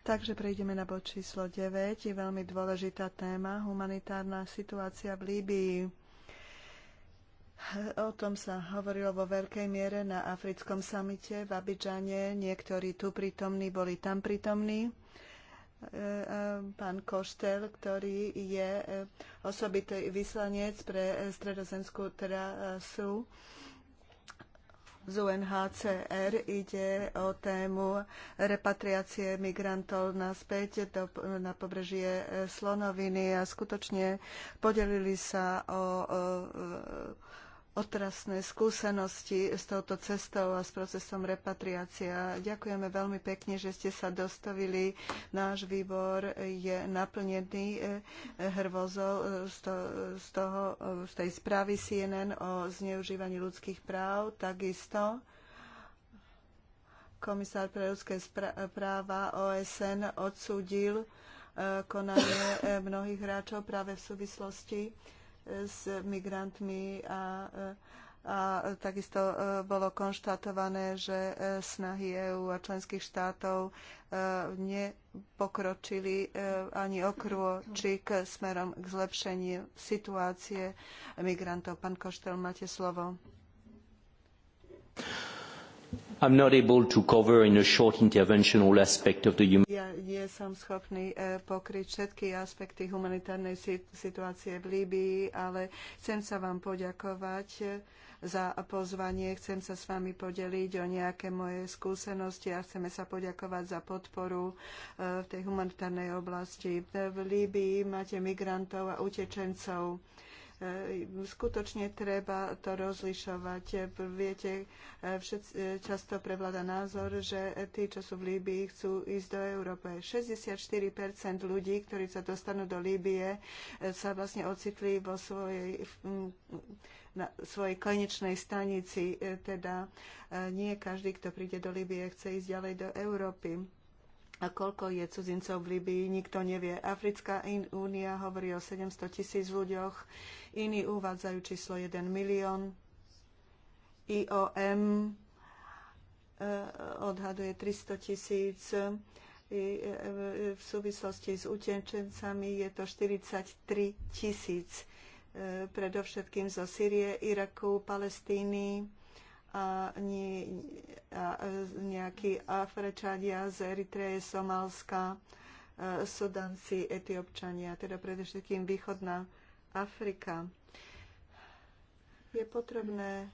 Takže prejdeme na bod číslo 9. Je veľmi dôležitá téma, humanitárna situácia v Líbii. O tom sa hovorilo vo veľkej miere na africkom samite v Abidžane. Niektorí tu prítomní boli tam prítomní e, e, pán Koštel, ktorý je e, osobitý vyslanec pre stredozemskú trasu. Teda z UNHCR ide o tému repatriácie migrantov naspäť do, na pobrežie e, Slonoviny a skutočne podelili sa o, o, o otrasné skúsenosti s touto cestou a s procesom repatriácia. Ďakujeme veľmi pekne, že ste sa dostavili. Náš výbor je naplnený e, e, hrvozou e, z, toho, z tej správy CNN o zneužívaní ľudských práv. Takisto komisár pre ľudské práva OSN odsúdil konanie mnohých hráčov práve v súvislosti s migrantmi a, a takisto e, bolo konštatované, že e, snahy EÚ a členských štátov e, nepokročili ani k smerom k zlepšeniu situácie migrantov. Pán Koštel, máte slovo. I'm not able to cover in a short intervention all aspect of the human... Ja nie som schopný e, pokryť všetky aspekty humanitárnej situácie v Líbii, ale chcem sa vám poďakovať e, za pozvanie. Chcem sa s vami podeliť o nejaké moje skúsenosti a chceme sa poďakovať za podporu e, v tej humanitárnej oblasti. V Líbii máte migrantov a utečencov E, skutočne treba to rozlišovať. Viete, e, všetci, e, často prevláda názor, že tí, čo sú v Líbii, chcú ísť do Európy. 64% ľudí, ktorí sa dostanú do Líbie, sa vlastne ocitli vo svojej na svojej konečnej stanici, teda nie každý, kto príde do Líbie, chce ísť ďalej do Európy a koľko je cudzincov v Libii, nikto nevie. Africká únia hovorí o 700 tisíc ľuďoch, iní uvádzajú číslo 1 milión. IOM e, odhaduje 300 tisíc. E, e, v súvislosti s utečencami je to 43 tisíc, predovšetkým zo Syrie, Iraku, Palestíny a, nie, a e, nejakí Afričania z Eritreje, Somálska, e, Sudanci, Etiopčania, teda predovšetkým východná Afrika. Je potrebné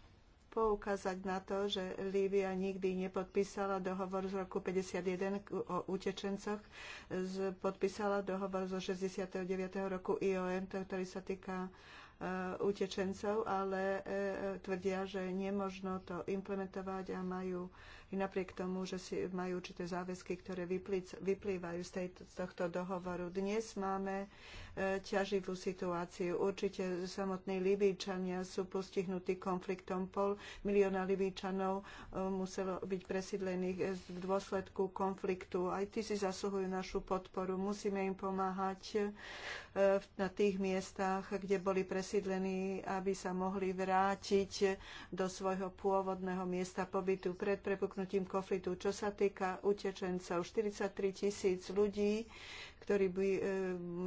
poukázať na to, že Líbia nikdy nepodpísala dohovor z roku 51 o utečencoch, podpísala dohovor zo 69. roku IOM, ktorý sa týka Eh, utečencov, ale eh, tvrdia, že nemožno to implementovať a majú i napriek tomu, že si majú určité záväzky, ktoré vyplývajú z, tejto, z tohto dohovoru. Dnes máme e, ťaživú situáciu. Určite samotní Libíčania sú postihnutí konfliktom. Pol milióna Libíčanov e, muselo byť presídlených v dôsledku konfliktu. Aj tí si zasluhujú našu podporu. Musíme im pomáhať e, na tých miestach, kde boli presídlení, aby sa mohli vrátiť do svojho pôvodného miesta pobytu. Pred prepuknutím vypuknutím konfliktu. Čo sa týka utečencov, 43 tisíc ľudí, ktorí by, e,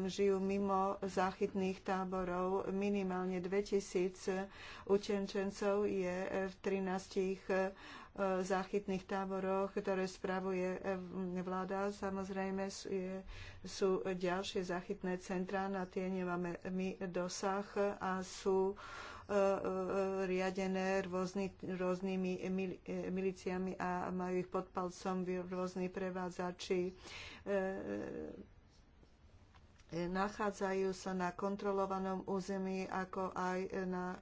žijú mimo záchytných táborov, minimálne 2 tisíc utečencov je v 13 e, záchytných táboroch, ktoré spravuje e, vláda. Samozrejme sú, je, sú ďalšie záchytné centrá, na tie nemáme my dosah a sú e, E, e, riadené rôzny, rôznymi e, miliciami a majú ich pod palcom rôzni prevádzači nachádzajú sa na kontrolovanom území, ako aj na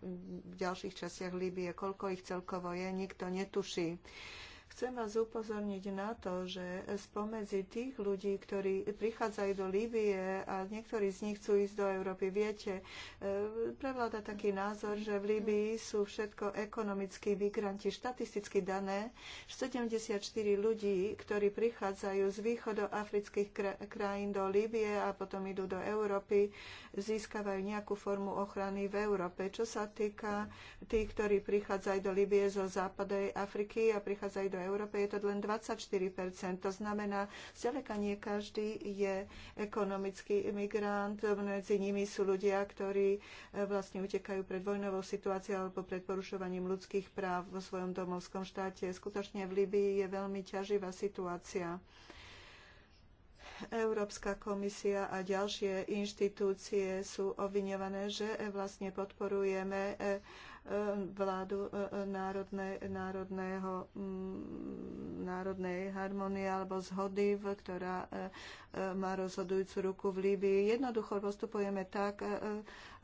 ďalších častiach Líbie. Koľko ich celkovo je, nikto netuší. Chcem vás upozorniť na to, že spomedzi tých ľudí, ktorí prichádzajú do Líbie a niektorí z nich chcú ísť do Európy, viete, e, prevláda taký názor, že v Líbii sú všetko ekonomickí migranti, štatisticky dané. 74 ľudí, ktorí prichádzajú z východoafrických krajín do Líbie a potom idú do Európy, získavajú nejakú formu ochrany v Európe. Čo sa týka tých, ktorí prichádzajú do Líbie zo západnej Afriky a prichádzajú do Európy, Európe je to len 24 To znamená, zďaleka nie každý je ekonomický imigrant. Medzi nimi sú ľudia, ktorí eh, vlastne utekajú pred vojnovou situáciou alebo pred porušovaním ľudských práv vo svojom domovskom štáte. Skutočne v Libii je veľmi ťaživá situácia. Európska komisia a ďalšie inštitúcie sú obviňované, že eh, vlastne podporujeme eh, vládu e, e, národné, národného, mm, národnej harmonie alebo zhody, ktorá e, má rozhodujúcu ruku v Líbii. Jednoducho postupujeme tak,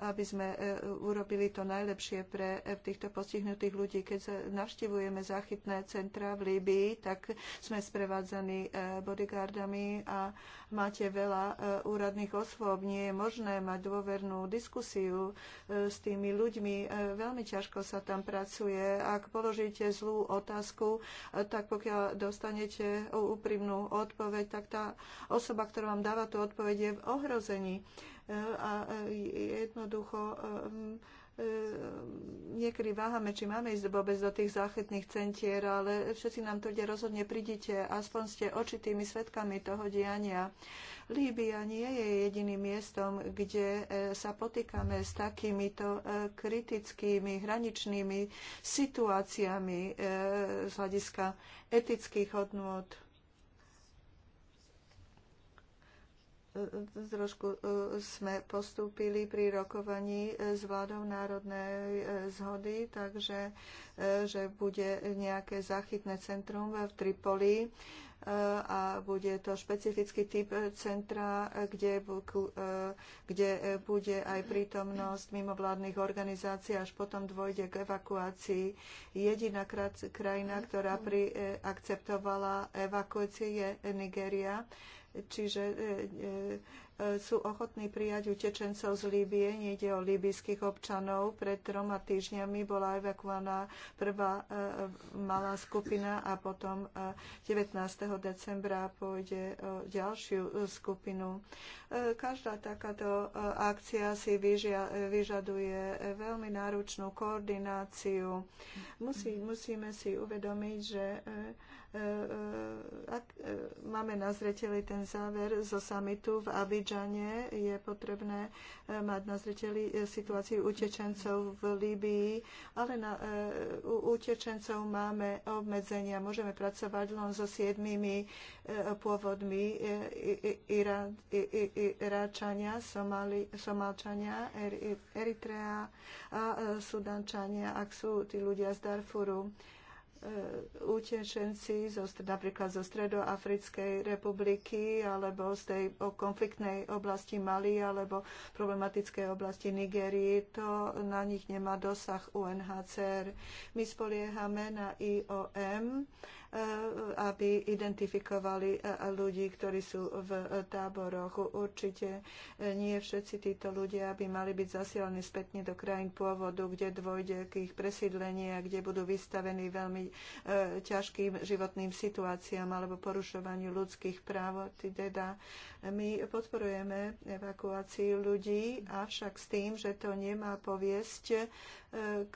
aby sme e, urobili to najlepšie pre e, týchto postihnutých ľudí. Keď navštevujeme záchytné centra v Líbii, tak sme sprevádzani e, bodyguardami a máte veľa úradných osôb. Nie je možné mať dôvernú diskusiu s tými ľuďmi. Veľmi ťažko sa tam pracuje. Ak položíte zlú otázku, tak pokiaľ dostanete úprimnú odpoveď, tak tá osoba, ktorá vám dáva tú odpoveď, je v ohrození a e, jednoducho e, e, niekedy váhame, či máme ísť vôbec do tých záchytných centier, ale všetci nám to kde rozhodne prídite. Aspoň ste očitými svetkami toho diania. Líbia nie je jediným miestom, kde sa potýkame s takýmito kritickými hraničnými situáciami z hľadiska etických hodnôt trošku e, sme postúpili pri rokovaní e, s vládou národnej e, zhody, takže že bude nejaké zachytné centrum v Tripoli a bude to špecifický typ centra, kde, kde bude aj prítomnosť mimovládnych organizácií, až potom dôjde k evakuácii. Jediná krajina, ktorá pri, akceptovala evakuáciu, je Nigeria čiže e, e, e, sú ochotní prijať utečencov z Líbie. Nejde o líbyských občanov. Pred troma týždňami bola evakuovaná prvá malá skupina a potom 19. decembra pôjde o ďalšiu skupinu. Každá takáto akcia si vyžaduje veľmi náročnú koordináciu. Musí, musíme si uvedomiť, že E, e, ak e, máme na zreteli ten záver zo samitu v Abidžane, je potrebné mať na zreteli situáciu utečencov v Líbii, ale na, u utečencov máme obmedzenia. Môžeme pracovať len so siedmými pôvodmi Irá, Iráčania, Somali, Somálčania, Eritrea a Sudančania, ak sú tí ľudia z Darfuru E, utečenci zo, napríklad zo Stredoafrickej republiky alebo z tej konfliktnej oblasti Mali alebo problematickej oblasti Nigérii, to na nich nemá dosah UNHCR. My spoliehame na IOM Eh, aby identifikovali eh, ľudí, ktorí sú v táboroch. Určite eh, nie všetci títo ľudia by mali byť zasielaní spätne do krajín pôvodu, kde dôjde k ich presídleniu a kde budú vystavení veľmi ťažkým životným situáciám alebo porušovaniu ľudských práv. Teda my podporujeme evakuáciu ľudí, avšak s tým, že to nemá poviesť k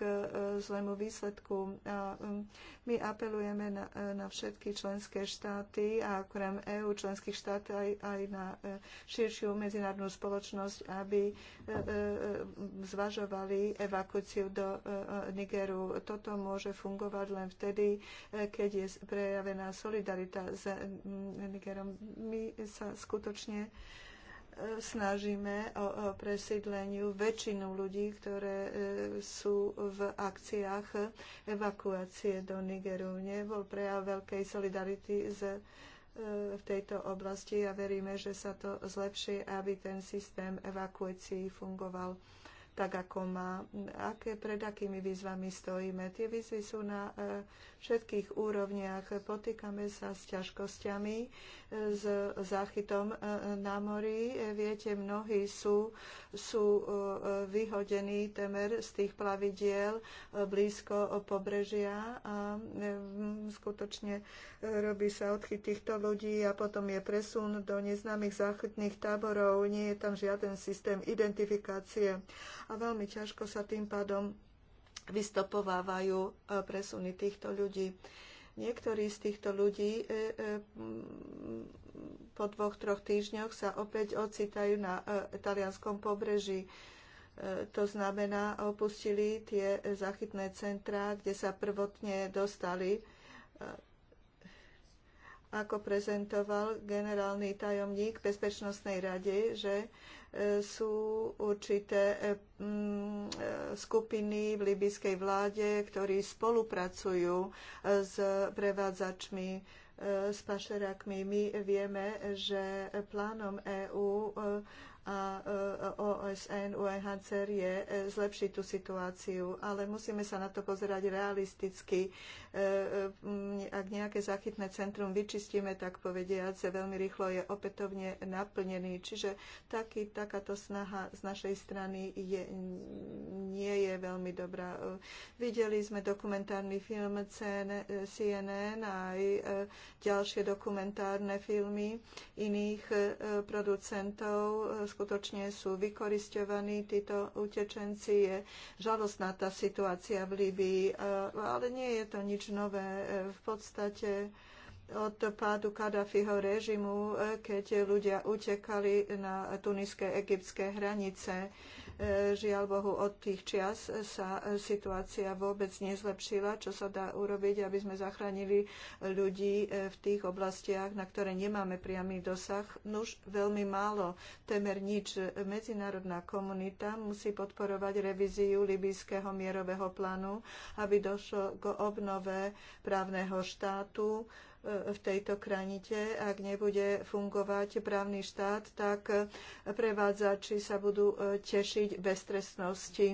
zlému výsledku. A mm, my apelujeme na na všetky členské štáty a okrem EÚ členských štát aj, aj na e, širšiu medzinárodnú spoločnosť, aby e, e, zvažovali evakuáciu do Nigeru. Toto môže fungovať len vtedy, keď je prejavená solidarita s Nigerom. My sa skutočne snažíme o, o presídleniu väčšinu ľudí, ktoré e, sú v akciách evakuácie do Nigeru. Nebol prejav veľkej solidarity z, e, v tejto oblasti a veríme, že sa to zlepší, aby ten systém evakuácií fungoval tak, ako má. Aké, pred akými výzvami stojíme? Tie výzvy sú na e, všetkých úrovniach. Potýkame sa s ťažkosťami, e, s záchytom e, na mori. E, viete, mnohí sú, sú vyhodení temer z tých plavidiel blízko pobrežia a skutočne robí sa odchyt týchto ľudí a potom je presun do neznámych záchytných táborov. Nie je tam žiaden systém identifikácie a veľmi ťažko sa tým pádom vystopovávajú e, presuny týchto ľudí. Niektorí z týchto ľudí e, e, po dvoch, troch týždňoch sa opäť ocitajú na talianskom pobreží. To znamená, opustili tie zachytné centrá, kde sa prvotne dostali. Ako prezentoval generálny tajomník Bezpečnostnej rade, že sú určité eh, mm, eh, skupiny v libyskej vláde, ktorí spolupracujú eh, s prevádzačmi, s pašerákmi. My vieme, že plánom EÚ a e, OSN, UNHCR e je e, zlepšiť tú situáciu, ale musíme sa na to pozerať realisticky. Ak nejaké zachytné centrum vyčistíme, tak povediať, veľmi rýchlo je opätovne naplnený. Čiže taký, takáto snaha z našej strany je, nie je veľmi dobrá. Videli sme dokumentárny film CNN a aj ďalšie dokumentárne filmy iných producentov skutočne sú vykoristovaní títo utečenci. Je žalostná tá situácia v Líbii, e, ale nie je to nič nové. E, v podstate od pádu Kadafiho režimu, e, keď ľudia utekali na tuniské egyptské hranice, Žiaľ Bohu, od tých čias sa situácia vôbec nezlepšila, čo sa dá urobiť, aby sme zachránili ľudí e, v tých oblastiach, na ktoré nemáme priamy dosah. Nuž veľmi málo, temer nič. Medzinárodná komunita musí podporovať revíziu libijského mierového plánu, aby došlo k obnove právneho štátu, v tejto kranite, ak nebude fungovať právny štát, tak prevádzači sa budú e, tešiť bez trestnosti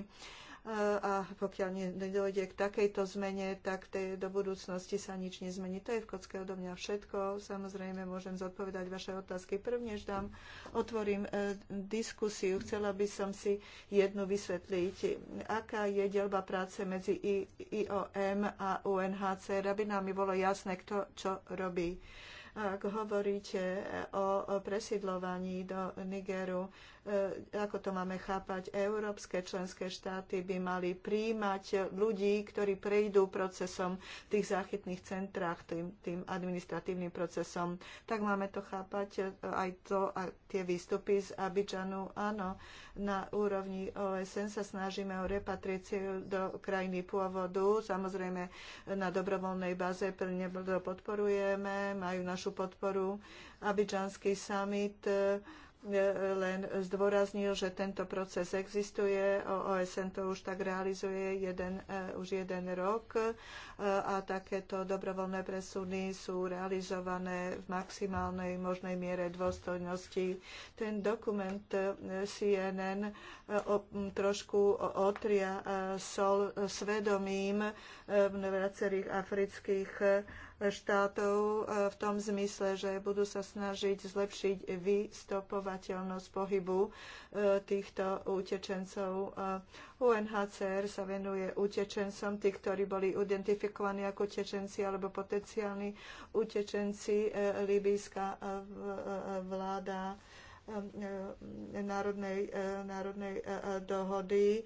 a pokiaľ nedojde k takejto zmene, tak tej, do budúcnosti sa nič nezmení. To je v kocke odo mňa všetko. Samozrejme, môžem zodpovedať vaše otázky. Prvnež dám, otvorím e, diskusiu. Chcela by som si jednu vysvetliť. Aká je delba práce medzi IOM a UNHCR, aby nám bolo jasné, kto čo robí ak hovoríte o presidlovaní do Nigeru, E, ako to máme chápať, európske členské štáty by mali príjmať ľudí, ktorí prejdú procesom v tých záchytných centrách, tým, tým administratívnym procesom. Tak máme to chápať e, aj to, a tie výstupy z Abidžanu. Áno, na úrovni OSN sa snažíme o repatriciu do krajiny pôvodu. Samozrejme, na dobrovoľnej báze plne podporujeme, majú našu podporu. Abidžanský summit e, E, len zdôraznil, že tento proces existuje. OSN to už tak realizuje jeden, e, už jeden rok e, a takéto dobrovoľné presuny sú realizované v maximálnej možnej miere dôstojnosti. Ten dokument CNN trošku otria sol svedomím v viacerých afrických štátov e, v tom zmysle, že budú sa snažiť zlepšiť vystopovateľnosť pohybu e, týchto utečencov. UNHCR sa venuje utečencom, tí, ktorí boli identifikovaní ako utečenci alebo potenciálni utečenci. E, libijská vláda Eh, národnej, eh, národnej eh, dohody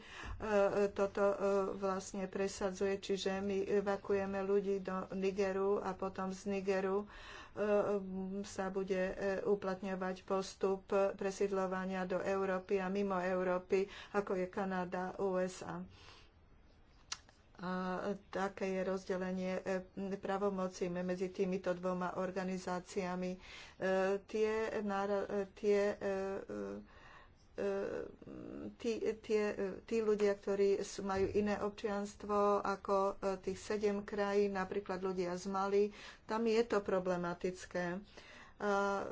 toto vlastne presadzuje, čiže my evakujeme ľudí do Nigeru a potom z Nigeru sa bude uplatňovať postup presidľovania do Európy a mimo Európy, ako je Kanada, USA. A také je rozdelenie e, pravomocí medzi týmito dvoma organizáciami. E, tie, e, tie, tí, tie, tí ľudia, ktorí majú iné občianstvo ako tých sedem krajín, napríklad ľudia z Mali, tam je to problematické a e,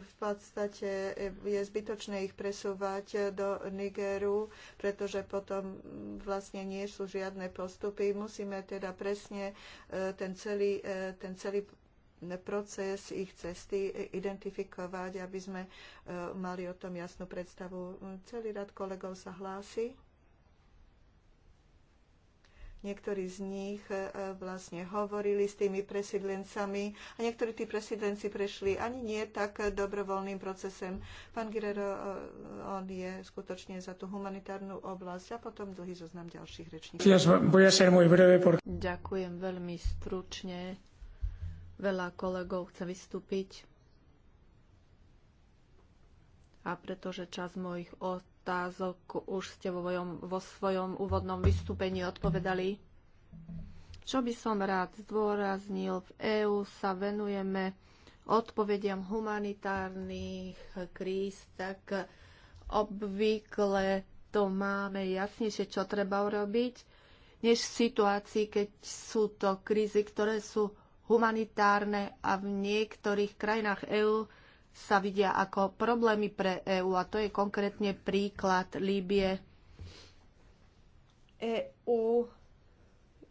v podstate je zbytočné ich presúvať do Nigeru, pretože potom vlastne nie sú žiadne postupy. Musíme teda presne e, ten celý, e, ten celý proces ich cesty identifikovať, aby sme mali o tom jasnú predstavu. Celý rad kolegov sa hlási. Niektorí z nich e, e, vlastne hovorili s tými presídlencami a niektorí tí presídlenci prešli ani nie tak dobrovoľným procesem. Pán Guerrero, e, on je skutočne za tú humanitárnu oblasť a potom dlhý zoznam ďalších rečníkov. Ďakujem veľmi stručne. Veľa kolegov chce vystúpiť a pretože čas mojich otázok už ste vo, vojom, vo svojom úvodnom vystúpení odpovedali. Čo by som rád zdôraznil, v EÚ sa venujeme odpovediam humanitárnych kríz, tak obvykle to máme jasnejšie, čo treba urobiť, než v situácii, keď sú to krízy, ktoré sú humanitárne a v niektorých krajinách EÚ sa vidia ako problémy pre EÚ a to je konkrétne príklad Líbie. EÚ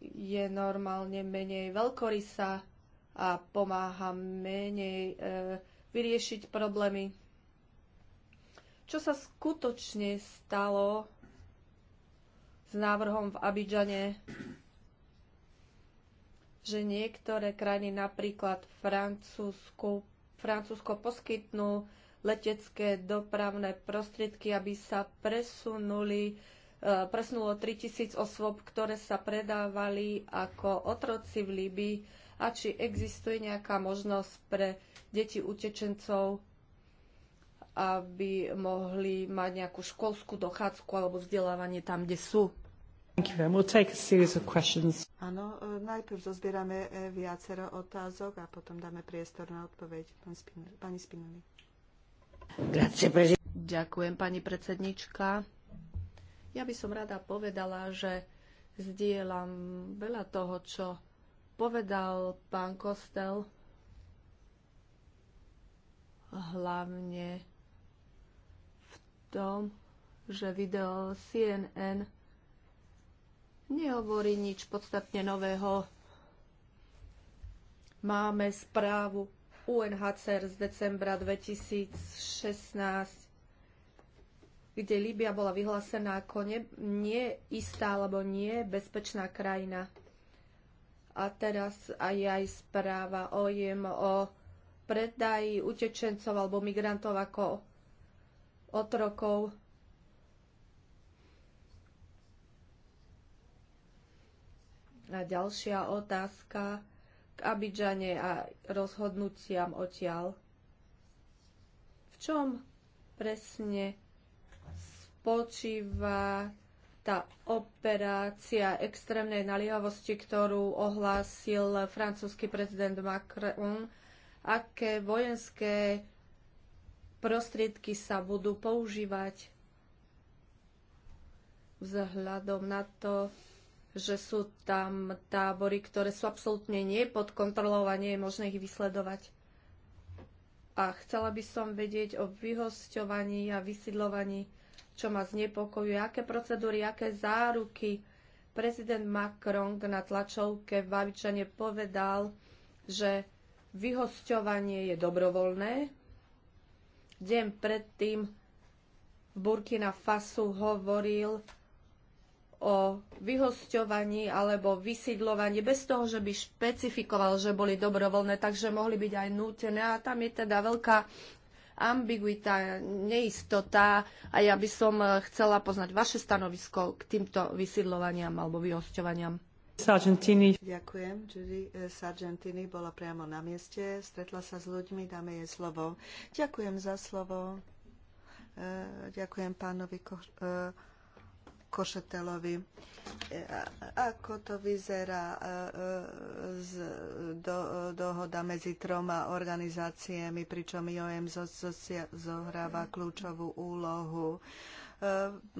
je normálne menej veľkorysá a pomáha menej e, vyriešiť problémy. Čo sa skutočne stalo s návrhom v Abidžane, že niektoré krajiny, napríklad Francúzsku, Francúzsko poskytnú letecké dopravné prostriedky, aby sa presunuli e, presunulo 3000 osôb, ktoré sa predávali ako otroci v Líbii a či existuje nejaká možnosť pre deti utečencov, aby mohli mať nejakú školskú dochádzku alebo vzdelávanie tam, kde sú. Áno, e, najprv zozbierame e, viacero otázok a potom dáme priestor na odpoveď pani Spinelli. Ďakujem, pani predsednička. Ja by som rada povedala, že zdieľam veľa toho, čo povedal pán Kostel, hlavne v tom, že video CNN nehovorí nič podstatne nového. Máme správu UNHCR z decembra 2016, kde Líbia bola vyhlásená ako ne, neistá alebo nebezpečná krajina. A teraz aj aj správa o jem o predaji utečencov alebo migrantov ako otrokov A ďalšia otázka k Abidžane a rozhodnutiam odtiaľ. V čom presne spočíva tá operácia extrémnej naliehavosti, ktorú ohlásil francúzsky prezident Macron, aké vojenské prostriedky sa budú používať vzhľadom na to, že sú tam tábory, ktoré sú absolútne nie pod kontrolou a nie je možné ich vysledovať. A chcela by som vedieť o vyhosťovaní a vysidlovaní, čo ma znepokojuje, aké procedúry, aké záruky. Prezident Macron na tlačovke v Bavičane povedal, že vyhosťovanie je dobrovoľné. Deň predtým v Burkina Fasu hovoril, o vyhosťovaní alebo vysídlovaní bez toho, že by špecifikoval, že boli dobrovoľné, takže mohli byť aj nútené. A tam je teda veľká ambiguita, neistota a ja by som e, chcela poznať vaše stanovisko k týmto vysídlovaniam alebo vyhosťovaniam. Sargentini. Ďakujem. Judy e, Sargentini bola priamo na mieste, stretla sa s ľuďmi, dáme jej slovo. Ďakujem za slovo. E, ďakujem pánovi Ko- Košetelovi. E, ako to vyzerá e, e, z do, dohoda medzi troma organizáciami, pričom IOM zo, zo, zohráva kľúčovú úlohu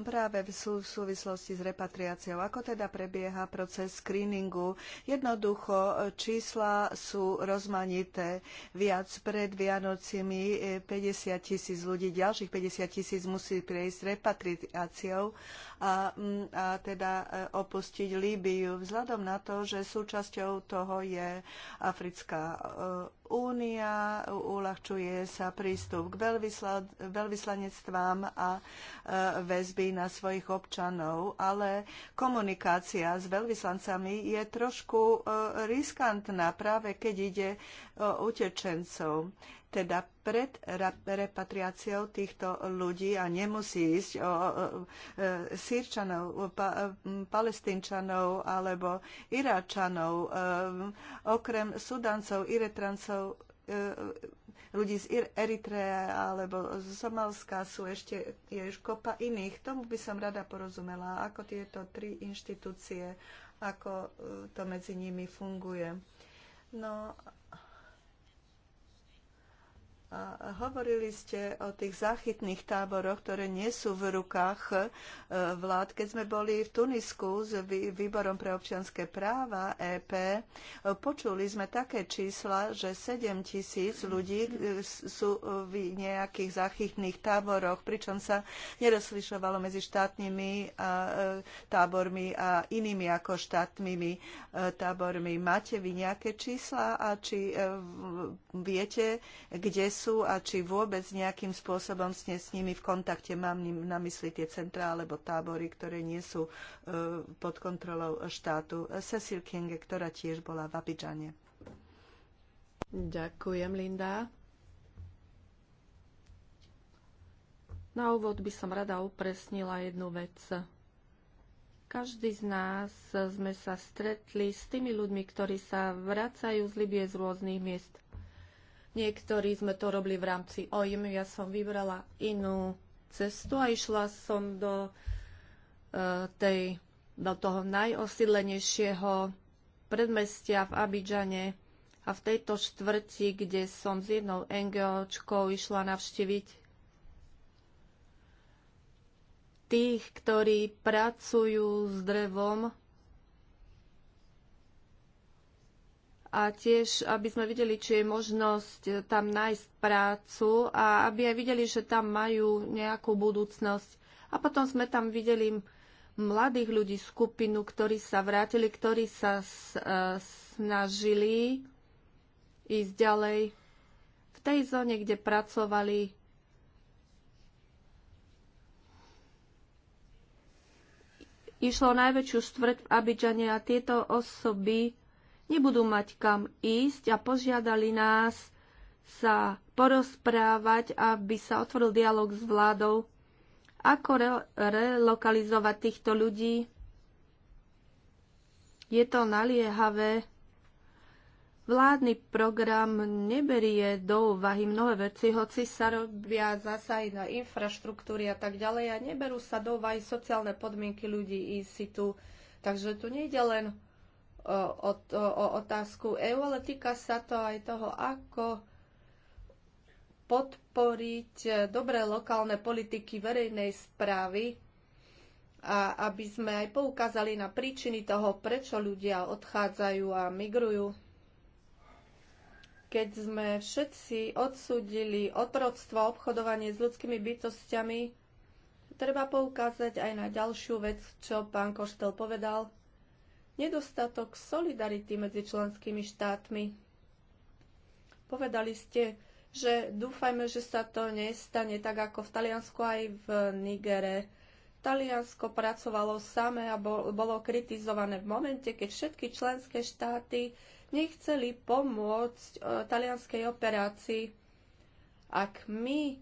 práve v súvislosti s repatriáciou. Ako teda prebieha proces screeningu? Jednoducho, čísla sú rozmanité. Viac pred Vianocimi 50 tisíc ľudí, ďalších 50 tisíc musí prejsť repatriáciou a, a teda e, opustiť Líbiu. Vzhľadom na to, že súčasťou toho je Africká e, únia, uľahčuje sa prístup k veľvyslanectvám a e, väzby na svojich občanov, ale komunikácia s veľvyslancami je trošku riskantná práve keď ide o utečencov teda pred repatriáciou týchto ľudí a nemusí ísť o e, sírčanov, pa, palestínčanov alebo iráčanov, e, okrem sudancov, iretrancov, e, ľudí z Eritreje alebo z Somalska sú ešte je kopa iných. Tomu by som rada porozumela, ako tieto tri inštitúcie, ako to medzi nimi funguje. No a hovorili ste o tých záchytných táboroch, ktoré nie sú v rukách e, vlád. Keď sme boli v Tunisku s Výborom pre občianské práva EP, e, počuli sme také čísla, že 7 tisíc ľudí e, sú v nejakých záchytných táboroch, pričom sa nerozlišovalo medzi štátnymi tábormi a inými ako štátnymi tábormi. Máte vy nejaké čísla a či viete, kde sú sú a či vôbec nejakým spôsobom ste s nimi v kontakte. Mám na mysli tie centrá alebo tábory, ktoré nie sú e, pod kontrolou štátu. Cecil Kinge, ktorá tiež bola v Abidžane. Ďakujem, Linda. Na úvod by som rada upresnila jednu vec. Každý z nás sme sa stretli s tými ľuďmi, ktorí sa vracajú z Libie z rôznych miest. Niektorí sme to robili v rámci OIM, ja som vybrala inú cestu a išla som do, e, tej, do toho najosídlenejšieho predmestia v Abidžane a v tejto štvrti, kde som s jednou NGOčkou išla navštíviť tých, ktorí pracujú s drevom a tiež, aby sme videli, či je možnosť tam nájsť prácu a aby aj videli, že tam majú nejakú budúcnosť. A potom sme tam videli mladých ľudí, skupinu, ktorí sa vrátili, ktorí sa e, snažili ísť ďalej v tej zóne, kde pracovali. Išlo najväčšiu štvrť v Abidžane a tieto osoby nebudú mať kam ísť a požiadali nás sa porozprávať, aby sa otvoril dialog s vládou, ako re- relokalizovať týchto ľudí. Je to naliehavé. Vládny program neberie do úvahy mnohé veci, hoci sa robia aj na infraštruktúry a tak ďalej a neberú sa do úvahy sociálne podmienky ľudí i tu, Takže tu nejde len o, o, o otázku EU, ale týka sa to aj toho, ako podporiť dobré lokálne politiky verejnej správy a aby sme aj poukázali na príčiny toho, prečo ľudia odchádzajú a migrujú. Keď sme všetci odsúdili otroctvo a obchodovanie s ľudskými bytostiami, treba poukázať aj na ďalšiu vec, čo pán Koštel povedal – nedostatok solidarity medzi členskými štátmi. Povedali ste, že dúfajme, že sa to nestane tak ako v Taliansku aj v Nigere. Taliansko pracovalo samé a bolo kritizované v momente, keď všetky členské štáty nechceli pomôcť e, talianskej operácii. Ak my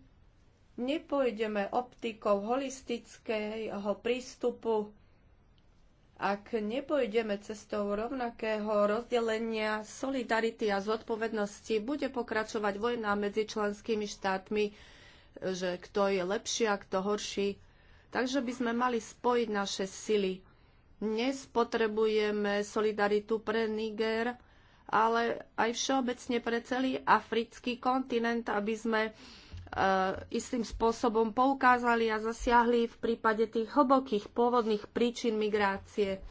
nepôjdeme optikou holistického prístupu ak nepojdeme cestou rovnakého rozdelenia solidarity a zodpovednosti, bude pokračovať vojna medzi členskými štátmi, že kto je lepší a kto horší. Takže by sme mali spojiť naše sily. Dnes potrebujeme solidaritu pre Niger, ale aj všeobecne pre celý africký kontinent, aby sme Eh, istým spôsobom poukázali a zasiahli v prípade tých hlbokých pôvodných príčin migrácie.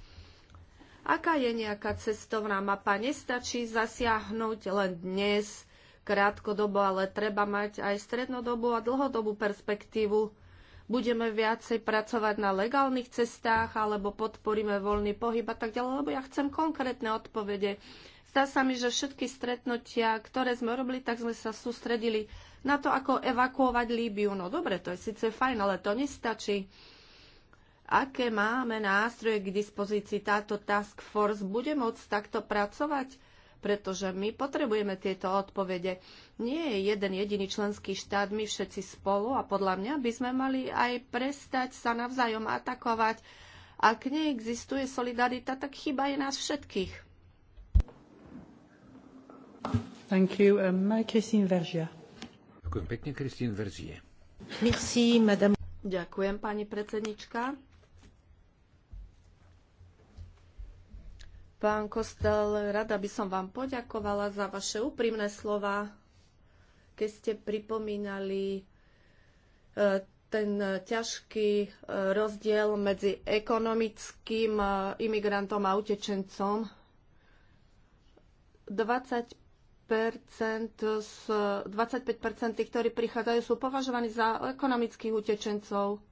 Aká je nejaká cestovná mapa? Nestačí zasiahnuť len dnes, krátkodobo, ale treba mať aj strednodobú a dlhodobú perspektívu. Budeme viacej pracovať na legálnych cestách, alebo podporíme voľný pohyb a tak ďalej, lebo ja chcem konkrétne odpovede. Zdá sa mi, že všetky stretnutia, ktoré sme robili, tak sme sa sústredili na to, ako evakuovať Líbiu. No dobre, to je síce fajn, ale to nestačí. Aké máme nástroje k dispozícii táto task force? Bude môcť takto pracovať? Pretože my potrebujeme tieto odpovede. Nie je jeden jediný členský štát, my všetci spolu a podľa mňa by sme mali aj prestať sa navzájom atakovať. Ak neexistuje solidarita, tak chyba je nás všetkých. Thank you. Um, christine Vergia. Ďakujem pekne, Kristín Verzie. Merci, madame. Ďakujem, pani predsednička. Pán Kostel, rada by som vám poďakovala za vaše úprimné slova, keď ste pripomínali e, ten ťažký e, rozdiel medzi ekonomickým e, imigrantom a utečencom. 25 z 25 tých, ktorí prichádzajú, sú považovaní za ekonomických utečencov.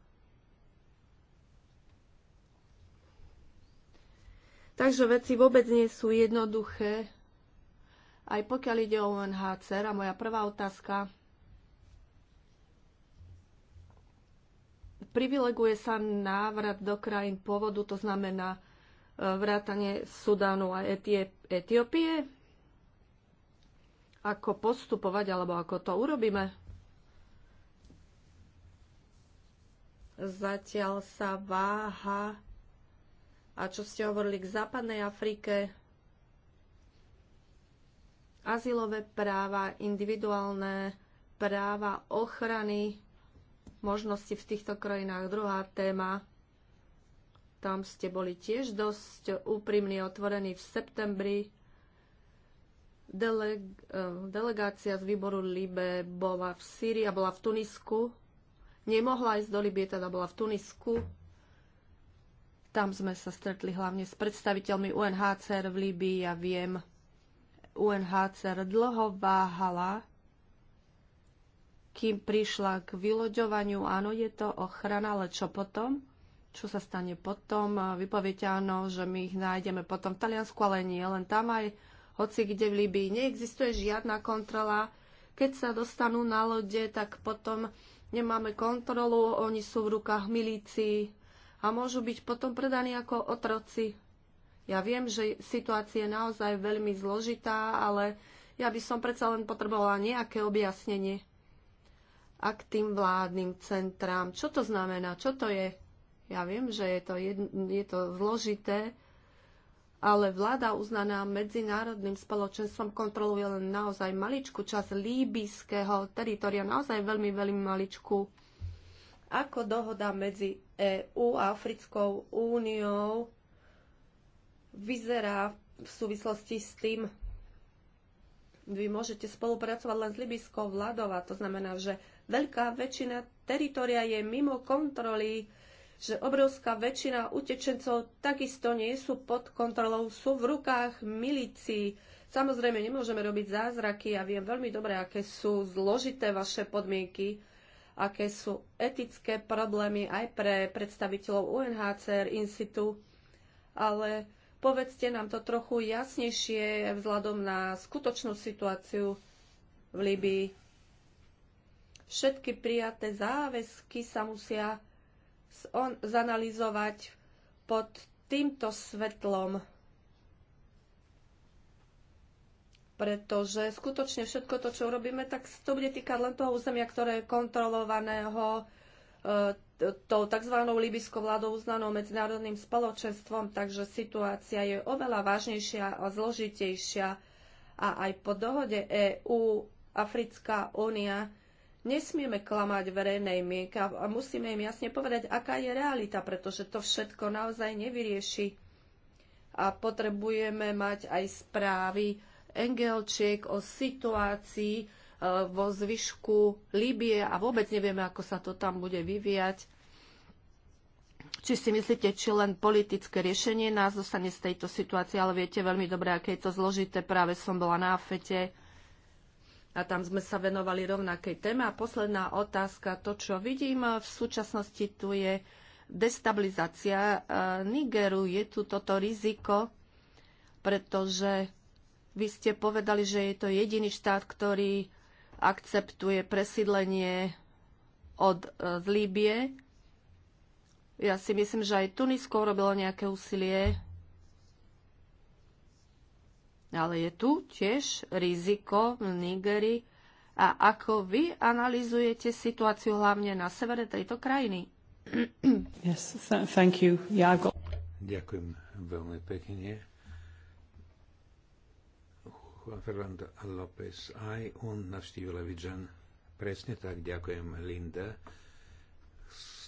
Takže veci vôbec nie sú jednoduché. Aj pokiaľ ide o UNHCR, a moja prvá otázka, privileguje sa návrat do krajín pôvodu, to znamená e, vrátanie Sudánu a Etiópie? ako postupovať alebo ako to urobíme. Zatiaľ sa váha. A čo ste hovorili k západnej Afrike? Azylové práva, individuálne práva, ochrany, možnosti v týchto krajinách. Druhá téma tam ste boli tiež dosť úprimní, otvorení v septembri. Eh, delegácia z výboru Libe bola v Sýrii a bola v Tunisku. Nemohla ísť do Libie, teda bola v Tunisku. Tam sme sa stretli hlavne s predstaviteľmi UNHCR v Líbii. Ja viem, UNHCR dlho váhala, kým prišla k vyloďovaniu. Áno, je to ochrana, ale čo potom? Čo sa stane potom? Vypoviete, áno, že my ich nájdeme potom v Taliansku, ale nie len tam aj hoci kde v Libii. Neexistuje žiadna kontrola. Keď sa dostanú na lode, tak potom nemáme kontrolu, oni sú v rukách milícií a môžu byť potom predaní ako otroci. Ja viem, že situácia je naozaj veľmi zložitá, ale ja by som predsa len potrebovala nejaké objasnenie. A k tým vládnym centrám, čo to znamená, čo to je? Ja viem, že je to, jedn, je to zložité, ale vláda uznaná medzinárodným spoločenstvom kontroluje len naozaj maličku časť líbyského teritoria, naozaj veľmi, veľmi maličku. Ako dohoda medzi EÚ a Africkou úniou vyzerá v súvislosti s tým, vy môžete spolupracovať len s libyskou vládou a to znamená, že veľká väčšina teritoria je mimo kontroly že obrovská väčšina utečencov takisto nie sú pod kontrolou, sú v rukách milícií. Samozrejme, nemôžeme robiť zázraky a viem veľmi dobre, aké sú zložité vaše podmienky, aké sú etické problémy aj pre predstaviteľov UNHCR Institu, ale povedzte nám to trochu jasnejšie vzhľadom na skutočnú situáciu v Libii. Všetky prijaté záväzky sa musia on zanalizovať pod týmto svetlom, pretože skutočne všetko to, čo robíme, tak to bude týkať len toho územia, ktoré je kontrolovaného e, tou tzv. libyskou vládou uznanou medzinárodným spoločenstvom, takže situácia je oveľa vážnejšia a zložitejšia. A aj po dohode EU Africká únia Nesmieme klamať verejnej mienke a musíme im jasne povedať, aká je realita, pretože to všetko naozaj nevyrieši. A potrebujeme mať aj správy Engelčiek o situácii e, vo zvyšku Líbie a vôbec nevieme, ako sa to tam bude vyvíjať. Či si myslíte, či len politické riešenie nás dostane z tejto situácie, ale viete veľmi dobre, aké je to zložité. Práve som bola na AFETE a tam sme sa venovali rovnakej téme. A posledná otázka, to, čo vidím eh, v súčasnosti, tu je destabilizácia eh, Nigeru. Je tu toto riziko, pretože vy ste povedali, že je to jediný štát, ktorý akceptuje presídlenie od, eh, Líbie. Ja si myslím, že aj Tunisko urobilo nejaké úsilie ale je tu tiež riziko v nigeri. A ako vy analizujete situáciu hlavne na severe tejto krajiny? [clears throat] Yes, thank you. Yeah, got... Ďakujem veľmi pekne. Juan Fernando López, aj on navštívil Abidžan. Presne tak, ďakujem Linda.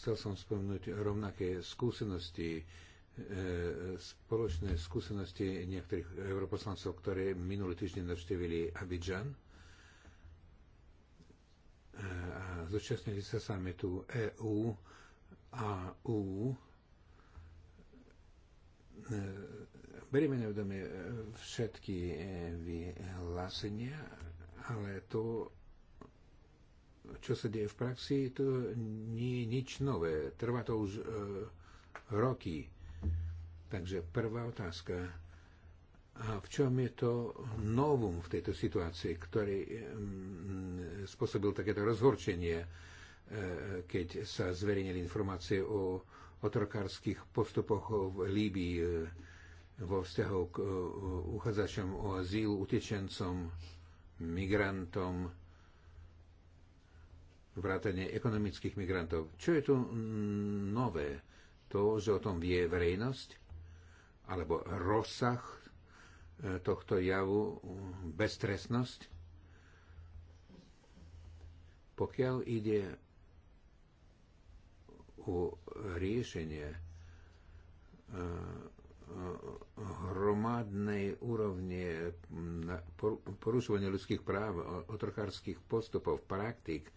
Chcel som spomenúť rovnaké skúsenosti E, spoločné skúsenosti niektorých europoslancov, ktorí minulý týždeň navštívili Abidžan e, a zúčastnili sa sami tu EU a EU. E, berieme na vedomie všetky vyhlásenia, ale to, čo sa deje v praxi, to nie je nič nové. Trvá to už roky Takže prvá otázka. A v čom je to novum v tejto situácii, ktorý mm, spôsobil takéto rozhorčenie, e, keď sa zverejnili informácie o otrokárskych postupoch v Líbii e, vo vzťahu k e, uchádzačom o azyl, utečencom, migrantom, vrátane ekonomických migrantov. Čo je tu mm, nové? To, že o tom vie verejnosť? alebo rozsah e, tohto javu beztresnosť. Pokiaľ ide o riešenie e, hromadnej úrovne porušovania ľudských práv, otrokárskych postupov, praktik.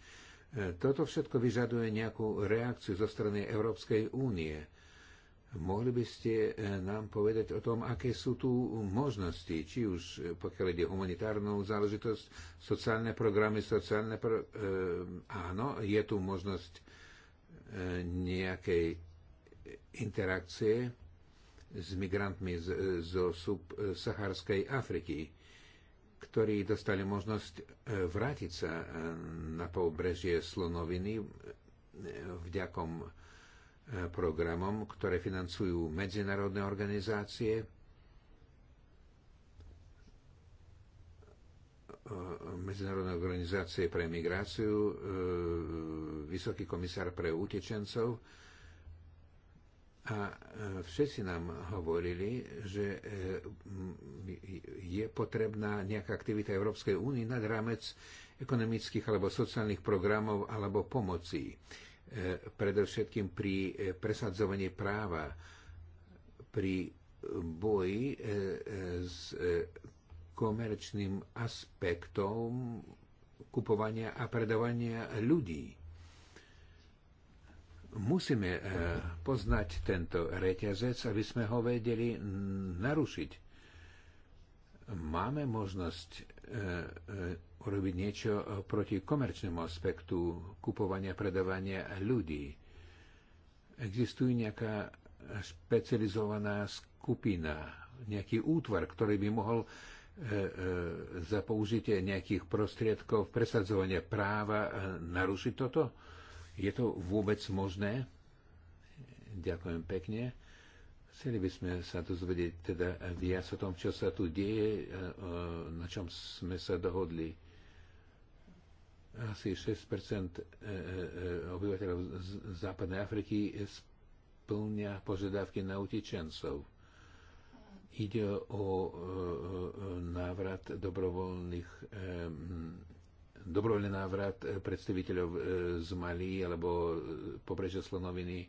E, toto všetko vyžaduje nejakú reakciu zo strany Európskej únie Mohli by ste e, nám povedať o tom, aké sú tu možnosti, či už e, pokiaľ ide humanitárnu záležitosť, sociálne programy, sociálne... Pro... E, áno, je tu možnosť nejakej interakcie s migrantmi zo subsaharskej Afriky, ktorí dostali možnosť vrátiť sa na pobrežie Slonoviny vďakom programom, ktoré financujú medzinárodné organizácie, Medzinárodné organizácie pre migráciu, e, Vysoký komisár pre utečencov. A e, všetci nám hovorili, že e, je potrebná nejaká aktivita Európskej únie nad rámec ekonomických alebo sociálnych programov alebo pomocí. E, predovšetkým pri e, presadzovaní práva, pri e, boji s komerčným aspektom kupovania a predávania ľudí. Musíme poznať tento reťazec, aby sme ho vedeli narušiť. Máme možnosť urobiť niečo eh, proti komerčnému aspektu kupovania a predávania ľudí. Existuje nejaká špecializovaná skupina, nejaký útvar, ktorý by mohol eh, eh, za použitie nejakých prostriedkov presadzovania práva narušiť toto? Je to vôbec možné? Ďakujem pekne. Chceli by sme sa dozvedieť teda viac o tom, čo sa tu deje, na čom sme sa dohodli. Asi 6 e, e, e, obyvateľov z západnej Afriky splňa požiadavky na utečencov. Ide o návrat dobrovoľných dobrovoľný návrat predstaviteľov z Mali alebo pobrežia Slonoviny.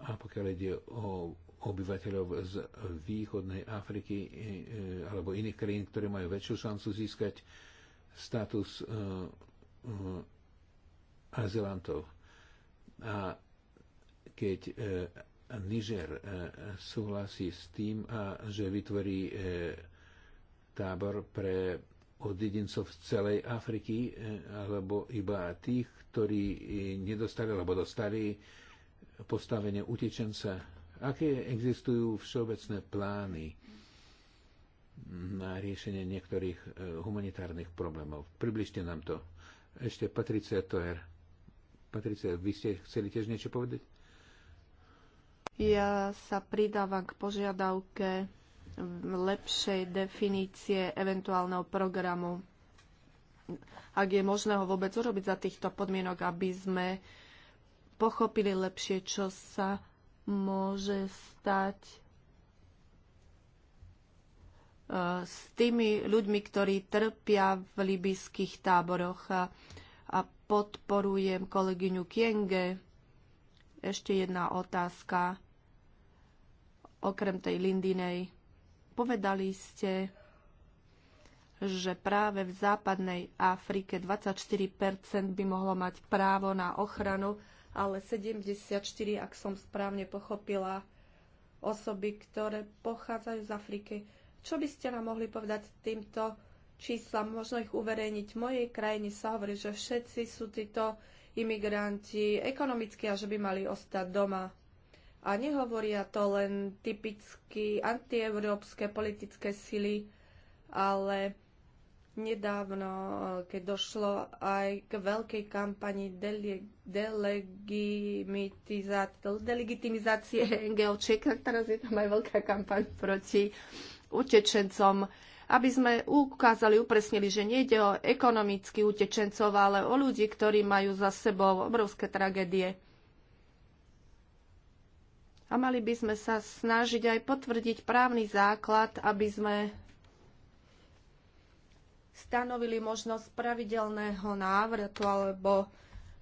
A pokiaľ ide o obyvateľov z východnej Afriky alebo iných krajín, ktoré majú väčšiu šancu získať status eh, eh, azylantov. A keď eh, Niger súhlasí s tým, a že vytvorí tábor pre jedincov z celej Afriky, alebo iba tých, ktorí nedostali, alebo dostali postavenie utečenca. Aké existujú všeobecné plány riešenie niektorých e, humanitárnych problémov. Približte nám to. Ešte Patricia Toer. Patricia, vy ste chceli tiež niečo povedať? Ja sa pridávam k požiadavke lepšej definície eventuálneho programu. Ak je možné ho vôbec urobiť za týchto podmienok, aby sme pochopili lepšie, čo sa môže stať E, s tými ľuďmi, ktorí trpia v libyských táboroch. A, a podporujem kolegyňu Kienge. Ešte jedna otázka. Okrem tej Lindinej, povedali ste, že práve v západnej Afrike 24 by mohlo mať právo na ochranu, ale 74, ak som správne pochopila, osoby, ktoré pochádzajú z Afriky, čo by ste nám mohli povedať týmto číslam, možno ich uverejniť? V mojej krajine sa hovorí, že všetci sú títo imigranti ekonomicky a že by mali ostať doma. A nehovoria to len typicky antieurópske politické sily, ale nedávno, keď došlo aj k veľkej kampani delegitimizácie NGOčiek, tak teraz je tam aj veľká kampaň proti utečencom, aby sme ukázali, upresnili, že nejde o ekonomicky utečencov, ale o ľudí, ktorí majú za sebou obrovské tragédie. A mali by sme sa snažiť aj potvrdiť právny základ, aby sme stanovili možnosť pravidelného návratu alebo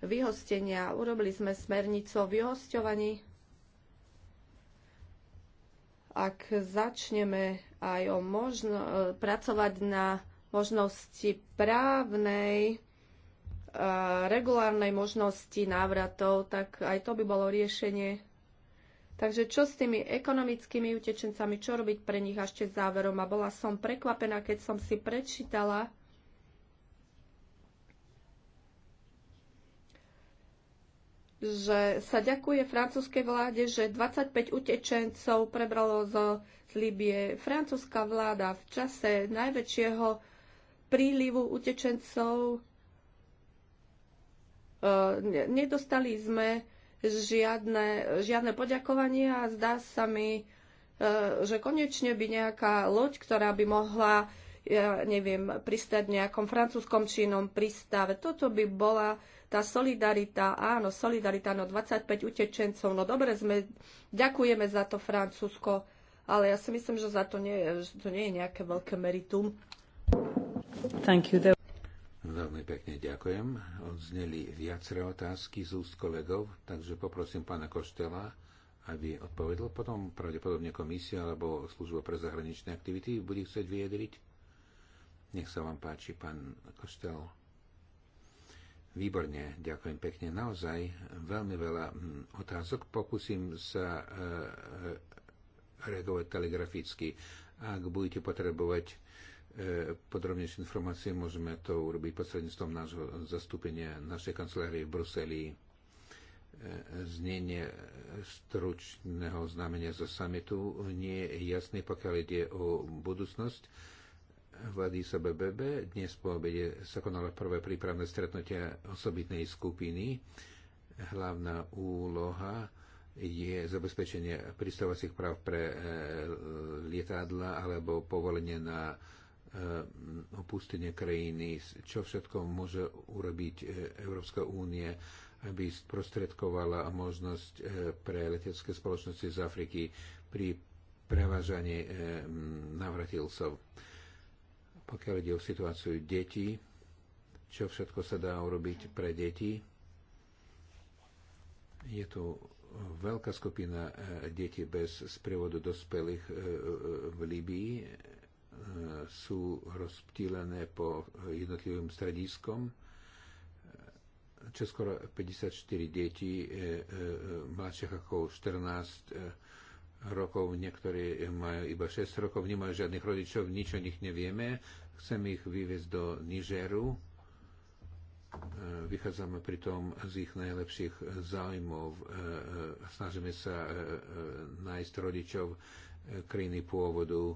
vyhostenia. Urobili sme smernicu o vyhosťovaní ak začneme aj o možno, e, pracovať na možnosti právnej, e, regulárnej možnosti návratov, tak aj to by bolo riešenie. Takže čo s tými ekonomickými utečencami, čo robiť pre nich ešte záverom? A bola som prekvapená, keď som si prečítala, že sa ďakuje francúzskej vláde, že 25 utečencov prebralo z Libie. Francúzska vláda v čase najväčšieho prílivu utečencov e, nedostali sme žiadne, žiadne poďakovanie a zdá sa mi, e, že konečne by nejaká loď, ktorá by mohla ja neviem, pristať nejakom francúzskom činom pristave. Toto by bola tá solidarita, áno, solidarita, no 25 utečencov, no dobre sme, ďakujeme za to Francúzsko, ale ja si myslím, že za to nie, že to nie je nejaké veľké meritum. Thank you. Veľmi pekne ďakujem. Odzneli viaceré otázky z úst kolegov, takže poprosím pána Koštela, aby odpovedal. Potom pravdepodobne komisia alebo služba pre zahraničné aktivity bude chcieť vyjadriť. Nech sa vám páči, pán Koštel. Výborne, ďakujem pekne. Naozaj veľmi veľa hm, otázok. Pokúsim sa e, e, reagovať telegraficky. Ak budete potrebovať e, podrobnejšie informácie, môžeme to urobiť posredníctvom nášho zastúpenia našej kancelárie v Bruseli. Znenie stručného znamenia zo samitu nie je jasné, pokiaľ ide o budúcnosť v Addis Abebe. Dnes po obede sa konalo prvé prípravné stretnutie osobitnej skupiny. Hlavná úloha je zabezpečenie pristovacích práv pre e, lietadla alebo povolenie na e, opustenie krajiny, čo všetko môže urobiť e, Európska únie, aby sprostredkovala možnosť pre letecké spoločnosti z Afriky pri prevážaní navratilcov pokiaľ ide o situáciu detí, čo všetko sa dá urobiť pre deti. Je tu veľká skupina e, detí bez sprievodu dospelých e, e, v Libii. Sú rozptýlené po jednotlivým strediskom. skoro 54 detí mladších ako 14 rokov, niektorí majú iba 6 rokov, nemajú žiadnych rodičov, nič o nich nevieme. Chceme ich vyviezť do Nigeru. E, vychádzame pritom z ich najlepších záujmov. E, e, snažíme sa nájsť rodičov krajiny pôvodu.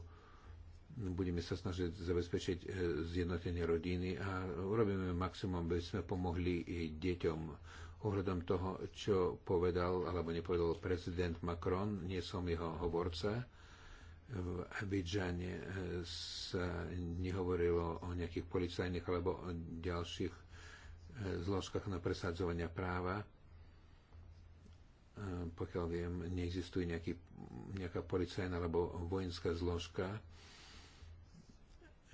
Budeme sa snažiť zabezpečiť zjednotenie rodiny a urobíme maximum, aby sme pomohli deťom ohľadom toho, čo povedal alebo nepovedal prezident Macron, nie som jeho hovorca. V Abidžane eh, sa nehovorilo o nejakých policajných alebo o ďalších eh, zložkách na presadzovania práva. Eh, pokiaľ viem, neexistuje nejaký, nejaká policajná alebo vojenská zložka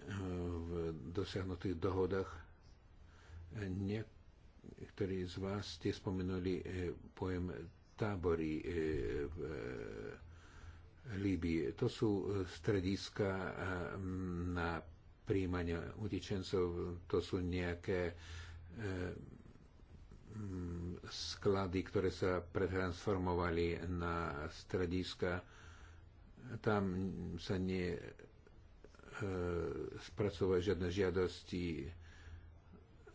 v dosiahnutých dohodách. Nie, Niektorí z vás ste spomenuli e, pojem tábory e, v e, Líbii. To sú strediska na príjmanie utečencov, to sú nejaké mm, sklady, ktoré sa pretransformovali na strediska. Tam sa ne spracovali žiadne žiadosti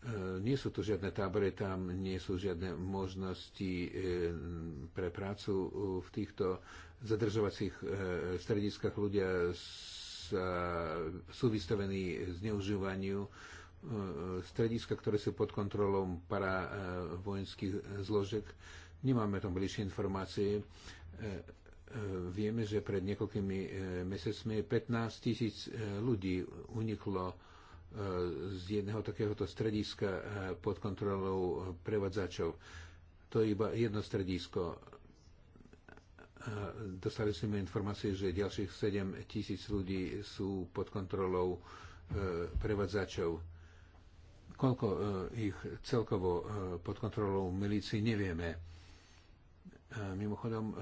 E, nie sú tu žiadne tábory, tam nie sú žiadne možnosti e, pre prácu e, v týchto zadržovacích strediskách. Ľudia sa, sú vystavení zneužívaniu strediska, ktoré sú pod kontrolou para vojenských zložek. Nemáme tam bližšie informácie. Vieme, že pred niekoľkými mesiacmi 15 tisíc ľudí uniklo E, z jedného takéhoto strediska e, pod kontrolou e, prevádzačov. To je iba jedno stredisko. Dostali sme informácie, že ďalších 7 tisíc ľudí sú pod kontrolou prevádzačov. Koľko ich celkovo pod kontrolou milícií, nevieme. Mimochodom,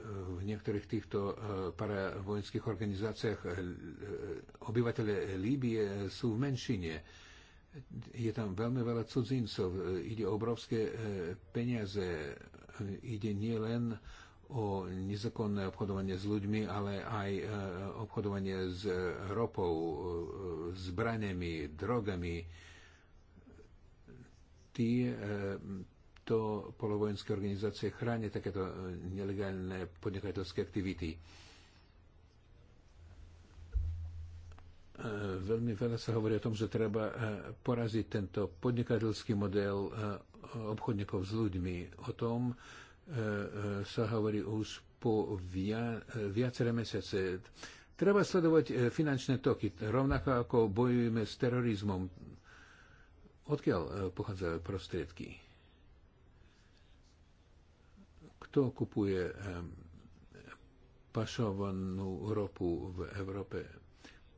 v niektorých týchto e, paravojenských organizáciách e, e, obyvateľe Líbie sú v menšine. Je tam veľmi veľa cudzincov, ide o obrovské peniaze, ide nielen o nezakonné obchodovanie s ľuďmi, ale aj obchodovanie s ropou, zbraniami, drogami. Tie to polovojenské organizácie chránia takéto e, nelegálne podnikateľské aktivity. E, veľmi veľa sa hovorí o tom, že treba e, poraziť tento podnikateľský model obchodníkov s ľuďmi. O tom sa hovorí už po via, viaceré mesiace. Treba sledovať finančné toky, rovnako ako bojujeme s terorizmom. Odkiaľ pochádzajú prostriedky? kto kupuje pašovanú ropu v Európe,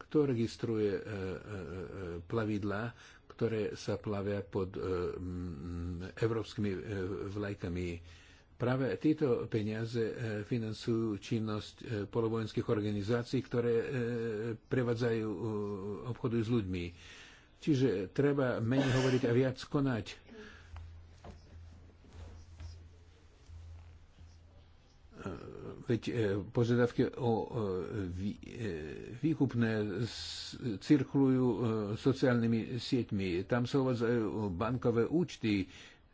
kto registruje e, e, e, plavidla, ktoré sa plavia pod európskymi vlajkami. Práve títo peniaze financujú činnosť polovojenských organizácií, ktoré prevádzajú, obchody s ľuďmi. Čiže treba menej hovoriť a viac konať veď e, požiadavky o e, e, výkupné cirkulujú sociálnymi sieťmi. Tam sa uvádzajú bankové účty,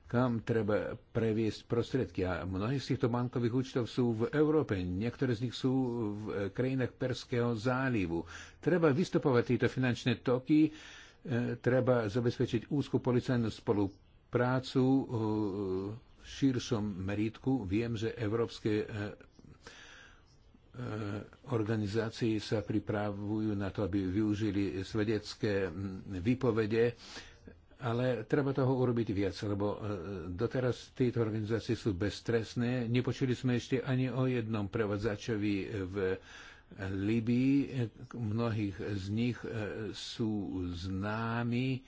kam treba previesť prostriedky. A mnohé z týchto bankových účtov sú v Európe, niektoré z nich sú v krajinách Perského zálivu. Treba vystupovať tieto finančné toky, treba zabezpečiť úzku policajnú spoluprácu, širšom meritku viem, že európske e, e, organizácii sa pripravujú na to, aby využili svedecké výpovede, ale treba toho urobiť viac, lebo e, doteraz tieto organizácie sú beztresné. Nepočuli sme ešte ani o jednom prevádzačovi v Libii. Mnohých z nich sú známi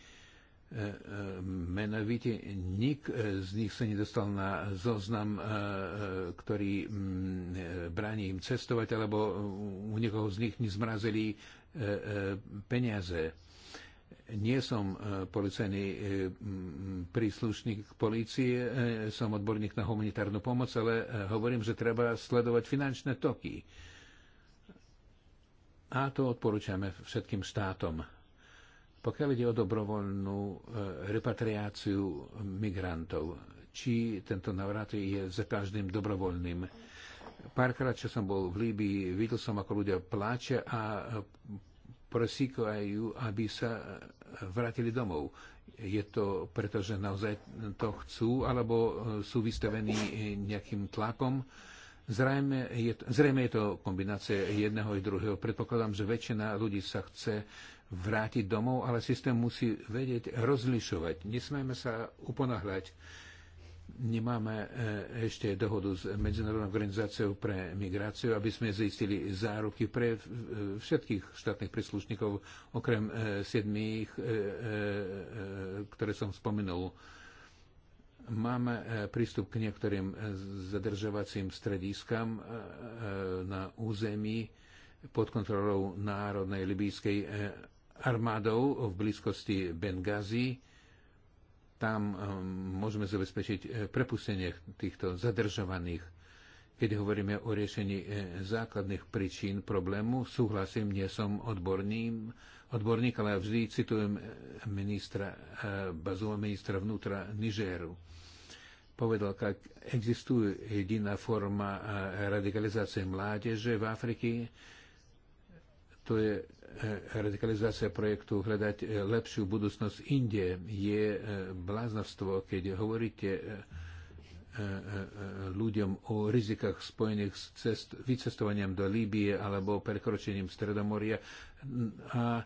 E, e, menovite nik e, z nich sa nedostal na zoznam, ktorý mm, bráni im cestovať, alebo u niekoho z nich nezmrazili peniaze. Nie som policajný príslušník policie, som odborník na humanitárnu pomoc, ale hovorím, že treba sledovať finančné toky. A to odporúčame všetkým štátom pokiaľ ide o dobrovoľnú eh, repatriáciu migrantov, či tento návrat je za každým dobrovoľným. Párkrát, čo som bol v Líbii, videl som, ako ľudia pláče a eh, prosíkajú, aby sa eh, vrátili domov. Je to preto, že naozaj to chcú, alebo sú vystavení nejakým tlakom? Zrejme je, zrejme je to kombinácia jedného i druhého. Predpokladám, že väčšina ľudí sa chce vrátiť domov, ale systém musí vedieť rozlišovať. Nesmieme sa uponahľať. Nemáme e, ešte dohodu s Medzinárodnou organizáciou pre migráciu, aby sme zistili záruky pre e, všetkých štátnych príslušníkov, okrem e, siedmých, ktoré som spomenul máme prístup k niektorým zadržovacím strediskám na území pod kontrolou Národnej libijskej armádou v blízkosti Bengazi. Tam eh, môžeme zabezpečiť eh, prepustenie týchto zadržovaných. Keď hovoríme o riešení eh, základných príčin problému, súhlasím, nie som odborným, odborník, ale vždy citujem ministra Bazua, ministra vnútra Nigeru. Povedal, ak existuje jediná forma radikalizácie mládeže v Afrike, to je radikalizácia projektu hľadať e, lepšiu budúcnosť inde Je e, bláznostvo, keď hovoríte e, ľuďom o rizikách spojených s cest, vycestovaním do Líbie alebo prekročením Stredomoria a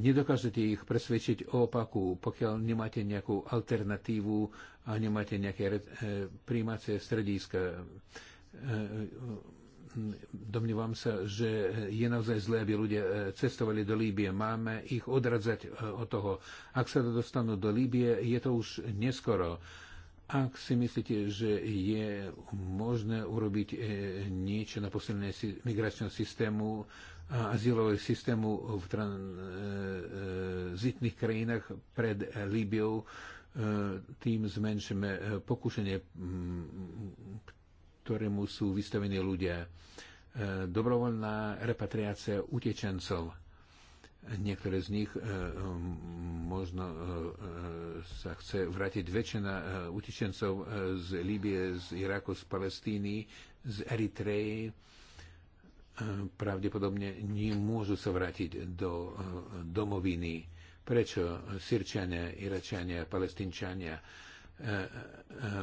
nedokážete ich presvedčiť o opaku, pokiaľ nemáte nejakú alternatívu a nemáte nejaké príjmacie strediska domnívam sa, že je naozaj zlé, aby ľudia e, cestovali do Líbie. Máme ich odradzať e, od toho. Ak sa dostanú do Líbie, je to už neskoro. Ak si myslíte, že je možné urobiť e, niečo na posilnenie migračného systému azylového systému v tranzitných krajinách pred Líbiou, tým zmenšíme pokušenie ktorému sú vystavení ľudia. E, dobrovoľná repatriácia utečencov. Niektoré z nich e, možno e, sa chce vrátiť. Väčšina utečencov z Líbie, z Iraku, z Palestíny, z Eritreji pravdepodobne nemôžu sa vrátiť do domoviny. Prečo Sirčania, Iračania, Palestinčania E, e,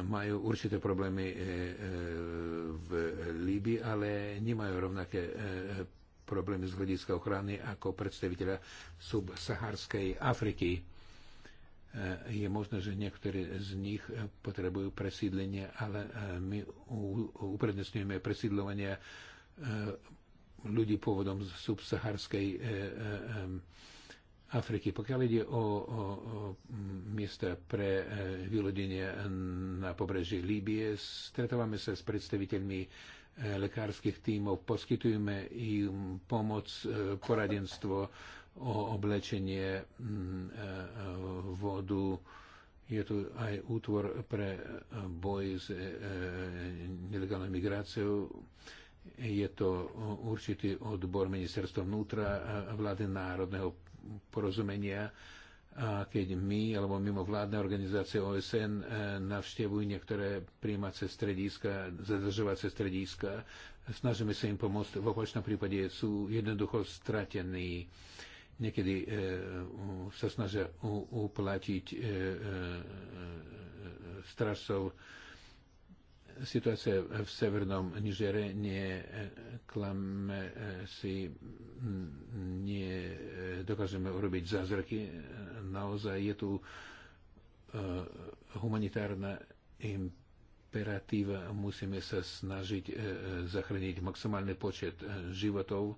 majú určité problémy e, v Líbii, ale nemajú rovnaké problémy z hľadiska ochrany ako predstaviteľa subsaharskej Afriky. Je možné, že niektorí z nich potrebujú presídlenie, ale my uprednostňujeme presídlovanie ľudí pôvodom z subsaharskej Afriky Afriky. Pokiaľ ide o, o, o miesta pre e, vylodenie na pobreží Líbie, stretávame sa s predstaviteľmi e, lekárskych tímov, poskytujeme im pomoc, e, poradenstvo o oblečenie, vodu. Je tu aj útvor pre boj s nelegálnou migráciou. Je to určitý odbor ministerstva vnútra vlády národného porozumenia a keď my alebo mimovládne organizácie OSN e, navštevujú niektoré príjmace strediska, zadržovacie strediska, snažíme sa im pomôcť. V opačnom prípade sú jednoducho stratení. Niekedy e, sa snažia uplatiť e, e, e, e stražcov e, Situácia v severnom Nižere eh, mm, nie klame eh, si, nie dokážeme urobiť zázraky. Naozaj je tu eh, humanitárna imperatíva. Musíme sa snažiť zachrániť maximálny počet životov.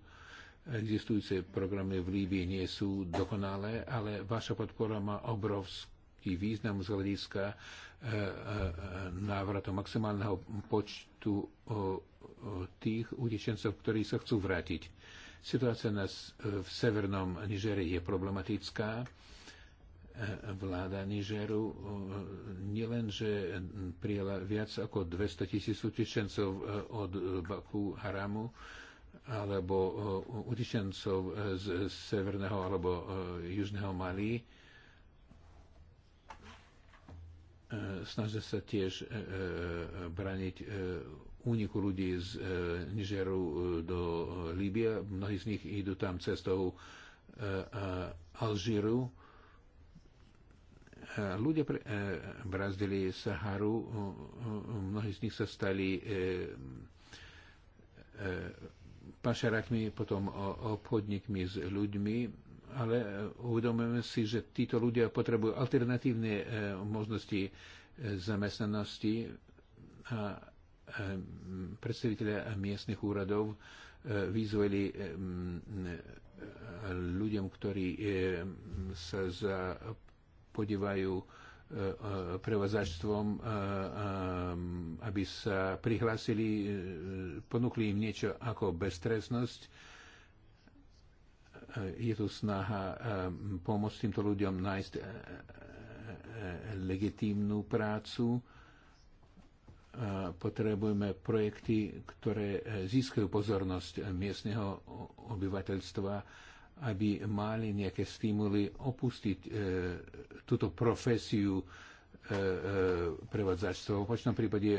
Existujúce programy v Líbii nie sú dokonalé, ale vaša podpora má obrovský význam z hľadiska E, e, návratu maximálneho počtu tých utečencov, ktorí sa chcú vrátiť. Situácia nás e, v severnom Nigeri je problematická. Vláda Nižeru nielenže prijela viac ako 200 tisíc utečencov od Baku Haramu, alebo utečencov z severného alebo južného Mali, E, snažia sa tiež e, e, braniť úniku ľudí z Nigeru do Líbia. Mnohí z nich idú tam cestou Alžíru. Ľudia brazdili Saharu, mnohí z nich sa stali pašerakmi, potom obchodníkmi s ľuďmi ale e, uvedomujeme si, že títo ľudia potrebujú alternatívne e, možnosti e, zamestnanosti a predstaviteľa miestnych úradov vyzveli ľuďom, ktorí sa podívajú prevazačstvom, aby sa prihlásili, ponúkli im niečo ako beztresnosť, je tu snaha eh, pomôcť týmto ľuďom nájsť eh, eh, legitímnu prácu. Potrebujeme projekty, ktoré získajú pozornosť miestneho obyvateľstva, aby mali nejaké stimuly opustiť túto profesiu prevádzačstva. V opačnom prípade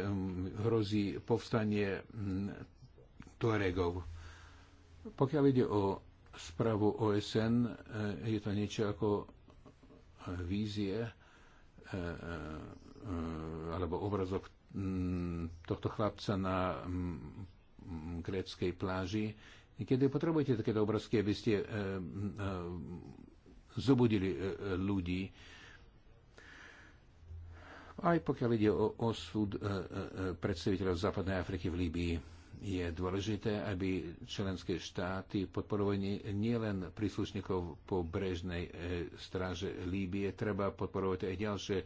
hrozí povstanie mm, Tuaregov. Pokiaľ ide o správu OSN. Eh, je to niečo ako eh, vízie eh, alebo obrazok mm, tohto chlapca na mm, gréckej pláži. Niekedy potrebujete takéto obrazky, aby ste zobudili ľudí. Aj pokiaľ ide o osud predstaviteľov Západnej Afriky v Líbii. Je dôležité, aby členské štáty podporovali nielen príslušníkov po brežnej e, stráže Líbie, treba podporovať aj ďalšie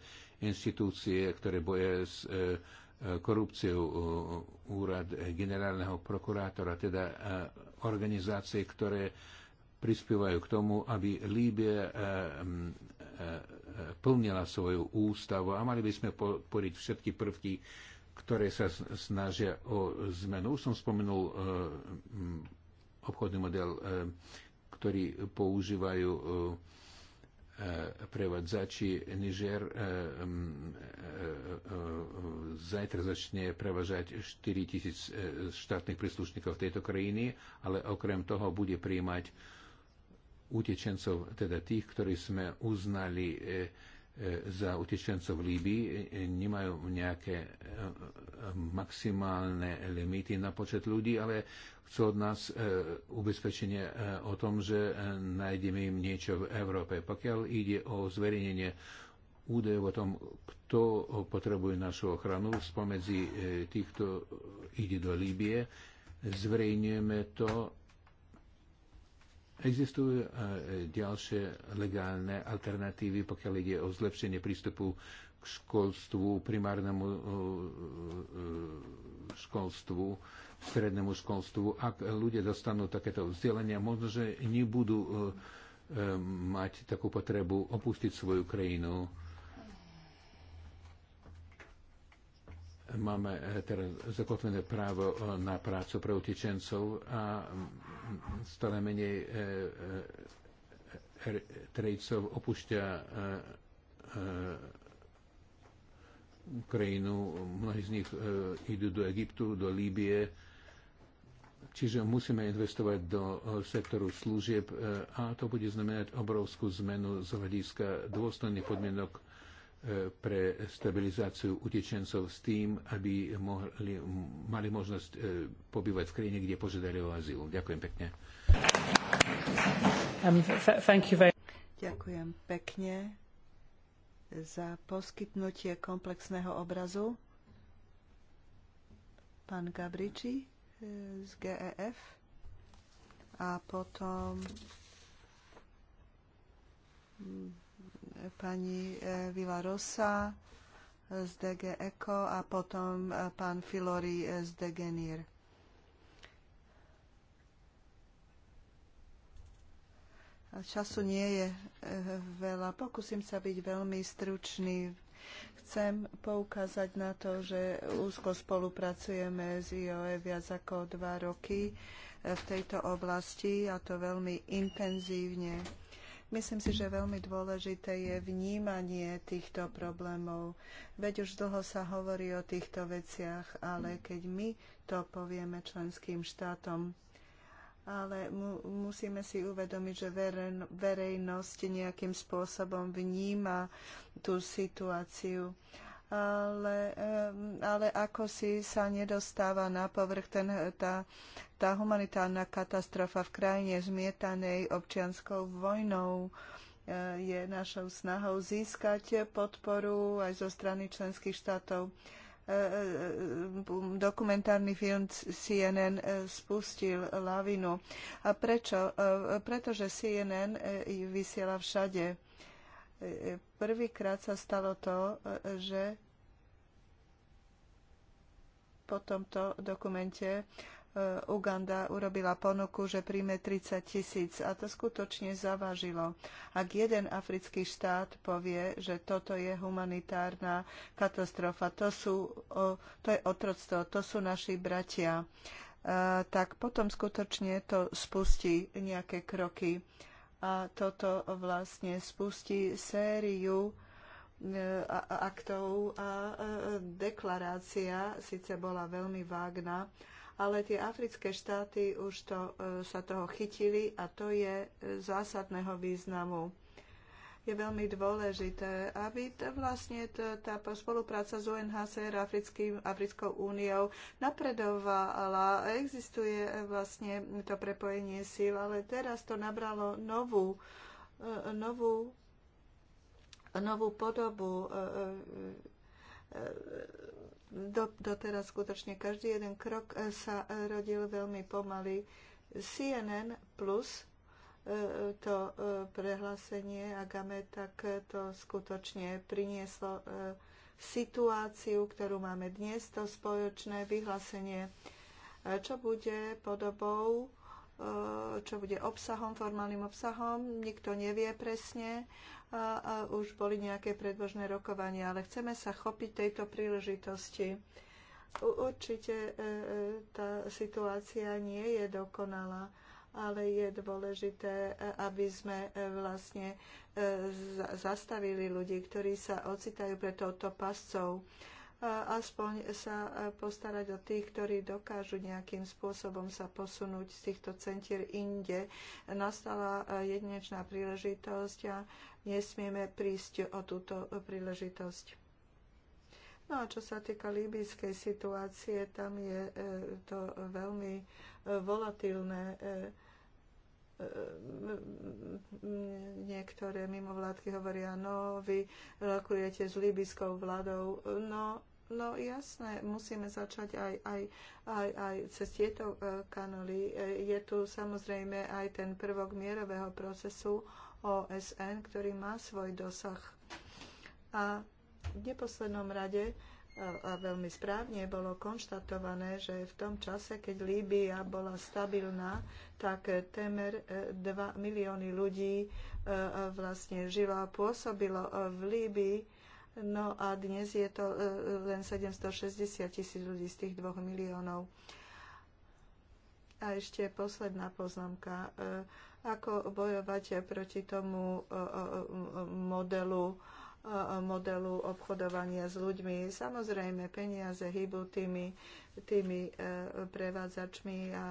inštitúcie, ktoré boje s e, e, korupciou úrad generálneho prokurátora, teda organizácie, ktoré prispievajú k tomu, aby Líbia plnila svoju ústavu a mali by sme podporiť všetky prvky ktoré sa snažia o zmenu. Už som spomenul e, obchodný model, e, ktorý používajú e, prevádzači Niger zajtra začne prevažať 4 tisíc štátnych príslušníkov tejto krajiny, ale okrem toho bude prijímať utečencov, teda tých, ktorí sme uznali E, za utečencov v Líbii e, e, nemajú nejaké maximálne limity na počet ľudí, ale chcú od nás ubezpečenie o tom, že nájdeme im niečo v Európe. Pokiaľ ide o zverejnenie údajov o tom, kto potrebuje našu ochranu, spomedzi kto ide do Líbie, zverejňujeme to Existujú e, ďalšie legálne alternatívy, pokiaľ ide o zlepšenie prístupu k školstvu, primárnemu e, e, školstvu, strednému školstvu. Ak ľudia dostanú takéto vzdelania, možno, že nebudú mať takú potrebu opustiť svoju krajinu. Máme teraz zakotvené právo na prácu pre utečencov a stále menej e, e, e, trejcov opúšťa Ukrajinu, mnohí z nich idú do Egyptu, do Líbie, čiže musíme investovať do sektoru služieb a to bude znamenať obrovskú zmenu z hľadiska dôstojných podmienok pre stabilizáciu utečencov s tým, aby mohli, mali možnosť e, pobývať v krajine, kde požiadali o azyl. Ďakujem pekne. Um, Ďakujem pekne za poskytnutie komplexného obrazu. Pán Gabriči e, z GEF a potom mm, pani e, Vila Rosa z DG ECO a potom e, pán Filori e, z DG NIR. Času nie je veľa. Pokúsim sa byť veľmi stručný. Chcem poukázať na to, že úzko spolupracujeme s IOE viac ako dva roky v tejto oblasti a to veľmi intenzívne Myslím si, že veľmi dôležité je vnímanie týchto problémov. Veď už dlho sa hovorí o týchto veciach, ale keď my to povieme členským štátom, ale mu, musíme si uvedomiť, že verejnosť nejakým spôsobom vníma tú situáciu ale, eh, ale ako si sa nedostáva na povrch ten, tá, tá humanitárna katastrofa v krajine zmietanej občianskou vojnou eh, je našou snahou získať podporu aj zo strany členských štátov. Eh, dokumentárny film CNN spustil lavinu. A prečo? Pretože CNN vysiela všade Prvýkrát sa stalo to, že po tomto dokumente e, Uganda urobila ponuku, že príjme 30 tisíc a to skutočne zavažilo. Ak jeden africký štát povie, že toto je humanitárna katastrofa, to, sú, to je otroctvo, to sú naši bratia, e, tak potom skutočne to spustí nejaké kroky a toto vlastne spustí sériu e, aktov a e, deklarácia síce bola veľmi vágna, ale tie africké štáty už to, e, sa toho chytili a to je zásadného významu je veľmi dôležité, aby to vlastne to, tá spolupráca s UNHCR Africkým, Africkou úniou napredovala. Existuje e, vlastne to prepojenie síl, ale teraz to nabralo novú, e, novú, novú podobu e, do, doteraz skutočne každý jeden krok sa rodil veľmi pomaly. CNN Plus to e, prehlásenie Agame, tak to skutočne prinieslo e, situáciu, ktorú máme dnes, to spoločné vyhlásenie, e, čo bude podobou, čo bude obsahom, formálnym obsahom, nikto nevie presne. A, a už boli nejaké predbožné rokovania, ale chceme sa chopiť tejto príležitosti. Určite tá situácia nie je dokonalá ale je dôležité, e, aby sme e, vlastne e, zastavili ľudí, ktorí sa ocitajú pre touto pascou aspoň sa postarať o tých, ktorí dokážu nejakým spôsobom sa posunúť z týchto centier inde. Nastala jedinečná príležitosť a nesmieme prísť o túto príležitosť. No a čo sa týka líbyjskej situácie, tam je to veľmi volatilné. E, e, niektoré mimovládky hovoria, no vy rokujete s libyskou vládou. No, no jasné, musíme začať aj, aj, aj, aj cez tieto e, kanoly. Je tu samozrejme aj ten prvok mierového procesu OSN, ktorý má svoj dosah. A v neposlednom rade a veľmi správne bolo konštatované, že v tom čase, keď Líbia bola stabilná, tak témer 2 e, milióny ľudí e, vlastne žilo a pôsobilo e, v Líbii. No a dnes je to len 760 tisíc ľudí z tých 2 miliónov. A ešte posledná poznámka. Ako bojovať proti tomu modelu modelu obchodovania s ľuďmi. Samozrejme, peniaze hýbu tými, tými e, prevádzačmi a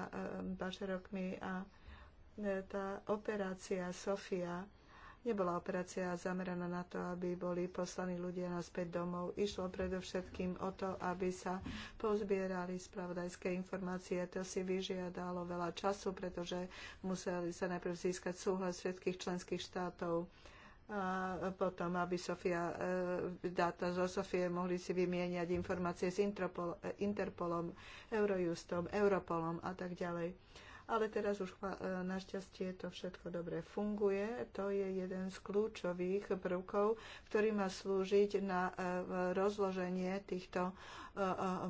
bašerokmi e, a e, tá operácia Sofia nebola operácia zameraná na to, aby boli poslaní ľudia naspäť domov. Išlo predovšetkým o to, aby sa pozbierali spravodajské informácie. To si vyžiadalo veľa času, pretože museli sa najprv získať súhlas všetkých členských štátov a potom, aby Sofia, e, dáta zo Sofie mohli si vymieňať informácie s Interpol, e, Interpolom, Eurojustom, Europolom a tak ďalej. Ale teraz už e, našťastie to všetko dobre funguje. To je jeden z kľúčových prvkov, ktorý má slúžiť na rozloženie týchto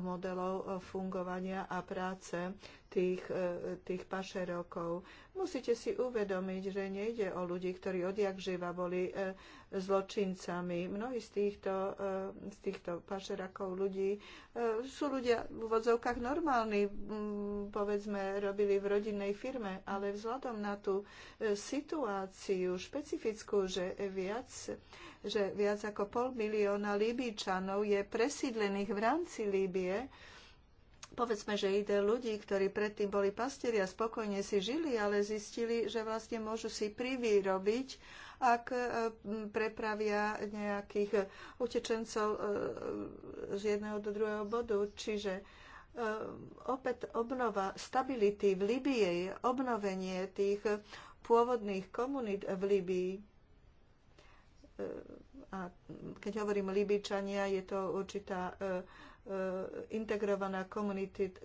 modelov fungovania a práce tých, e, tých pašerokov. Musíte si uvedomiť, že nejde o ľudí, ktorí odjak živa boli e, zločincami. Mnohí z týchto, e, z týchto pašerakov ľudí sú ľudia v úvodzovkách normálni, povedzme, robili v rodinnej firme, ale vzhľadom na tú situáciu špecifickú, že viac že viac ako pol milióna Libíčanov je presídlených v rámci hranici Líbie, povedzme, že ide ľudí, ktorí predtým boli pastieri a spokojne si žili, ale zistili, že vlastne môžu si privýrobiť, ak e, prepravia nejakých e, utečencov e, z jedného do druhého bodu. Čiže opäť obnova stability v Libii, obnovenie tých pôvodných komunít v Libii. A keď hovorím Libičania, je to určitá E, integrovaná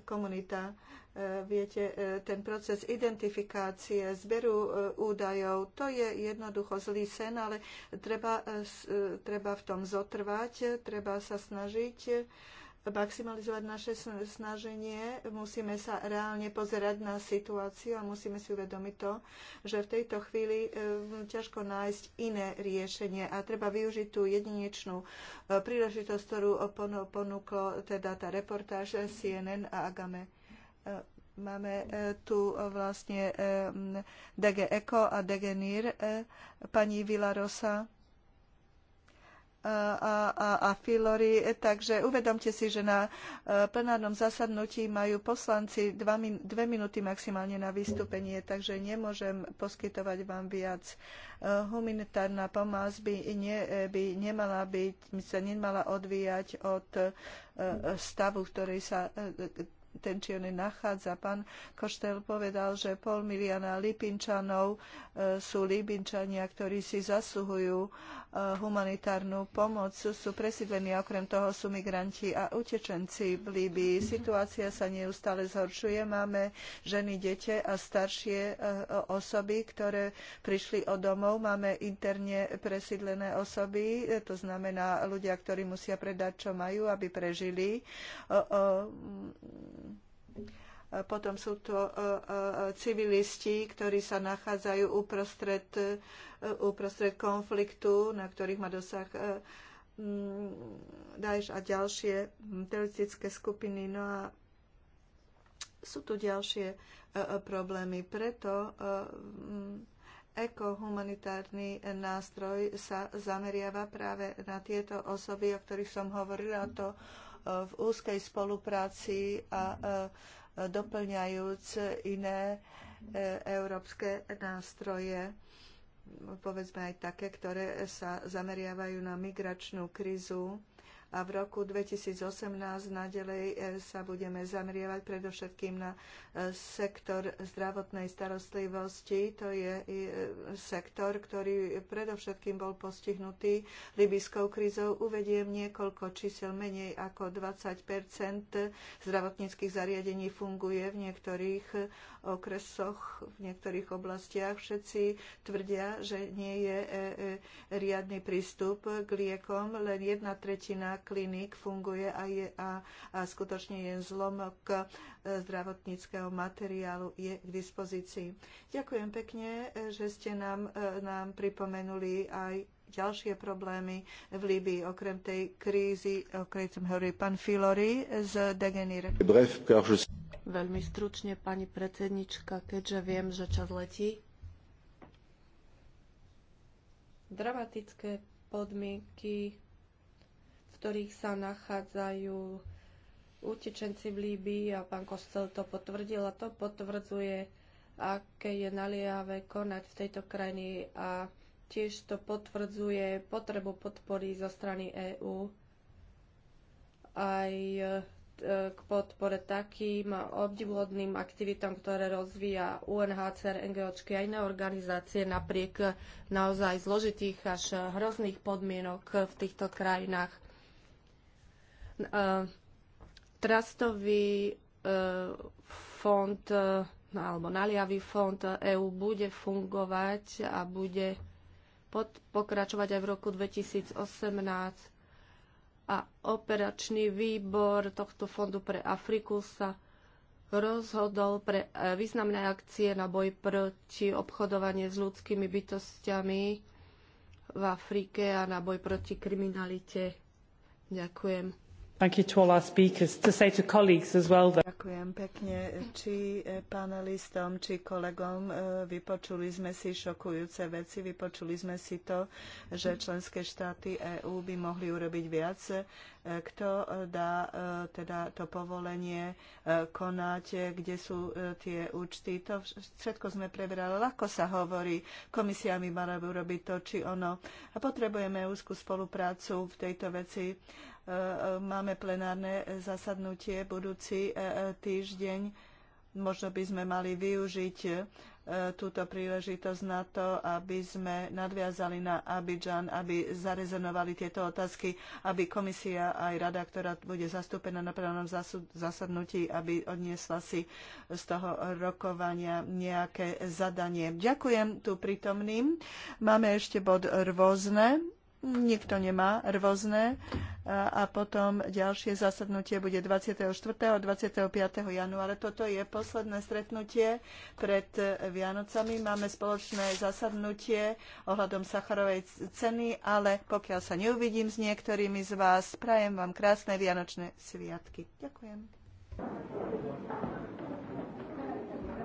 komunita. E, viete, e, ten proces identifikácie, zberu údajov, to je jednoducho zlý sen, ale treba, treba v tom zotrvať, treba sa snažiť maximalizovať naše snaženie, musíme sa reálne pozerať na situáciu a musíme si uvedomiť to, že v tejto chvíli e, ťažko nájsť iné riešenie a treba využiť tú jedinečnú e, príležitosť, ktorú ponúklo teda tá reportáž CNN a Agame e, máme tu vlastne DG Eco a DG NIR, pani Vila Rosa a, a, a Filory. Takže uvedomte si, že na e, plenárnom zasadnutí majú poslanci dva, dve minúty maximálne na vystúpenie, takže nemôžem poskytovať vám viac. E, humanitárna pomoc by, ne, e, by nemala byť, by sa nemala odvíjať od stavu, v ktorej sa ten či oný nachádza. Pán Koštel povedal, že pol milióna Lipinčanov sú Libinčania, ktorí si zasluhujú humanitárnu pomoc sú presídlení, okrem toho sú migranti a utečenci v Líbii. Mhm. Situácia sa neustále zhoršuje. Máme ženy, dete a staršie e, osoby, ktoré prišli od domov. Máme interne presídlené osoby, e, to znamená ľudia, ktorí musia predať, čo majú, aby prežili. O, o, potom sú to e, e, civilisti, ktorí sa nachádzajú uprostred, e, uprostred konfliktu, na ktorých má dosah mm, Daesh a ďalšie teroristické skupiny. No a sú tu ďalšie problémy. Preto mm, ekohumanitárny nástroj sa zameriava práve na tieto osoby, o ktorých som hovorila, to v úzkej spolupráci a doplňajúc iné e, európske nástroje, povedzme aj také, ktoré sa zameriavajú na migračnú krízu a v roku 2018 nadalej e, sa budeme zamrievať predovšetkým na e, sektor zdravotnej starostlivosti. To je e, sektor, ktorý predovšetkým bol postihnutý libyskou krizou. Uvediem niekoľko čísel. Menej ako 20 zdravotníckých zariadení funguje v niektorých okresoch, v niektorých oblastiach. Všetci tvrdia, že nie je e, e, riadny prístup k liekom. Len jedna tretina kliník funguje a, je, a, a skutočne je zlomok e, zdravotníckého materiálu je k dispozícii. Ďakujem pekne, že ste nám, nám pripomenuli aj ďalšie problémy v Líbii, okrem tej krízy, o ktorej som hovoril pán Filori z Degenir. Bref, car je... Veľmi stručne, pani predsednička, keďže viem, že čas letí. Dramatické podmienky, v ktorých sa nachádzajú utečenci v Líbii a pán Kostel to potvrdil a to potvrdzuje, aké je naliehavé konať v tejto krajine a tiež to potvrdzuje potrebu podpory zo strany EÚ aj k podpore takým obdivodným aktivitám, ktoré rozvíja UNHCR, NGOčky a iné organizácie napriek naozaj zložitých až hrozných podmienok v týchto krajinách. E, trastový e, fond e, alebo naliavý fond EÚ bude fungovať a bude pokračovať aj v roku 2018 a operačný výbor tohto fondu pre Afriku sa rozhodol pre e, významné akcie na boj proti obchodovanie s ľudskými bytostiami v Afrike a na boj proti kriminalite. Ďakujem. Ďakujem pekne či e, panelistom, či kolegom. E, vypočuli sme si šokujúce veci, vypočuli sme si to, že členské štáty EÚ by mohli urobiť viac. E, kto dá teda to povolenie konať, kde sú tie účty. To všetko sme preberali. Ľahko sa hovorí, komisia by mala urobiť to či ono. A potrebujeme úzku spoluprácu v tejto veci Máme plenárne zasadnutie budúci e, e, týždeň. Možno by sme mali využiť e, túto príležitosť na to, aby sme nadviazali na Abidžan, aby zarezonovali tieto otázky, aby komisia aj rada, ktorá bude zastúpená na právnom zasadnutí, aby odniesla si z toho rokovania nejaké zadanie. Ďakujem tu prítomným. Máme ešte bod rôzne nikto nemá rôzne. A potom ďalšie zasadnutie bude 24. a 25. januára. Toto je posledné stretnutie pred Vianocami. Máme spoločné zasadnutie ohľadom Sacharovej ceny, ale pokiaľ sa neuvidím s niektorými z vás, prajem vám krásne vianočné sviatky. Ďakujem.